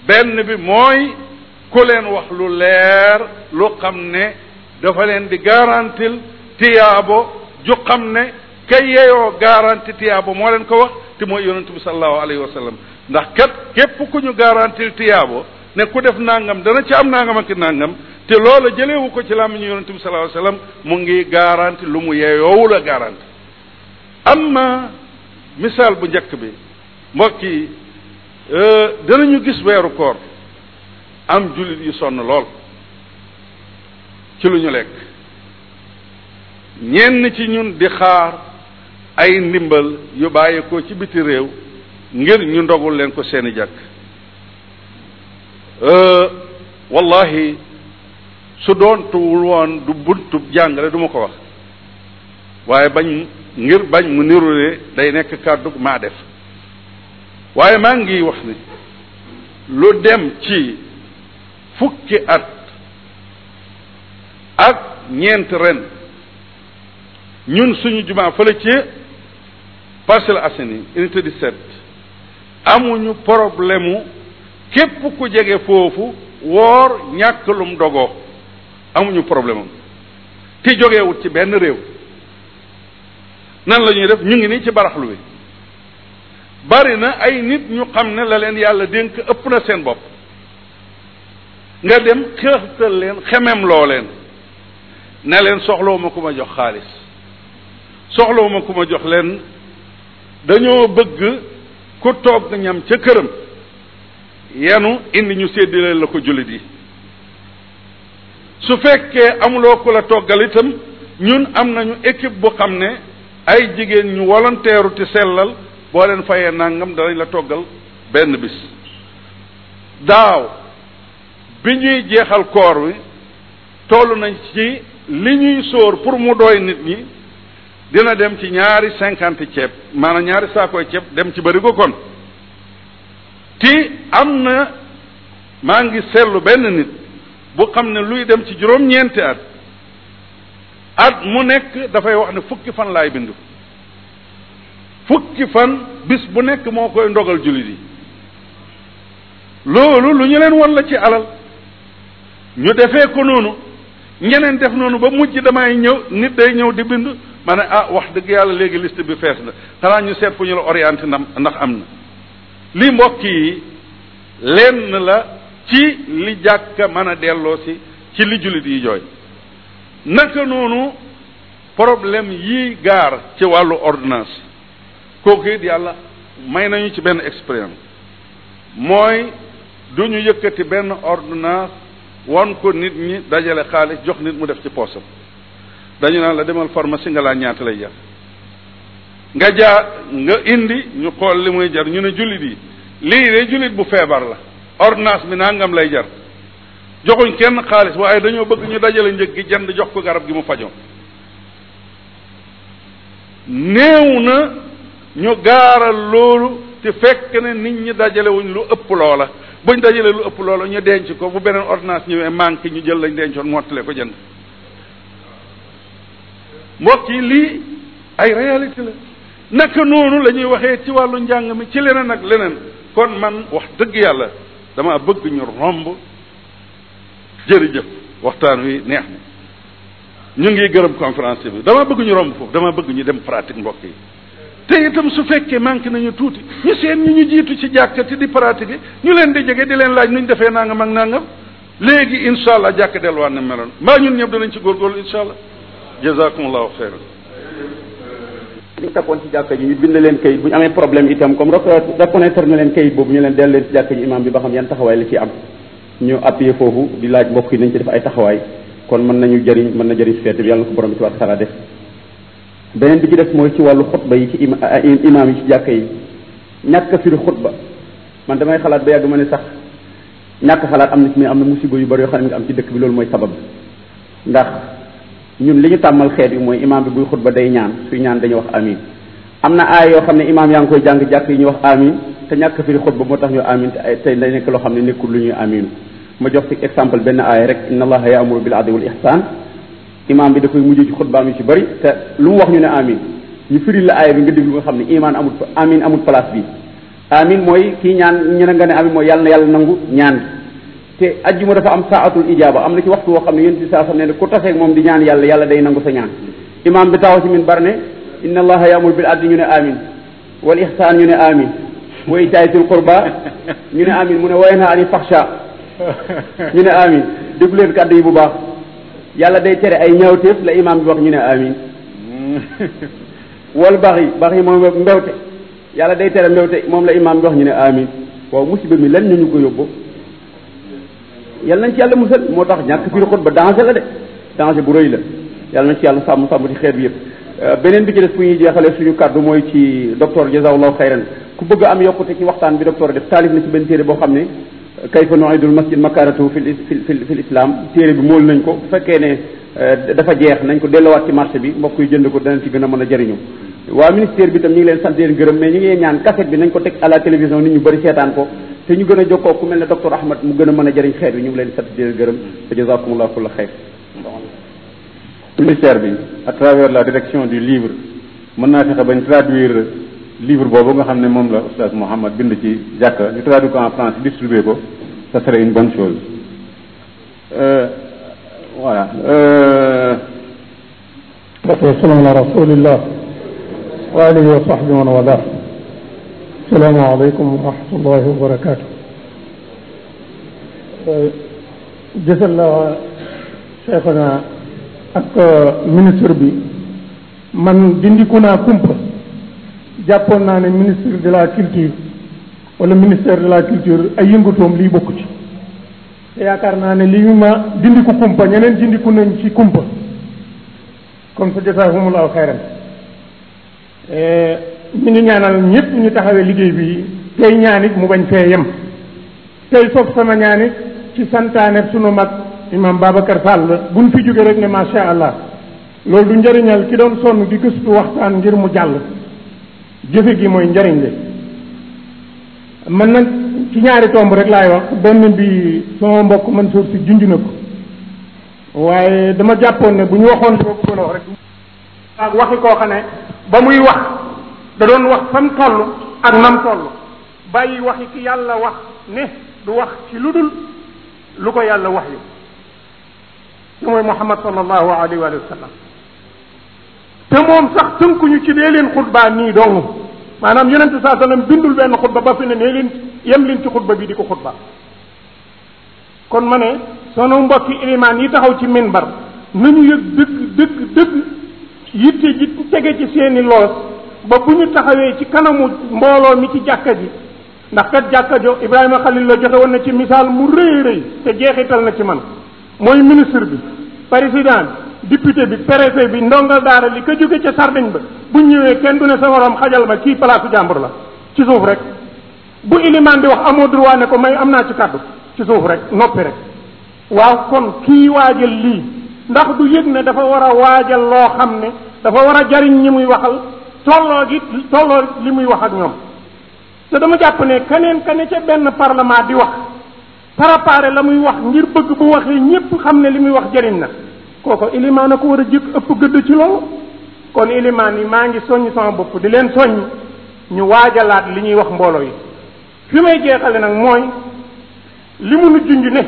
benn bi mooy ku leen wax lu leer lu xam ne dafa leen di garantil tiyaabo ju xam ne kay yeyoo garanti tiyaabo moo leen ko wax te mooy yonent bi sallallahu alayhi wa ndax kat képp ku ñu garantil tiyaabo ne ku def ndàngam dana ci am nangam ak nangam te loola jëlewu ko ci làmmiñu yonente bi sallallahu alayhi mu ngi garanti lu mu yeeyoowu la garanti amma misaal bu njëkk bi mbokk yi euh, danañu gis weeru koor am jullit yu sonn lool ci lu ñu lekk ñenn ci ñun di xaar ay ndimbal yu bàyyeekoo ci biti réew ngir ñu ndogul leen ko seeni jàkk Euh, wallahi su doontuwul woon du buntub jàngale duma ko wax waaye bañ ngir bañ mu niru ne day nekk kàddu maa def waaye maa ngi wax ne lu dem ci fukki at ak ñeent ren ñun suñu jumaa fële ci Parcelles Assainies unité 17 amuñu problème képp ku jege foofu woor ñàkk lum dogoo amuñu problème am te jógewut ci benn réew nan la ñuy def ñu ngi nii ci baraxlu bi bari na ay nit ñu xam ne la leen yàlla dénk ëpp na seen bopp nga dem xeextal leen xemem loo leen ne leen ma ku ma jox xaalis soxlawuma ku ma jox leen dañoo bëgg ku togg ñam ca këram yenu indi ñu séddale la ko jullit yi su fekkee amuloo ko la toggal itam ñun am nañu équipe bu xam ne ay jigéen ñu volontaire te sellal boo leen fayee nangam danañ la toggal benn bis daaw bi ñuy jeexal koor wi toll nañ ci li ñuy sóor pour mu doy nit ñi dina dem ci ñaari cinquante ceeb maanaam ñaari saakooy ceeb dem ci barigo kon te am na maa ngi seetlu benn nit bu xam ne luy dem ci juróom-ñeenti at at mu nekk dafay wax ne fukki fan laay bindu fukki fan bis bu nekk moo koy ndogal jullit yi loolu lu ñu leen won la ci alal ñu defee ko noonu ñeneen def noonu ba mujj damay ñëw nit day ñëw di bind ma ne ah wax dëgg yàlla léegi liste bi fees na xanaa ñu seet fu ñu la orienté ndax am na li mbokk yi lenn la ci li jàkka mën a delloosi ci li jullit yi jooy naka noonu problème yi gaar ci wàllu ordonnance kooku it yàlla may nañu ci benn expérience mooy du ñu yëkkati benn ordonnance wan ko nit ñi dajale xaalis jox nit mu def ci poosam dañu naan la demal pharmacie nga laa ñaata lay jar nga jaar nga indi ñu xool li muy jar ñu ne jullit yi lii de jullit bu feebar la ordonnance bi nangam lay jar joxuñ kenn xaalis waaye dañoo bëgg ñu dajale njëg gi jënd jox ko garab gi mu fajoo néew na ñu gaaral loolu te fekk ne nit ñi dajalewuñ lu ëpp loola buñ dajale lu ëpp loola ñu denc ko bu beneen ordonnance ñëwee manqué ñu jël lañ dencoon mottale ko jënd mbokk yi lii ay réalité la naka noonu la ñuy waxee ci wàllu njàng mi ci leneen ak leneen kon man wax dëgg yàlla dama bëgg ñu romb jërëjëf waxtaan wi neex na ñu ngi gërëm conférence bi dama bëgg ñu romb foofu dama bëgg ñu dem pratique mbokk yi te itam su fekkee manqué nañu tuuti ñu seen ñu ñu jiitu ci jàkka te di pratiquer ñu leen di jege di leen laaj nu ñu defee nangam ak nangam léegi incha allah jàkka delluwaat na meloon mbaa ñun ñëpp danañ
ci góorgóorlu incha allah jazakumullahu xeyran li ñu takkoon ci jàkka ji ñu bind leen kayit bu ñu amee problème itam comme reconnaître na leen kayit boobu ñu leen dellu leen ci jàkka ji imam bi ba xam yan taxawaay la ci am ñu appuyé foofu di laaj mbokk yi nañ ci def ay taxawaay kon mën nañu jëriñ mën na jëriñ si feete bi yàlla na ko borom bi ci wax taala def beneen bi ci def mooy ci wàllu xutba yi ci imam yi ci jàkka yi ñàkk a firi xutba man damay xalaat ba yàgg ma ne sax ñàkk xalaat am na ci am na musiba yu bari yoo xam ne nga am ci dëkk bi loolu mooy sabab ndax ñun li ñu tàmmal xeet yi mooy imaam bi buy xutba day ñaan suy ñaan dañuy wax amin am na aay yoo xam ne imaam yaa ngi koy jàng jàkk yi ñu wax amin te ñàkk firi xutba moo tax ñu amin te day nekk loo xam ne nekkul lu ñuy aminu ma jox ci exemple benn aay rek inna allaha yaamuru bil adli wal bi da koy mujjee ci xutbaam yu ci bëri lu mu wax ñu ne amin ñu firil la aay nga déglu nga xam ne imaan amul amin amul place bi mooy kii ñaan ñu ne nga ne amin mooy yàlla na yàlla nangu ñaan te ajjuma dafa am saatul ijaaba am na ci waxtu woo xam ne yonent bi saa ne ne ku taseeg moom di ñaan yàlla yàlla day nangu sa ñaan imaam bi taxaw ci min bar ne inna allaha yaamul bil adli ne amin wal ihsaan ñu ne amin wa itaayatil qurba ñu ne amin mu ne wayanha ani faxsha ñu ne amin déglu leen yi bu baax yàlla day tere ay ñaawteef la imaam bi ñu ne amin wal bax yi bax yi moom mbewte yàlla day tere mbewte moom la imaam ñu ne amin waaw musiba mi lan ñu ko yóbbu yàlla nañ ci yàlla musal moo tax ñàkk fi xot ba danger la de danger bu rëy la yàlla nañ ci yàlla sàmm sàmm ci xeet bi yëpp euh, beneen bi ci des fu ñuy jeexalee suñu kàddu mooy ci docteur jazawallahu xayran ku bëgg am yokkute ci waxtaan bi docteur def taalif na ci benn téere boo xam ne kayfa nuidul masjid makaratu fil fil fil islam téere bi mool nañ ko bu fekkee ne euh, dafa jeex nañ ko dellowaat ci marché bi mbokk yi jënd ko danañ ci gën a mën a jëriñu ko teg à la ñu bëri seetaan ko te ñu gën a jokkoo ku mel ne docteur Ahmad mu gën a mën a jëriñ xeet bi ñu ngi leen sant di leen gërëm te jazakumullahu kulla xayr ministère bi à travers la direction du livre mën naa fexe bañ traduire livre boobu nga xam ne moom la oustaz Mouhamad bind ci jàkka ñu traduire ko en français distribuer ko ça serait une bonne chose euh, voilà
wasalaam euh, ala rasulillah wa alihi wa sahbi السلام عليكم ورحمة الله وبركاته جزا الله شيخنا ak ministre bi man dindiku naa kumpa jàppoon naa ne ministre de la culture wala ministère de la culture ay yëngatoom lii bokku ci te yaakaar naa ne lii ma dindiku kumpa ñeneen dindiku nañ ci kumpa kon fa jazaahumullaahu xayran eh, ñu ngi ñaanal ñëpp ñu taxawee liggéey bi tey ñaanit mu bañ fee yem tey foofu sama ñaanit ci santaane sunu mag imam Babacar Sall buñ fi jóge rek ne macha allah loolu du njëriñal ki doon sonn di gëstu waxtaan ngir mu jàll jëfe gi mooy njariñ li mën nag ci ñaari tomb rek laay wax benn bi sama mbokk Mansour si junj na ko waaye dama jàppoon ne bu ñu waxoon li ma bëggoon a rek ak waxi koo xam ba muy wax da doon wax fam toll ak nam toll bàyyi waxi ki yàlla wax ne du wax ci lu dul lu ko yàlla wax yu mooy muhammad sallallahu alayhi wa sallam te moom sax tënkuñu ci dee leen xutbaa nii dong maanaam yonente saa sallam bindul benn xutba ba fi ne nee leen yem leen ci xutba bi di ko xutba kon ma ne sunu mbokki ilimaan yi taxaw ci minbar nañu yëg dëgg dëgg dëgg yitte ji tege ci seeni loos ba bu ñu taxawee ci kanamu mbooloo mi ci jàkka ji ndax kat jàkka jo Ibrahima Khalil la joxe woon na ci misaal mu rëy rëy te jeexital na ci man mooy ministre bi président bi député bi préfet bi ndongal daara li ka jóge ca sardiñ ba bu ñëwee kenn du ne sa morom xajal ma kii palaasu jàmbur la ci suuf rek bu ilimaan di wax amoo droit ne ko may am naa ci kàddu ci suuf rek noppi rek waaw kon kii waajal lii ndax du yëg ne dafa war a waajal loo xam ne dafa war a jariñ ñi muy waxal tolloo gi tolloo li muy wax ak ñoom te dama jàpp ne keneen ka ne ca benn parlement di wax préparé la muy wax ngir bëgg bu waxee ñépp xam ne li muy wax jëriñ na kooku ilimaan a ko war a jëkk ëpp gëdd ci loolu kon ilimaan yi maa ngi soññ sama bopp di leen soññ ñu waajalaat li ñuy wax mbooloo yi fi may jeexale nag mooy li mu nu junj ne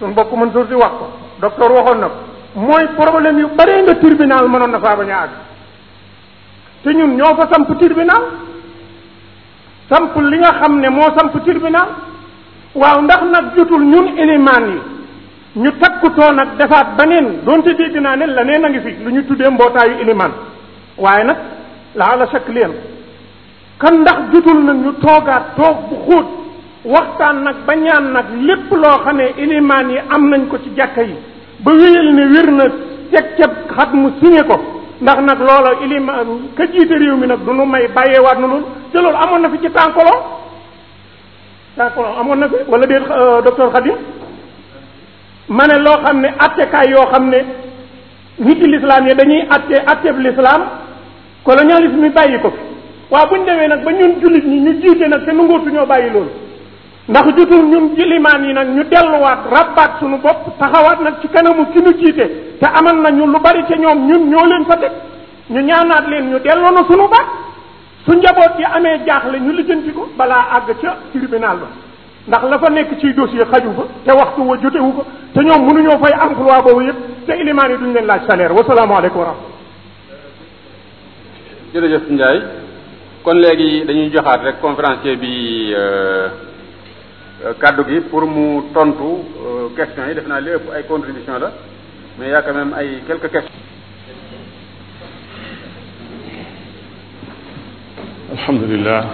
suñ bokk mën suur si wax ko docteur waxoon nag mooy problème yu bare nga tribunal mënoon na faa bañ a àgg te ñun ñoo fa samp tribunal samp li nga xam ne moo samp tribunal waaw ndax nag jotul ñun élimaan yi ñu takkutoo nag defaat baneen doonte dégg naa ne la neen a ngi fi lu ñu tuddee mbootaayu élimaan waaye nag laa la sakk leen kan ndax jotul nag ñu toogaat toog bu xóot waxtaan nag ba ñaan nag lépp loo xam ne yi am nañ ko ci jàkka yi ba wéyal ne wér na teg ca xat mu signé ko ndax nag loola ilim ka jiite réew mi nag du nu may waat nu loolu te loolu amoon na fi ci tànkolon tànkolon amoon na fi wala déet euh, docteur Khadim ma ne loo xam ne attekaay yoo xam ne nit ci lislaam yi dañuy atte atteb lislaam colonialisme mi bàyyi ko fi waaw bu ñu demee nag ba ñun jullit ñi ñu jiite nag te nungootu ñoo bàyyi loolu ndax jutul ñun jilimaan yi nag ñu delluwaat rabbaat suñu bopp taxawaat nag ci kanamu ki nu jiite te amal nañu lu bari ca ñoom ñun ñoo leen fa teg ñu ñaanaat leen ñu delloo na sunu baat su njaboot yi amee jaaxle ñu lijjanti ko balaa àgg ca tribunal ba ndax la fa nekk ci dossier xaju fa te waxtu wa jotewu ko te ñoom mënuñoo fay waa boobu yëpp te ilimaan yi duñ leen laaj salaire wasalaamaaleykum wa rahmatulah.
jërëjëf Ndiaye kon léegi dañuy joxaat rek conférencier bi euh, euh, kaddu gi pour mu tontu euh, question yi def naa lépp ay contribution la. mais y a quand même ay quelques questions.
alhamdulilah.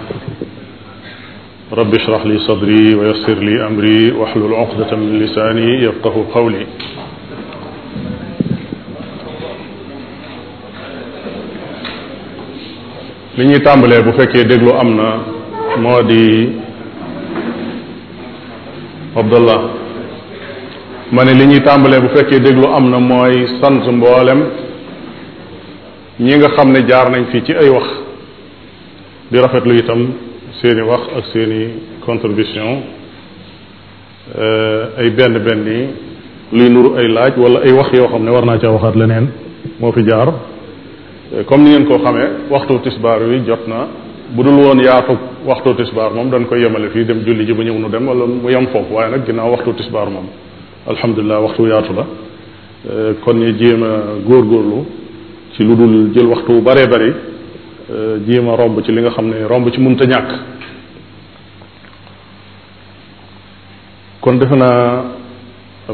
rabbi shrah li sadri wa yassir li amri wahlul uqdatan min lisani yafqahu qawli. li ñuy tàmbalee bu fekkee déglu am na moo di Abdallah. ma ne li ñuy tàmbalee bu fekkee déglu am na mooy sant mboolem ñi nga xam ne jaar nañ fii ci ay wax di rafetlu itam seeni wax ak seeni contribution euh, ay benn benn yi luy nuru ay laaj wala ay wax yoo xam ne war naa caa waxaat leneen moo fi jaar comme ni ngeen koo xamee waxtu tisbaar wi jot na bu dul woon yaatu waxtu tisbaar moom dañ koy yemale fii dem julli ji bu ñëw nu dem wala mu yem foofu waaye nag ginnaaw waxtu tisbaar moom alhamdulilah waxtu yaatu la euh, kon ñu jéem a góorlu ci lu dul jël waxtu baree bari euh, jéem a romb ci li nga xam ne romb ci mënta ñàkk kon defe naa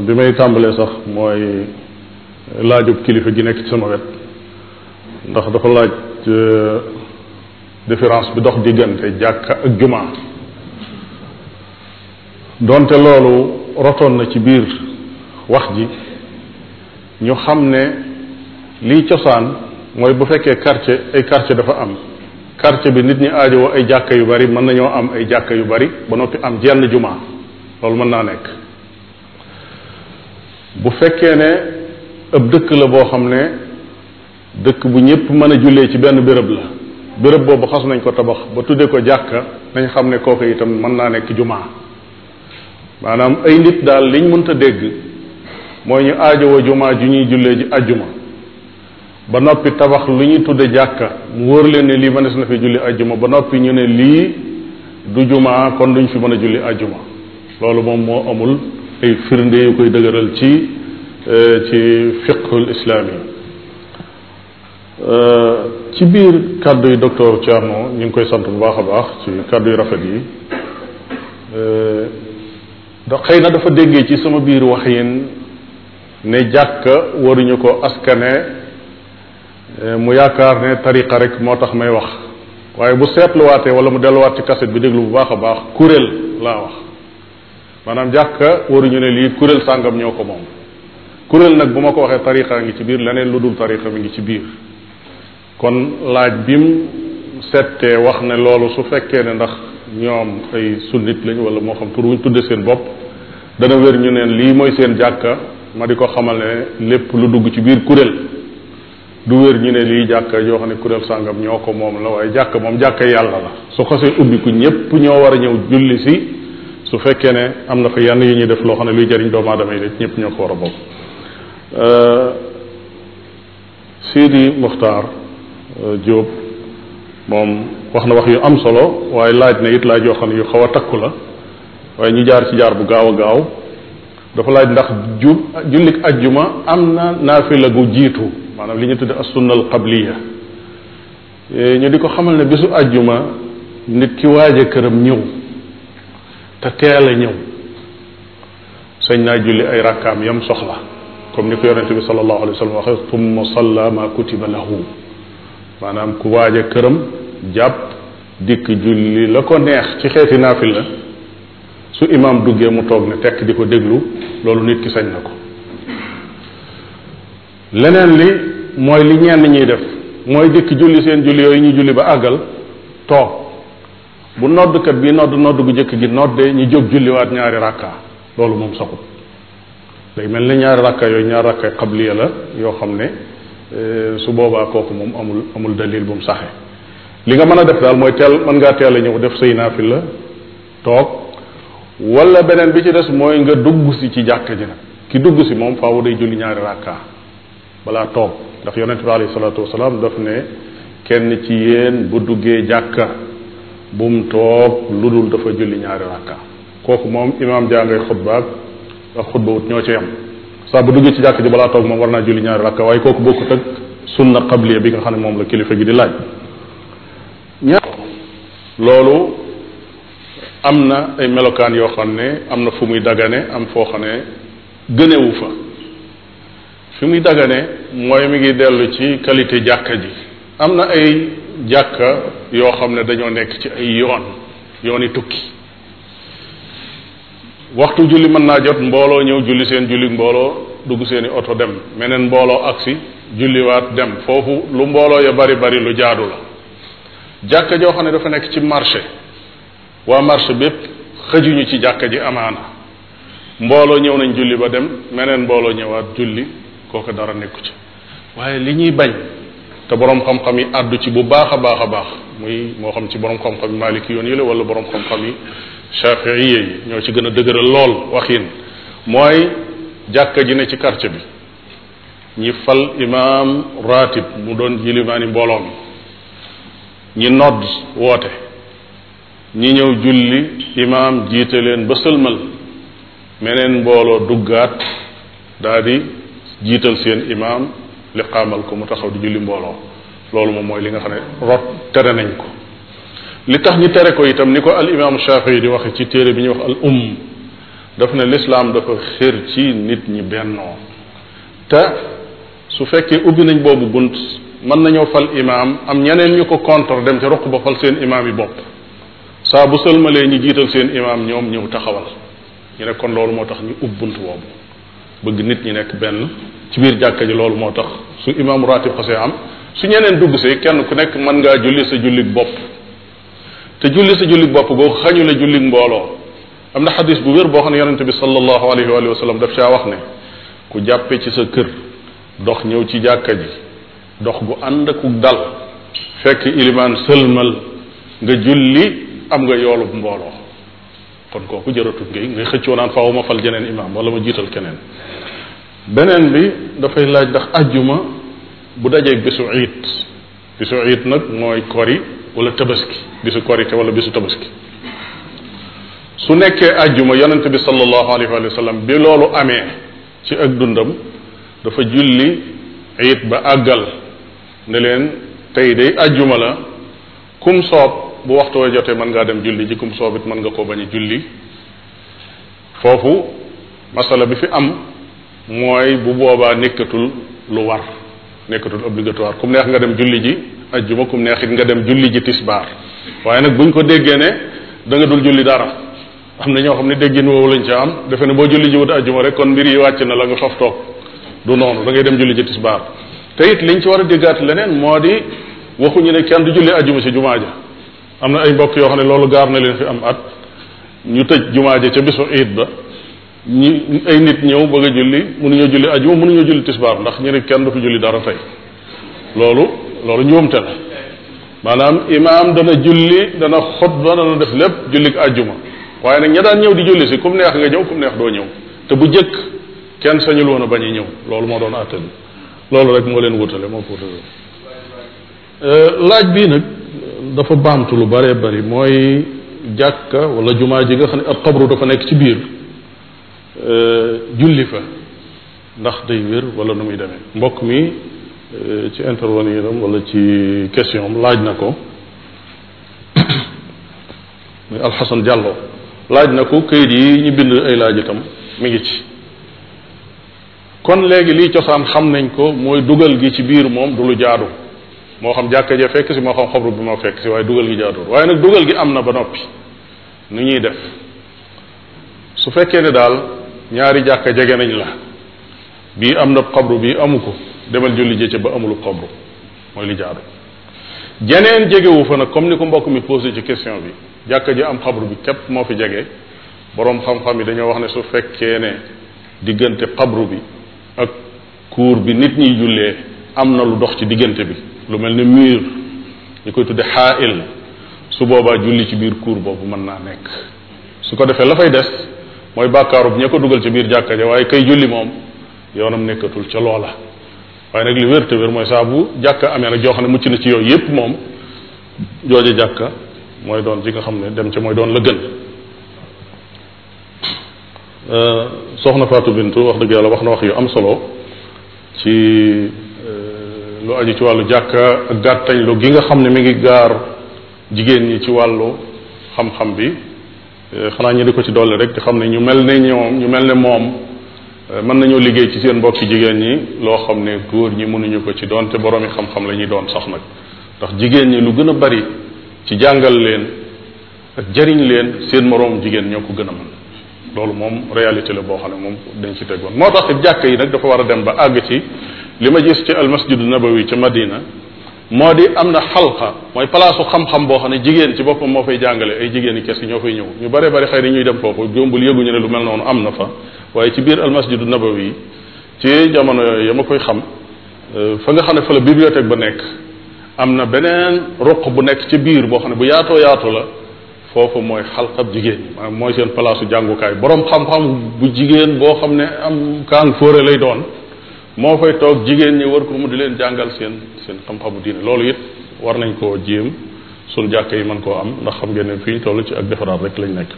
bi may tàmbalee sax mooy laajub kilifa gi nekk ci sama wet ndax dafa laaj euh, différence bi dox diggante jàkka ak jumaa donte loolu rotoon na ci biir wax ji ñu xam ne lii cosaan mooy bu fekkee quartier ay quartier dafa am quartier bi nit ñi aajowoo ay jàkka yu bari mën nañoo am ay jàkka yu bari ba noppi am jenn jumaa loolu mën naa nekk bu fekkee ne ab dëkk la boo xam ne dëkk bu ñépp mën a jullee ci benn bërëb la béréb boobu xas nañ ko tabax ba tuddee ko jàkka nañ xam ne kooku itam mën naa nekk jumaa maanaam ay nit daal liñ mënta dégg mooy ñu aajowoo jumaa ju ñuy jullee ji ajjuma ba noppi tabax lu ñuy tudde jàkka mu wóor leen ne lii mënees na fi julli ajjuma ba noppi ñu ne lii du jumaa kon duñ fi mën a julli ajjuma loolu moom moo amul ay firnde yu koy dëgëral ci e, ci fiqhul islaami e, ci biir kàddu yi docteur Thierno ñu ngi koy sant bu baax a baax ci kàddu yu rafet yi e, da xëy na dafa déggee ci sama biir wax yéen ne jàkka waruñu ko askane eh, mu yaakaar ne tariqa rek moo tax may wax waaye bu seetluwaatee wala mu delluwaat ci kaset bi déglu bu baax a baax kuréel laa wax maanaam jàkka waruñu ne lii kuréel sàngam ñoo ko moom kuréel nag bu ma ko waxee tariqa ngi ci biir leneen lu dul tariqa mi ngi ci biir kon laaj bim settee wax ne loolu su fekkee ne ndax ñoom ay sunnit lañ wala moo xam tur wuñ tudde seen bopp dana wér ñu neen lii mooy seen jàkka ma di ko xamal ne lépp lu dugg ci biir kuréel du wér ñu ne lii jàkka yoo xam ne kuréel sàngam ñoo ko moom la waaye jàkka moom jàkka yàlla la su xasee ubbi ku ñépp ñoo war a ñëw julli si su fekkee ne am na fa yenn yu ñuy def loo xam ne luy jariñ doomu aadama yi ñépp ñoo ko war a bokk euh, Sidi Muxtaar Diop euh, moom wax na wax yu am solo waaye laaj na it laaj yoo xam ne yu xaw a takku la waaye ñu jaar ci jaar bu gaaw a gaaw dafa laaj ndax ju jullik ajjuma am na naafila gu jiitu maanaam li ñu tudde as-sunna al-qabliya ñu di ko xamal ne bisu ajjuma nit ki waaje këram ñëw te teel ñëw sañ naa julli ay rakkaam yam soxla comme ni ko yonente bi sallallahu alayhi wa sallam waxe thumma salla ma kutiba lahu maanaam ku waaje këram jàpp dikk julli la ko neex ci xeeti naafil la su imaam duggee mu toog ne tekk di ko déglu loolu nit ki sañ na ko leneen li mooy li ñenn ñiy def mooy dikk julli seen julli yooyu ñu julli ba àggal toog bu noddkat bi nodd nodd gu jëkk gi nodde ñu jóg julliwaat ñaari rakka loolu moom saxut day mel ni ñaari rakka yooyu ñaari rakka qabliya la yoo xam ne eh, su boobaa kooku moom amul amul dalil bu mu saxee li nga mën a def daal mooy teel mën ngaa teel a ñëw def say la toog walla beneen bi ci des mooy nga dugg si ci jàkka ji nag ki dugg si moom faawu day julli ñaari rakka balaa toog ndax yonente bi alayhi salaatu wasalaam ne kenn ci yéen bu duggee jàkka bum toog lu dul julli ñaari rakka kooku moom imaam jaa ngay xutbaak ak xutba wut ñoo ci yam saa bu duggee ci jàkk ji balaa toog moom war naa julli ñaari rakka waaye kooku bokkut ak sunna qabliya bi nga xam ne moom la kilifa gi di laaj ña loolu am na ay melokaan yoo xam ne am na fu muy dagane am foo xam ne gënewu fa fi muy dagane mooy mi ngi dellu ci qualité jàkka ji am na ay jàkka yoo xam ne dañoo nekk ci ay yoon yoon yi tukki waxtu julli mën naa jot mbooloo ñëw julli seen julli mbooloo dugg seeni oto dem meneen mbooloo agsi julliwaat dem foofu lu mbooloo ya bari bari lu jaadu la jàkka joo xam ne dafa nekk ci marché waa marché bépp xëjuñu ci jàkka ji amaana mbooloo ñëw nañ julli ba dem meneen mbooloo ñëwaat julli kooku dara nekku ci waaye li ñuy bañ te borom xam-xam yi àddu ci bu baax a baax a baax muy moo xam ci borom xam-xam yi maaliki yoon yi la wala borom xam-xam yi shafiiye yi ñoo ci gën a dëgëral lool waxin mooy jàkka ji ne ci quartier bi ñi fal imaam ratib mu doon jilimaani mbooloo mi ñi nodd woote ñi ñëw julli imaam jiite leen ba sëlmal meneen mbooloo duggaat daa di jiital seen imaam li xaamal ko mu taxaw di julli mbooloo loolu moom mooy li nga xam ne rot tere nañ ko li tax ñu tere ko itam ni ko al imaamu Shafii di wax ci téere bi ñuy wax al umm daf ne lislaam dafa xër ci nit ñi bennoo te su fekkee ubbi nañ boobu bunt mën nañoo fal imaam am ñeneen ñu ko contre dem ca ruq ba fal seen imaam yi bopp saa bu sëlmalee ñu jiital seen imaam ñoom ñëw taxawal ñu ne kon loolu moo tax ñu ub bunt boobu bëgg nit ñi nekk benn ci biir jàkka ji loolu moo tax su imaam ratib xasee am su ñeneen dugg see kenn ku nekk mën ngaa julli sa jullit bopp te julli sa julli bopp googu xañu la jullit mbooloo am na xadis bu wér boo xam ne yonente bi sallallahu alayhi wa sallam daf caa wax ne ku jàppe ci sa kër dox ñëw ci jàkka ji dox gu ànd ak dal fekk ilimaan sëlmal nga julli am nga yoolub mbooloo kon kooku jërëtut ngay ngay xëccoo naan faaw fal jeneen imaam wala ma jiital keneen beneen bi dafay laaj ndax ajjuma bu dajee bisu iit bisu iit nag mooy kori wala tabaski bisu korite wala bisu tabaski su nekkee àjjuma yonente bi sallallahu alayhi wa sallam bi loolu amee ci ak dundam dafa julli iit ba àggal ne leen tey day ajjuma la kum soob bu waxtu wa jotee mën ngaa dem julli ji kum soob it mën nga koo bañ julli foofu masala bi fi am mooy bu boobaa nekkatul lu war nekkatul obligatoire kum neex nga dem julli ji ajjuma kum neex it nga dem julli ji tisbaar waaye nag buñ ko déggee ne da nga dul julli dara am na ñoo xam ne déggin woowu lañ ca am defe ne boo julli ji wut ajjuma rek kon mbir yi wàcc na la nga faf toog du noonu da ngay dem julli ji tisbaar te it liñ ci war a déggaat leneen moo di waxuñu ne kenn du julli ajjuma ci jumaa ja am na ay mbokk yoo xam ne loolu gaar na leen fi am at ñu tëj jumaa ja ca bisu iid ba ñi ay nit ñëw bëgg a julli mënuñoo julli ajjuma mënuñoo julli tisbaar ndax ñu ne kenn du fi julli dara tey loolu loolu njuumte la maanaam imaam dana julli dana xutba dana def lépp jullik ajjuma waaye nag ña daan ñëw di julli si kum neex nga ñëw kum neex doo ñëw te bu jëkk kenn sañul woon a bañ a ñëw loolu moo doon àttal loolu rek moo leen wutale moo ko wutale euh, laaj bi nag dafa baamtu lu bëree bari mooy jàkka wala jumaa ji nga xam ne ab xabru dafa nekk ci biir euh, julli fa ndax day wér wala nu muy demee mbokk mi euh, ci intervenir am wala ci question laaj na ko [COUGHS] muy Alxasan Jàlloo laaj na ko kayit yi ñu bind ay laaj itam mi ngi ci kon léegi lii cosaan xam nañ ko mooy dugal gi ci biir moom du lu jaadu moo xam jàkka jee fekk si moo xam xobru bi ma fekk si waaye dugal gi jaaduwul waaye nag dugal gi am na ba noppi nu ñuy def su fekkee ne daal ñaari jàkka jege nañ la bii am na xobru bii amu ko demal julli jee ba amulu xobru mooy li jaadu jeneen jegewu fa nag comme ni ko mbokk mi posé ci question bi jàkka ji am xabru bi képp moo fi jege boroom xam-xam yi dañoo wax ne su fekkee ne diggante xabru bi ak cour bi nit ñiy jullee am na lu dox ci diggante bi lu mel ni mur ñu koy tudde xaail su boobaa julli ci biir kuur boobu mën naa nekk su ko defee la fay des mooy bàkkaarub ña ko dugal ci biir jàkka ja waaye kay julli moom yoonam nekkatul ca loola waaye nag li wér wér mooy saabu bu jàkka amee nag joo xam ne mucc na ci yooyu yépp moom jooja jàkka mooy doon ji nga xam ne dem ca mooy doon la gën Euh, soxna Fatou Bintou wax dëgg yàlla wax na wax yu am solo ci euh, lu aju ci wàllu jàkka ak gàttañlu gi nga xam ne mi ngi gaar jigéen ñi ci wàllu xam-xam bi euh, xanaa ñu di ko ci dolli rek te xam ne ñu mel ne ñoom ñu mel ne moom mën nañoo liggéey ci seen mbokki jigéen ñi loo xam ne góor ñi mënuñu ko ci doon te boroomi xam-xam la ñuy doon sax nag ndax jigéen ñi lu gën a bari ci jàngal leen ak jariñ leen seen moroom jigéen ñoo ko gën a mën loolu moom réalité la boo xam ne moom dañ ci tegoon moo tax jàkk yi nag dafa war a dem ba àgg ci li ma gis ci almasjidu nabawi ca Madina moo di am na xalqa mooy palaasu xam-xam boo xam ne jigéen ci boppam moo fay jàngale ay jigéeni kes yi ñoo fay ñëw ñu bare bari xëy na ñuy dem foofu jombul yëguñu ne lu mel noonu am na fa waaye ci biir almasjidu nabawi ci jamono yooyu ya ma koy xam euh, fa nga xam ne fa la bibliothèque ba nekk am na beneen ruq bu nekk ci biir boo xam ne bu yaatoo yaatu la foofu mooy xalqab jigéen ñi maanaam mooy seen palaasu jàngukaay boroom xam-xam bu jigéen boo xam ne am kaang fóore lay doon moo koy toog jigéen ñi war ko mu di leen jàngal seen seen xam-xamu diine loolu it war nañ koo jéem suñ jàkk yi man koo am ndax xam ngeen ne fi tollu ci ak defaraat rek lañ nekk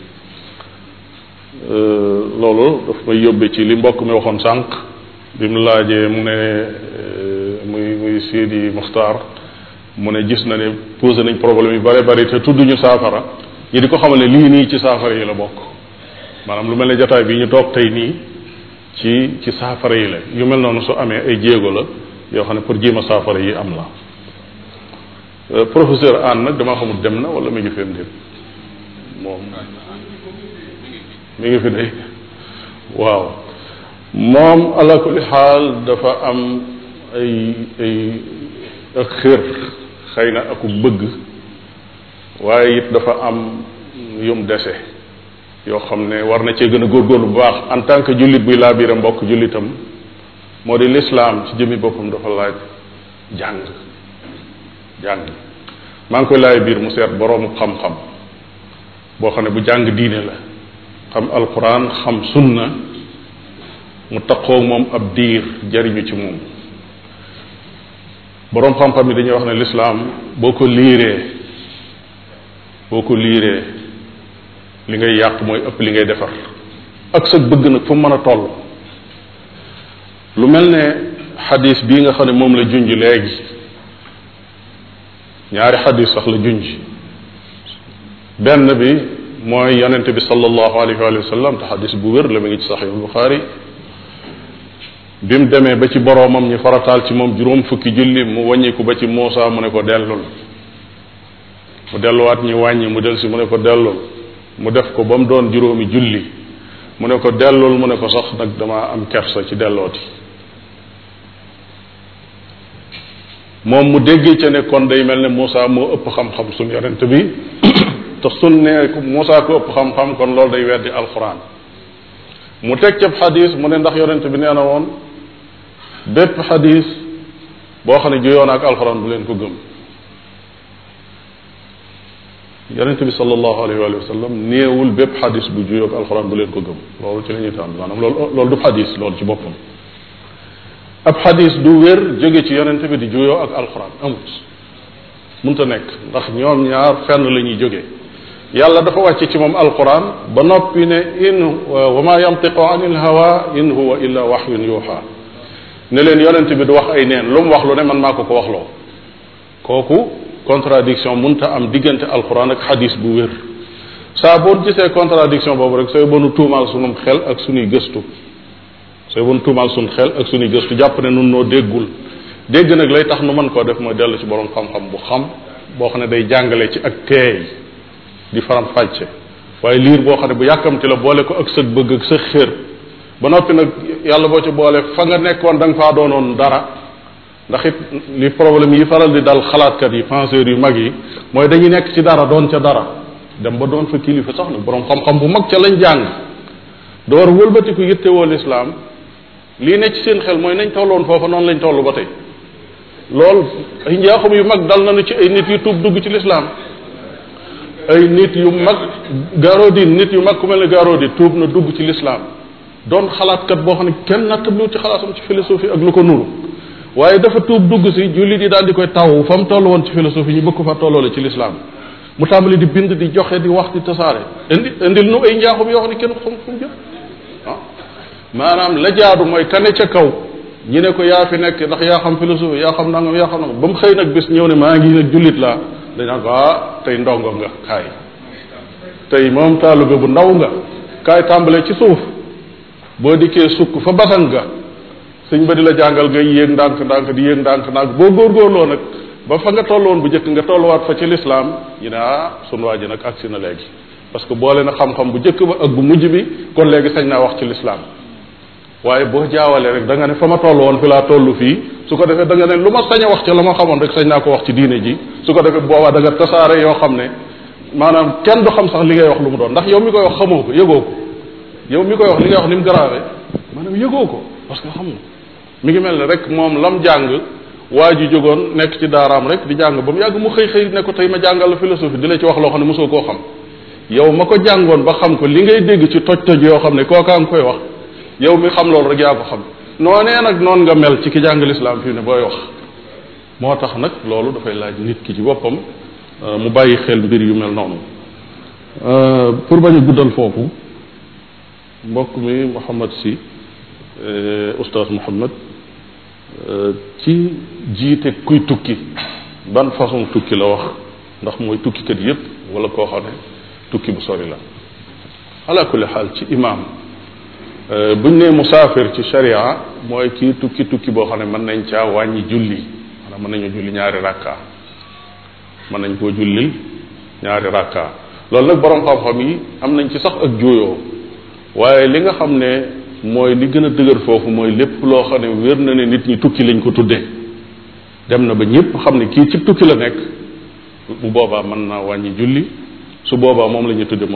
euh, loolu daf may yóbbe ci li mbokk mi waxoon sànq bi mu laajee mu ne euh, muy muy Sidi Muxtaar mu ne gis na ne posé nañ problème yu bare bari te tudduñu saafara ñi di ko xamal ne lii nii ci saafara yi la bokk maanaam lu mel ni jataay bi ñu toog tey nii ci ci saafara yi la yu mel noonu su amee ay jéego la yoo xam ne pour jéem saafara yi am la euh, professeur Anne nag dama xamul dem na wala mu ngi fi am moom mi ngi fi de waaw moom ala kulli xaal dafa am ay ay ak xër xëy na aku bëgg waaye it dafa am yum dese yoo xam ne war na cee gën a góor góorgóorlu bu baax en tant que jullit buy laa biira mbokk jullitam moo di lislaam ci jëmmi boppam dafa laaj jàng jàng maa ngi koy laay biir mu seet boroomu xam-xam boo xam ne bu jàng diine la xam alquran xam sunna mu taqoo moom ab diir jariñu ci moom boroom xam-xam yi dañuy wax ne lislaam boo ko liiree boo ko liiree li ngay yàq mooy ëpp li ngay defar ak sa bëgg nag fu mën a toll lu mel ne xadiis bii nga xam ne moom la junj léegi ñaari xadis sax la junj benn bi mooy yonent bi sallallahu alayhi wa sallam te xadis bu wér la mi ngi ci saxiixul Buxaari bi mu demee ba ci boroomam ñu farataal ci moom juróom fukki julli mu wàññiku ba ci Muusa mu ne ko dellul mu delluwaat ñi wàññi mu del si mu ne ko dellul mu def ko ba mu doon juróomi julli mu ne ko dellul mu ne ko sax nag damaa am kersa ci dellooti moom mu déggee ci ne kon day mel ni Moussa moo ëpp xam-xam suñ yonent bi [COUGHS] te suñ ne Moussa ko ëpp xam-xam kon loolu day weddi alxuraan mu teg cab xadis mu ne ndax yonent bi nee na woon bépp xadis boo xam ne juyoon ak alxuraan bu leen ko gëm yonent bi sallallahu alayhi wa sallam néewul bépp xadis bu juyoog alxuraan bu leen ko gëm loolu ci la ñuy tànn maanaam loolu loolu du xadis loolu ci boppam ab xadis du wér jóge ci yonent bi di juyoo ak alxuraan amut munta nekk ndax ñoom ñaar fenn la ñuy jóge yàlla dafa wàcce ci moom alquran ba noppi ne in wa ma yantiqu an il hawa in huwa illa wax yuuxa ne leen yonent bi du wax ay neen lu mu wax lu ne man maa ko wax loo contradiction munta am diggante alxuraan ak xadis bu wér saa boo gisee contradiction boobu rek sooy bonu tuumaal sunum xel ak sunuy gëstu sooy bonu tuumaal sunu xel ak sunuy gëstu jàpp ne nun noo déggul dégg nag lay tax nu mën koo def mooy dellu ci borom xam-xam bu xam boo xam ne day jàngale ci ak teey di faram fàcce waaye liir boo xam ne bu yàkkamti la boole ko ak sa bëgg ak sa xër ba noppi nag yàlla boo ci boolee fa nga nekkoon da nga faa doonoon dara ndax it li problème yi faral di dal xalaatkat yi penseurs yu mag yi mooy dañuy nekk ci dara doon ca dara dem ba doon fa kilifa sax nag boroom xam-xam bu mag ca lañ jàng door wëlbatiku yittewoo lislaam lii ne ci seen xel mooy nañ tolloon foofa noonu lañ toll ba tey lool ay njaaxum yu mag dal nañu ci ay nit yu tuub dugg ci lislaam ay nit yu mag garoodin nit yu mag ku mel ne garoodin tuub na dugg ci lislaam doon xalaatkat boo xam ne kenn nakk lu ci xalaatam ci philosophie ak lu ko nuru waaye dafa tuub dugg si jullit yi daal di koy taw fa mu toll woon ci philosophie ñu bëgg ko fa tolloole ci lislaam mu tàmbali di bind di joxe di wax di tasaare indi indil nu ay njaaxum yoo xam ne kenn xam ah. maanaam la jaadu mooy kane ca kaw ñu ne ko yaa fi nekk ndax yaa xam philosophie yaa xam nangam yaa xam nangam ba mu xëy nag bis ñëw ne maa ngi nag jullit laa dañ naan ko ah tey ndongo nga kaay tey moom taaluga bu ndaw nga kaay tàmbalee ci suuf boo dikkee sukk fa basan nga sëñ ba di la jàngal ngay yéeg ndànk ndànk di yéeg ndànk ndànk boo góorgóorloo nag ba fa nga woon bu njëkk nga tolluwaat fa ci lislaam ñu ne ah sunu waa ji nag agsi na léegi parce que boole na xam bu njëkk ba ak bu mujj bi kon léegi sañ naa wax ci lislaam waaye boo jaawalee rek da nga ne fa ma toll woon fi laa tollu fii su ko defee da nga ne lu ma sañ a wax ci la ma xamoon rek sañ naa ko wax ci diine ji su ko defee boobaa da nga tasaare yoo xam ne maanaam kenn du xam sax li ngay wax lu mu doon ndax yow mi koy wax xamoo ko yëgoo yow mi koy wax li ngay wax ni mu grave maanaam yëgoo ko parce que mi ngi mel ne rek moom lam jàng waa ji jógoon nekk ci daaraam rek di jàng ba mu yàgg mu xëy xëy ne ko tey ma jàngal la philosophie di la ci wax loo xam ne mosoo koo xam yow ma ko jàngoon ba xam ko li ngay dégg ci toj-toj yoo xam ne kookaa nga koy wax yow mi xam loolu rek yaa ko xam noonee nag noonu nga mel ci ki jàng lislaam fi ne booy wax moo tax nag loolu dafay laaj nit ki ci boppam euh, mu bàyyi xel mbir yu mel noonu euh, pour bañ a guddal foofu mbokk mi Mouhamad si euh, oustaz Mouhamad ci jiite kuy tukki ban façon tukki la wax ndax mooy tukkikat yépp wala koo xam ne tukki bu sori la ala kulli xaal ci imaam euh, buñ nee musaafir ci sharia mooy kii tukki tukki boo xam ne mën nañ caa wàññi julli maanaam mën nañu julli ñaari rakka mën nañ koo julli ñaari rakka loolu nag borom xam-xam yi am nañ ci sax ak juuyoo waaye li nga xam ne mooy li gën a dëgër foofu mooy lépp loo xam ne wér na ne nit ñi tukki lañ ko tuddee dem na ba ñëpp xam ne kii ci tukki la nekk bu boobaa mën naa wàññi julli su boobaa moom la ñuy tudde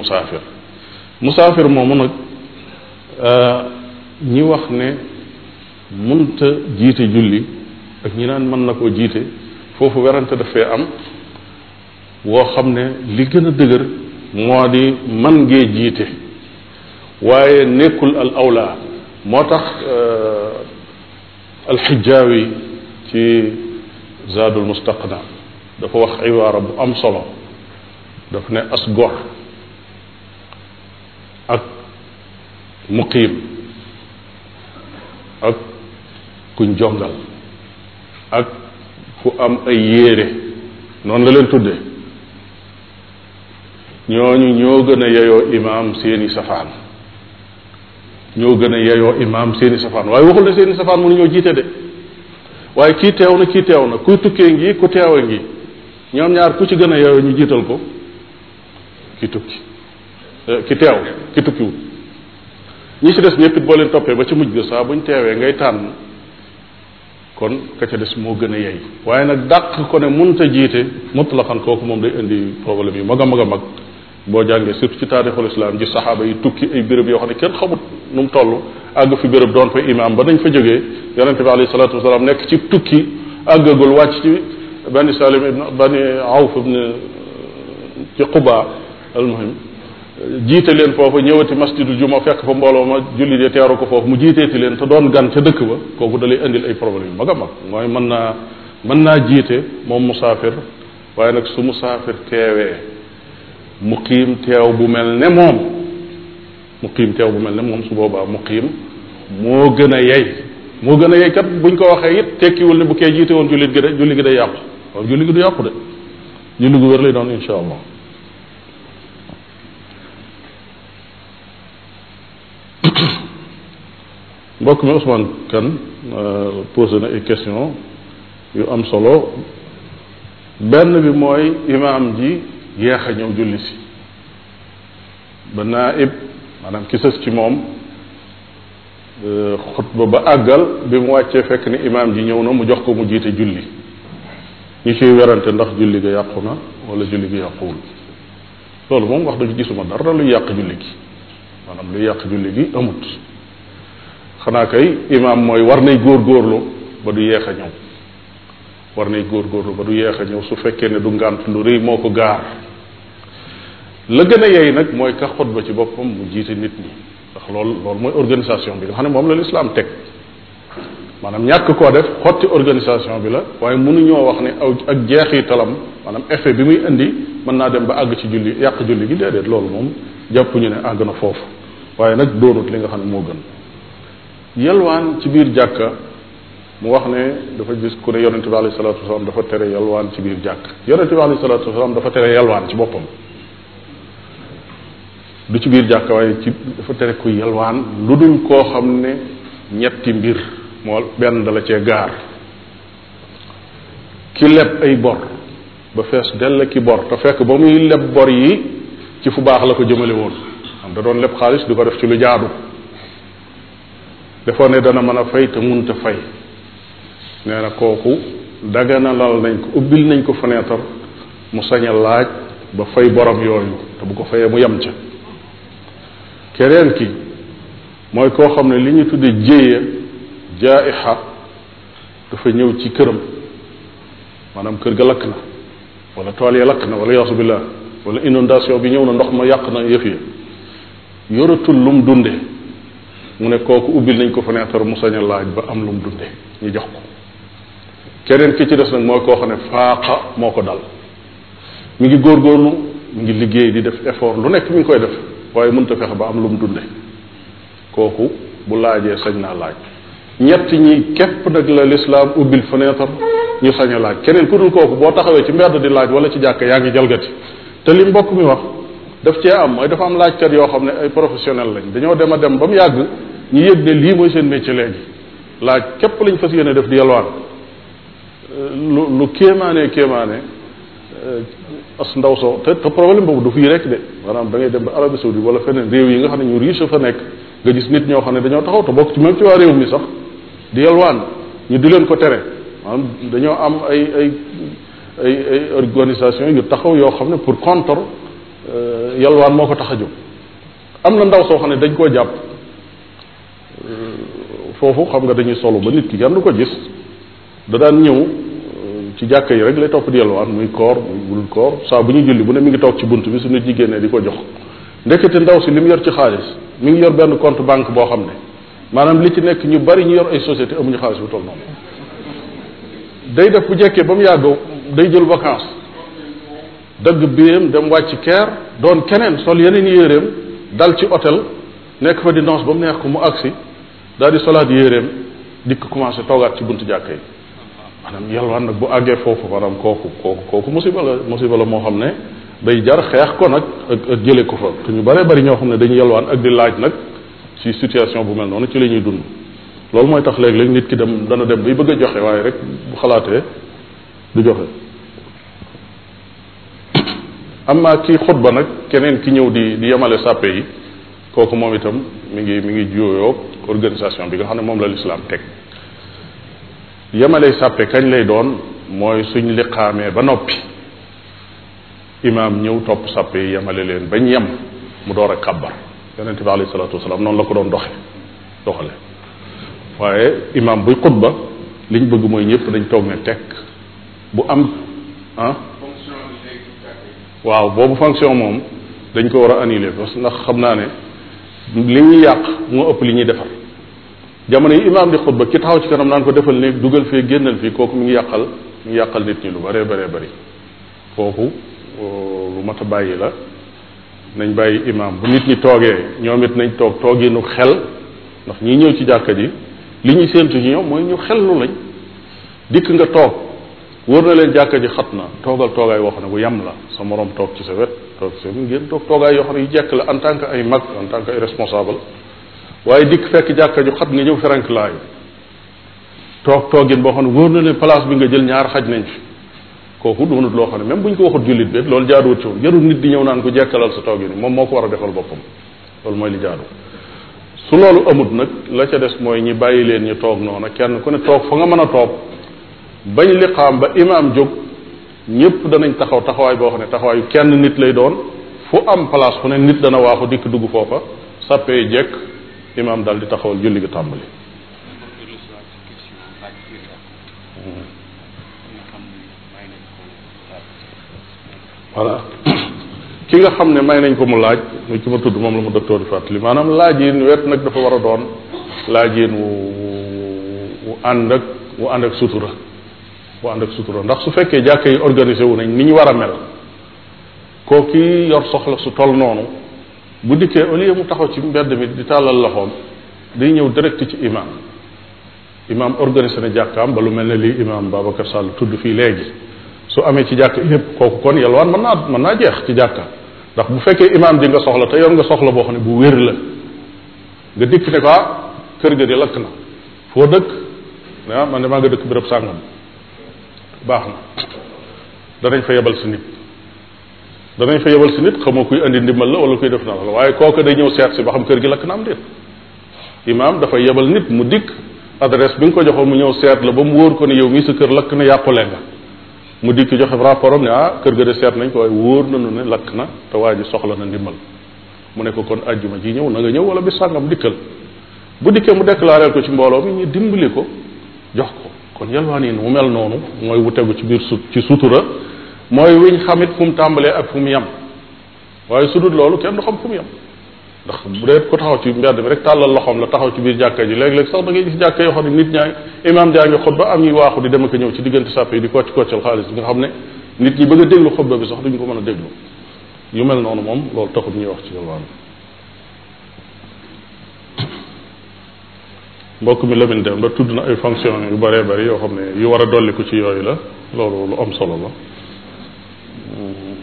musaafir moo moomu nag euh, ñi wax ne munta jiite julli ak ñi naan mën na koo jiite foofu werante dafay am woo xam ne li gën a dëgër moo di man ngee jiite waaye nekkul al awla moo tax euh, alxijaawi ci zaadul mustaqna dafa wax iwaara bu am solo daf ne as gor ak muqiim ak kuñ jongal ak ku am ay yéere noonu la leen tudde ñooñu ñoo gën a yeyoo imaam seeni safaan ñoo gën a yeyoo imaam seeni safaan waaye waxul ne seeni safaan mënu ñoo jiite de waaye kii teew na kii teew na kuy tukkee ngi ku teewe ngi ñoom ñaar ku ci gën a yeyoo ñu jiital ko ki tukki eh, ki teew ki tukkiwul ñi ci des ñëpp boo leen toppee ba ci mujj ga saa buñ teewee ngay tànn kon ka ca des moo gën a yey waaye nag dàq ko ne mun munta jiite la mutlaqan kooku moom day indi problème yi mag a mag a mag boo jàngee surtout ci taarixul islam ji saxaaba yi tukki ay béréb yoo xam ne kenn xamut nu mu toll àgg fi béréb doon fa imaam ba nañ fa jógee yonente bi alayhi salatu wasalaam nekk ci tukki àggagul wàcc ci bani salim ibn bani awf ibn ci quba almuhim jiite leen foofu ñëwati masjidul juma fekk fa mbooloo ma julli de teeru ko foofu mu jiiteeti leen ta doon gan ca dëkk ba kooku da lay indil ay problème yu mag a mag mooy mën naa mën naa jiite moom musaafir waaye nag su musaafir teewee muqiim teew bu mel ne moom muqiim teew bu mel ne moom su boobaa muqiim moo gën a yey moo gën a yey kat buñ ko waxee it tekkiwul ne bu kee jiite woon jullit gi de julli gi day yàqu waaw julli gi du yàqu de julli gu wér lay doon insha allah [COUGHS] mbokk mi Ousmane Kane euh, posé na ay question yu am solo benn bi mooy imaam ji yeex a ñëw julli si ba naib maanaam ki ci moom euh, xutba ba àggal bi mu wàccee fekk ni imaam ji ñëw na mu jox ko mu jiite julli ñu ciy werante ndax julli ga yàqu na wala julli ga yàquwul loolu moom wax dëgg gisuma dara luy yàq julli gi maanaam luy yàq julli gi amut xanaa kay imaam mooy war nay góorgóorlu ba du yeex a ñëw war nay góorgóorlu ba du yeex a ñëw su fekkee ne du ngànt lu rëy moo ko gaar la gën a yey nag mooy ka xutba ci boppam mu jiite nit ñi ndax lool loolu mooy organisation bi nga xam ne moom la lislaam teg maanaam ñàkk koo def xotti organisation bi la waaye mënuñoo wax ne aw ak talam maanaam effet bi muy indi mën naa dem ba àgg ci julli yàq julli gi déedéet loolu moom jàppuñu ne àgg na foofu waaye nag doonut li nga xam ne moo gën yalwaan ci biir jàkka mu wax ne dafa gis ku ne yonente bi alayhi salatu wasalaam dafa tere yalwaan ci biir jàkk yonente bi alayhi dafa tere yalwaan ci boppam du ci biir jàkka waaye ci dafa tere ku yalwaan lu dul koo xam ne ñetti mbir moo benn dala cee gaar ki leb ay bor ba fees dell ki bor te fekk ba muy leb bor yi ci fu baax la ko jëmale woon am da doon leb xaalis du ko def ci lu jaadu defoon ne dana mën a fay te munta fay nee na kooku dagana lal nañ ko ubbil nañ ko fenêtre mu sañ laaj ba fay borom yooyu te bu ko fayee mu yem ca keneen ki mooy koo xam ne li ñu tudde jéeya jaaixa dafa ñëw ci këram maanaam kër ga lakk na walla tool ya lakk na wala yaasu billah wala inondation bi ñëw na ndox ma yàq na yëf ya yoratul lum dunde mu ne kooku ubbil nañ ko fenêtre mu sañ a laaj ba am lum dunde ñu jox ko keneen ki ci des nag mooy koo xam ne faaqa moo ko dal mu ngi góor góorgóorlu mu ngi liggéey di def effort lu nekk mi ngi koy def waaye mënta fexe ba am lu mu dunde kooku bu laajee sañ naa laaj ñett ñi képp nag la lislaam ubbil fenêtre ñu sañ a laaj keneen ku kooku boo taxawee ci mbedd di laaj wala ci jàkk yaa ngi jalgati te li mbokk mi wax daf cee am mooy dafa am laajkat yoo xam ne ay professionnel lañ dañoo dem a dem ba mu yàgg ñu yëg ne lii mooy seen métier léegi laaj képp lañ fas yéene def di yalwaan lu lu kéemaane kéemaane as ndaw soo te te problème boobu du fii rek de maanaam da ngay dem ba Arabie Saoudite wala feneen réew yi nga xam ne ñu riche fa nekk nga gis nit ñoo xam ne dañoo taxaw te bokk ci même ci waa réew mi sax di yalwaan ñu di leen ko tere maanaam dañoo am ay ay ay ay organisation yu taxaw yoo xam ne pour contre euh, yalwaan moo ko tax a jóg am na ndaw soo xam ne dañ koo jàpp euh, foofu xam nga dañuy solo ba nit ki kenn du ko gis da daan ñëw ci jàkka yi rek lay topp di yalwaan muy koor muy budul koor saa bu ñu julli bu ne mi ngi toog ci bunt bi suñu jigéen ne di ko jox ndekete ndaw si li mu yor ci xaalis mi ngi yor benn compte banque boo xam ne maanaam li ci nekk ñu bari ñu yor ay société amuñu xaalis bu toll noonu day def bu jekkee ba mu yàggoo day jël vacance dëgg biyeem dem wàcc keer doon keneen sol yeneen yéeréem dal ci hôtel nekk fa dinonce ba mu neex ko mu agsi daal di solaat yéeréem dikk commencé toogaat ci buntu jàkka yi maanaam yalwaan nag bu àggee foofu maanaam kooku kooku kooku musiba la musiba moo xam ne day jar xeex ko nag ak ak jële ko fa te ñu bare bari ñoo xam ne dañuy yalwaan ak di laaj nag ci situation bu mel noonu ci la ñuy dund loolu mooy tax léeg-léeg nit ki dem dana dem bay bëgg joxe waaye rek bu xalaatee du joxe amma ki ba nag keneen ki ñëw di di yemale sàppe yi kooku moom itam mu ngi mi ngi juyoo organisation bi nga xam ne moom la lislaam teg yemaley sàppe kañ lay doon mooy suñ liqaamee ba noppi imaam ñëw topp sàppe yi yemale leen bañ yem mu door a kàbbar yonente bi alayhi salatu wasalaam noonu la ko doon doxe doxale waaye imaam buy xutba liñ bëgg mooy ñëpp dañ toog ne tekk bu am ah waaw boobu fonction moom dañ ko war a annuler parce ndax xam naa ne li ñuy yàq moo ëpp li ñuy defar jamono yi imaam di xutba ki taxaw ci kanam naan ko defal nii dugal fee génnal fii kooku mi ngi yàqal mi ngi yàqal nit ñi lu bare bëree bëri kooku oh, lu mat a bàyyi la nañ bàyyi imaam bu nit ñi toogee ñoom it nañ toog tooginu xel ndax ñi ñëw ci jàkka ji li ñuy séentu ci ñoom mooy ñu xel lu lañ dikk nga toog wóor na leen jàkka ji xat na toogal toogaay wax na bu yem la sa moroom toog ci sa wet toog ci sa ngeen toog toogaay yoo xam ne yu jekk la en tant que ay mag en tant ay responsable waaye dikk fekk jàkka ju xat nga ñëw ferenk laay toog toogin boo xam ne wóor na ne place bi nga jël ñaar xaj nañ fi kooku du doonut loo xam ne même bu ñu ko waxut jullit bi loolu jaaduwut ci woon jarul nit di ñëw naan ko jekkalal sa toogin moom moo ko war a defal boppam loolu mooy li jaadu su loolu amut nag la ca des mooy ñi bàyyi leen ñu toog noona kenn ku ne toog fa nga mën a toog bañ li xaam ba imaam jóg ñëpp danañ taxaw taxawaay boo xam ne taxawaayu kenn nit lay doon fu am place fu ne nit dana waaxu dikk dugg foofa sàppee jekk am daal di taxawal julli gi tàmbali. voilà [COUGHS] ki nga xam ne may nañ ko mu laaj mu ci ma tudd moom la mu docteur di fàttali maanaam laaj yi wet nag dafa war a doon laaj yi wu wu ànd ak wu ànd ak sutura wu ànd ak sutura ndax su fekkee jàkka yi organisé wu nañ ni ñu war a mel kooki yor soxla su toll noonu. bu dikkee au lieu mu taxaw ci mbedd mi di tàllal loxoom day ñëw direct ci imam imam organisé na jàkkaam ba lu mel ne lii imam Babacar Sall tudd fii léegi su amee ci jàkk yépp kooku kon yalwaan mën naa man naa jeex ci jàkka ndax bu fekkee imam di nga soxla te yor nga soxla boo xam ne bu wér la nga dikk ne ko ah, kër ga di lakk na foo dëkk ah man ne maa nga dëkk béréb sàngam baax na danañ fa yebal sa nit danañ fa yebal si nit xamoo kuy indi ndimbal la wala kuy def na la waaye kooku day ñëw seet si ba xam kër gi lakk na am déet imaam dafa yebal nit mu dikk adresse bi nga ko joxoon mu ñëw seet la ba mu wóor ko ne yow mii sa kër lakk na yàqule nga mu dikk joxe rapport am ne ah kër ga de nañ ko wóor nañu ne lakk na te waa ji soxla na ndimbal mu ne ko kon ajjuma ji ñëw na nga ñëw wala bi sàngam dikkal bu dikkee mu déclaré ko ci mbooloo mi ñuy dimbali ko jox ko kon yalwaan yi mu mel noonu mooy wu tegu ci biir su ci sutura mooy wiñ xamit fu mu tàmbalee ak fu mu yem waaye su dul loolu kenn du xam fu mu ndax bu dee ko taxaw ci mbedd bi rek tàllal loxoom la taxaw ci biir jàkka ji léeg-léeg sax da ngay gis jàkka yoo xam ne nit ñaa ngi imaam jaa ngi xutba am ñuy waaxu di dem ak ñëw xam ne nit ñi bëgg a déglu xutba bi sax duñ ko mën a déglu yu mel noonu moom loolu taxul ñuy wax ci yalwaan mi Lamine dem ba tudd na ay fonction yu bëree bëri yoo xam ne yu war a dolliku ci yooyu la loolu lu am solo la Mm-hmm.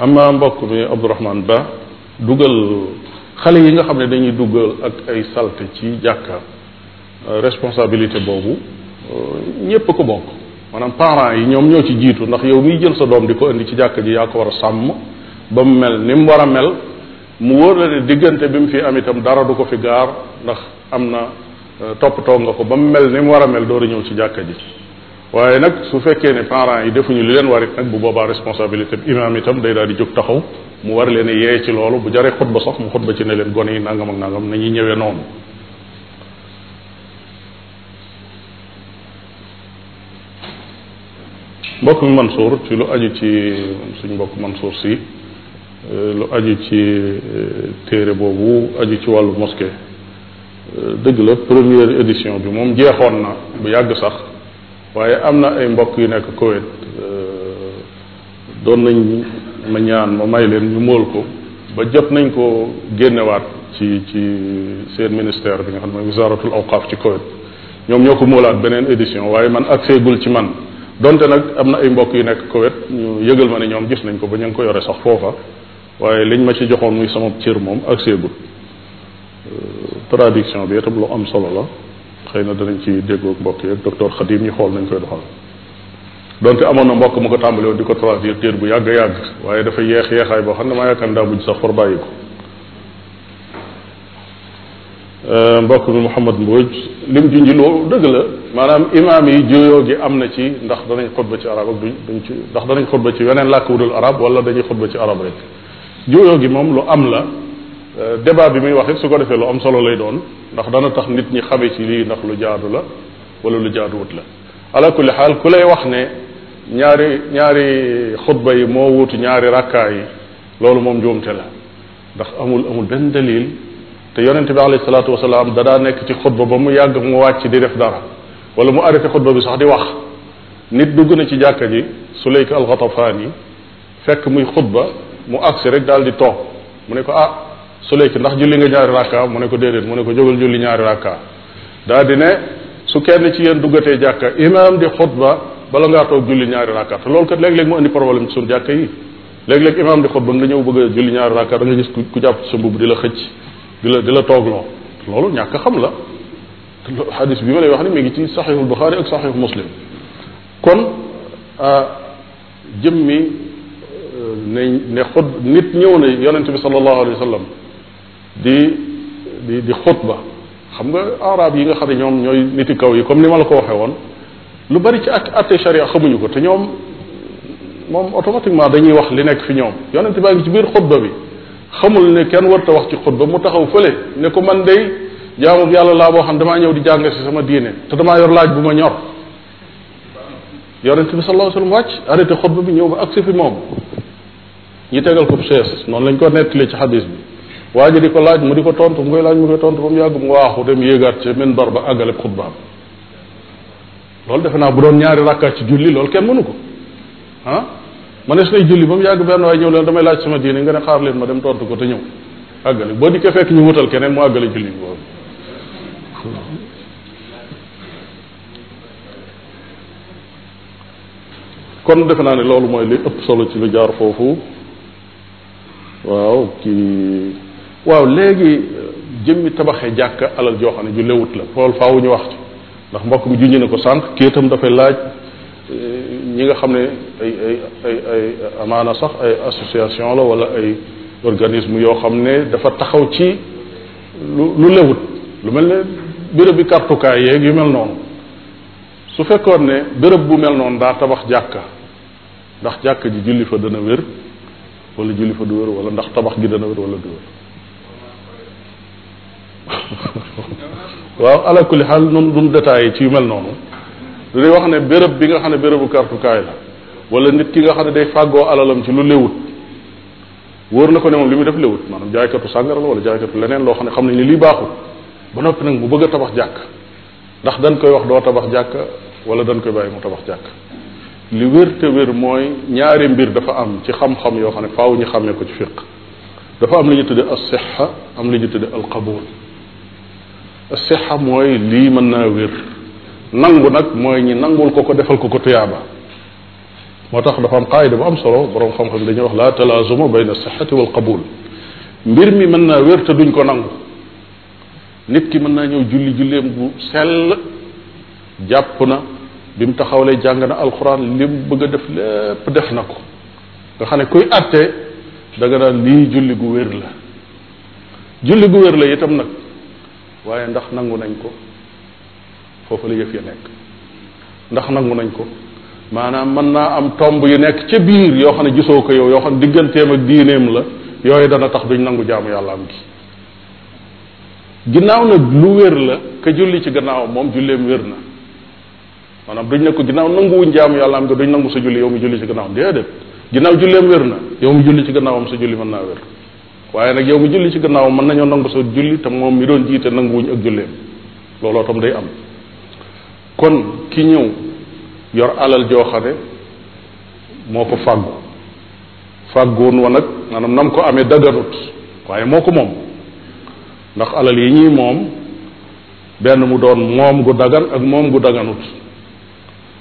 am na mbokk mi Abdourahman Ba dugal xale yi nga xam ne dañuy dugal ak ay salte ci jàkka euh, responsabilité boobu euh, ñépp ko bokk maanaam parent yi ñoom ñoo ci jiitu ndax yow miy jël sa doom di ko indi ci jàkka ji yaa ko war a sàmm ba mu mel ni mu war a mel mu wóor la ne diggante bi mu fi am itam dara du ko fi gaar ndax am na euh, toppatoo nga ko ba mu mel ni mu war a mel door a ñëw ci jàkka ji waaye nag su fekkee ne parents yi defuñu li leen war it nag bu boobaa responsabilité bi imaam itam day daal di jóg taxaw mu war leen a ci loolu bu jaree xutba sax mu xutba ci ne leen gone yi nangam ak nangam nañuy ñëwee noonu mbokk mi Mansour ci lu aju ci suñ mbokk Mansour si euh, lu aju ci euh, téere boobu aju ci wàllu mosquée euh, dëgg la première édition bi moom jeexoon na bu yàgg sax waaye am na ay mbokk yu nekk Koweït euh, doon nañ ma ñaan ma may leen ñu mool ko ba jot nañ ko génnewaat ci ci seen ministère bi nga xam ne mooy wisaaratul awqaaf ci Koweït ñoom ñoo ko moolaat beneen édition waaye man agseegul ci man donte nag am na ay mbokk yu nekk Koweït ñu yëgal ma ne ñoom gis nañ ko ba ñu ngi ko yore sax foofa waaye liñ ma ci joxoon muy sama cër moom agseegul euh, traduction bi itam lu am solo la xëy na danañ ci déggoog mbokk yeeg docteur Khadim xool nañ koy doxal donte amoon na mbokk mu ko tàmbale woon di ko traduire téer bu yàgg yàgg waaye dafa yeex yeexaay boo xam ne maa yaakaar ne daa mujj sax far bàyyi euh, mi Mouhamad Mbodj lim junj loo dëgg la maanaam imaam yi juyoo gi am na ci ndax danañ xutba ci arab ak duñ ci ndax danañ xutba ci weneen làkk wudul arab wala dañuy xutba ci arab rek juyoo gi moom lu am la Euh, débat bi muy wax it su ko defee lu am solo lay doon ndax dana tax nit ñi xame ci lii ndax lu jaadu la wala lu jaaduwut la ala kulli xaal ku lay wax ne ñaari ñaari xutba yi moo wuutu ñaari rakkaa yi loolu moom njuumte la ndax amul amul benn dalil te yonente bi alayhi salaatu wasalaam dadaa nekk ci xutba ba mu yàgg mu wàcc di def dara wala mu arrêté xutba bi sax di wax nit dugg na ci jàkka ji Sulayk al-Ghatafani fekk muy xutba mu agsi rek daal di toog mu ne ko ah su lekk ndax julli nga ñaari rakka mu ne ko déedéet mu ne ko jógal julli ñaari rakka daa di ne su kenn ci yéen duggatee jàkka imaam di xutba bala ngaa toog julli ñaari rakka te loolu kat léeg-léeg mu indi problème ci suñu jàkka yi léeg-léeg imaam di xutba nga ñëw bëgg a julli ñaari rakka da gis ku jàpp sa mbubb di la xëcc di la di la toogloo loolu ñàkk xam la xadis bi ma lay wax ni mi ngi ci saxiixul buxaari ak saxiixu muslim kon ah, jëmmi euh, ne ne xut nit ñëw na yonente bi sallallahu alayhi wa sallam di di di xutba xam nga arab yi nga xam ne ñoom ñooy niti kaw yi comme ni ma la ko waxee woon lu bari ci ak atte sharia xamuñu ko te ñoom moom automatiquement dañuy wax li nekk fi ñoom yonent baa ngi ci biir xutba bi xamul ne kenn warta wax ci xutba mu taxaw fële ne ko man day jaamu yàlla laa boo xam damaa ñëw di jàng si sama diine te damaa yor laaj bu ma ñor yonent bi sallallahu alayhi wasallam wàcc arrêté xutba bi ñëw ba agsi fi moom ñi tegal ko chaise noonu lañ ko nettali ci xadis bi waa ji di ko laaj mu di ko tontu mu koy laaj mu koy tontu ba mu yàgg mu waaxu dem yéegaat ca minbar ba àggale xutbaam loolu defe naa bu doon ñaari rakkaat ci julli loolu kenn mënu ko ah manees nay julli ba mu yàgg benn waay ñëw leen damay laaj sama diine nga ne xaar leen ma dem tontu ko te ñëw àggale boo dikkee fekk ñu wutal keneen mu àggale julli boobu kon defe naa ne loolu mooy li ëpp solo ci lu jaar foofu waaw kii waaw léegi jëmmi tabaxee jàkka alal joo xam ne ju lewut la loolu faaw ñu wax ndax mbokk mi junj na ko sànq kii itam dafay laaj eh, ñi nga xam ne ay ay ay ay amaana sax ay association la wala ay organisme yoo xam ne dafa taxaw ci lu lu lewut lu mel ne béréb bi kartukaay yeeg yu mel noonu su fekkoon ne béréb bu mel noonu daa tabax jàkka ndax jàkka ji julli fa dana wér wala julli fa du wér wala ndax tabax gi dana wér wala du wér
[LAUGHS]
waaw ala kulli xaal nun duñ détaillé ci yu mel noonu dañuy wax ne béréb bi nga xam ne bérébu kartukaay la wala nit ki nga xam ne day fàggoo alalam ci lu léwut wóor na ko ne moom li muy def léwut maanaam jaaykatu sàngara la wala jaaykatu leneen loo xam ne xam nañ ne lii baaxul ba noppi nag mu bëgg a tabax jàkk ndax dañ koy wax doo tabax jàkk wala dañ koy bàyyi mu tabax jàkk li wér te wér mooy ñaari mbir dafa am ci xam-xam yoo xam ne faaw ñu xamee ko ci fiq dafa am li ñu tudde as am li ñu tudde al-qabul sixa mooy lii mën naa wér nangu nag mooy ñi nangul ko ko defal ko ko tuyaaba moo tax dafa am qaayida bu am solo borom xam-xam dañuy wax la talaazuma bayna sixati wal qabul mbir mi mën naa wér te duñ ko nangu nit ki mën naa ñëw julli julleem bu sell jàpp na bi mu taxawalee jàng na alxuraan li mu bëgg a def lépp def na ko nga xam ne kuy àtte da nga lii julli gu wér la julli gu wér la itam nag waaye ndax nangu nañ ko foofu la yëf ya nekk ndax nangu nañ ko maanaam mën naa am tomb yu nekk ca biir yoo xam ne gisoo ko yow yoo xam ne digganteem ak diineem la yooyu dana tax duñ nangu jaamu yàlla am gi ginnaaw nag lu wér la ka julli ci gannaaw moom julleem wér na maanaam duñ ne ko ginnaaw nanguwuñ jaamu yàlla am nga duñ nangu sa julli yow mi julli ci gannaawam déedéet ginnaaw julleem wér na yow mi julli ci gannaawam sa julli mën naa wér waaye nag yow mi julli ci gannaaw mën nañoo nangu sa julli te moom mi doon jiite nanguwuñ ak julleem looloo tam day am kon ki ñëw yor alal joo moo ko fàggu fàggoon wa nag maanaam nam ko amee daganut waaye moo ko moom ndax alal yi ñuy moom benn mu doon moom gu dagan ak moom gu daganut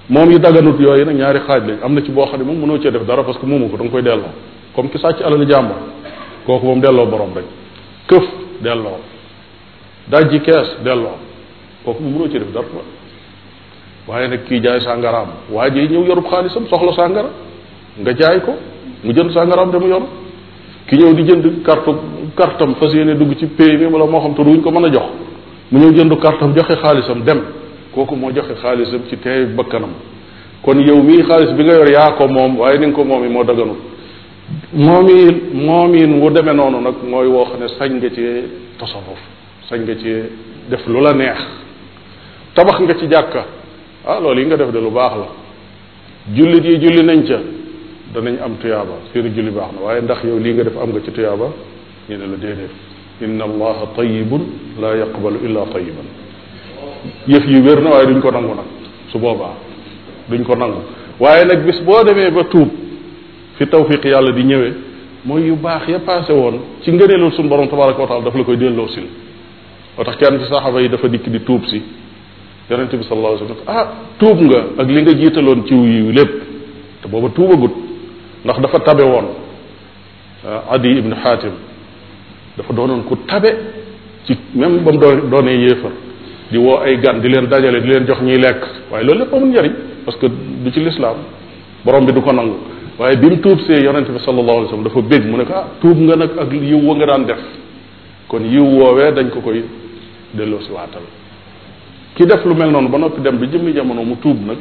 moom yi daganut yooyu nag ñaari xaaj lañ am na ci boo xam ne moom mënoo cee def dara parce que ko da nga koy delloo comme ki sàcc alal jàmbur kooku moom delloo borom rek këf delloo dajji kees delloo kooku mu mënoo ci def dara waaye nag kii jaay sàngaraam waa ji ñëw yorub xaalisam soxla sàngara nga jaay ko mu jënd sàngaraam dama yor ki ñëw di jënd carte cartam fas yéene dugg ci pay mi wala moo xam te duñ ko mën a jox mu ñëw jënd cartam joxe xaalisam dem kooku moo joxe xaalisam ci teey bakkanam kon yow mii xaalis bi nga yor yaa ko moom waaye ni nga ko moom yi moo daganul moomin moomin wu demee noonu nag mooy woo xam ne sañ nga ci tasawuf sañ nga ci def lu la neex tabax nga ci jàkka ah loolu yi nga def de lu baax la jullit yi julli nañ ca danañ am tuyaaba seeni julli baax na waaye ndax yow lii nga def am nga ci tuyaaba ñu ne la déedéet inna allaha tayibun la yaqbalu illa tayiban yëf yi wér na waaye duñ ko nangu nag su boobaa duñ ko nangu waaye nag bis boo demee ba tuub fi tawfiq yàlla di ñëwee mooy yu baax ya paase woon ci ngëneelul suñu borom tabaraka wa taala daf la koy delloo sil moo tax kenn ci yi dafa dikk di tuub si yonente bi sallallahu alayhi wasallam ah tuub nga ak li nga jiitaloon ci yi lépp te booba tuubagut ndax dafa tabe woon ah, adi ibn xaatim dafa doonoon ku tabe ci même ba mu doon doonee yéefar di woo ay gan di leen dajale di leen jox ñuy lekk waaye loolu lépp amul njariñ parce que du ci lislaam borom bi du ko nangu waaye bi mu tuub see yonente bi sallallahu alayhi wasallam dafa bég mu ne ko ah tuub nga nag ak yiw wa nga daan def kon yiw woowee dañ ko koy delloo si ki def lu mel noonu ba noppi dem bi jëmmi jamono mu tuub nag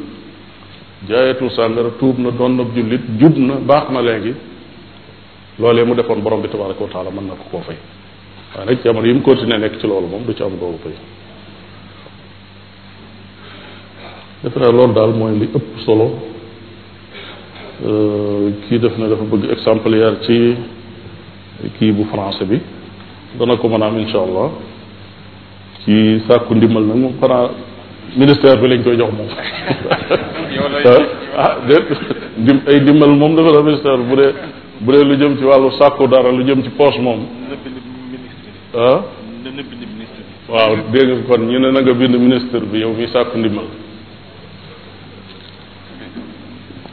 jaayatul sàngara tuub na doon na jullit jub na baax na léegi loolee mu defoon borom bi tabaraka wa mën na ko koo fay waaye nag jamono yi mu continué nekk ci loolu moom du ci am googu fay defe naa loolu daal mooy li ëpp solo Euh, kii def ne dafa bëgg exemplaire ci kii bu français bi dana ko mën a am insha allah ci sàkku ndimbal nag moom xanaa ministère bi lañ koy jox moom
ah,
ah déet ndim ay ndimbal moom dafa la ministère bu dee bu dee lu jëm ci wàllu sàkku dara lu jëm ci poche moom ah waaw dégg nga kon ñu ne na bind ministre bi yow mi sàkku ndimbal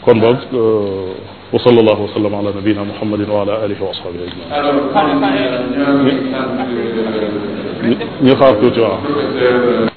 kon boog euh, wa sallallahu wa sallam ala nabina muhammadin wa ala alihi wa ashabihi
ajmain ñu xaar tuuti waaw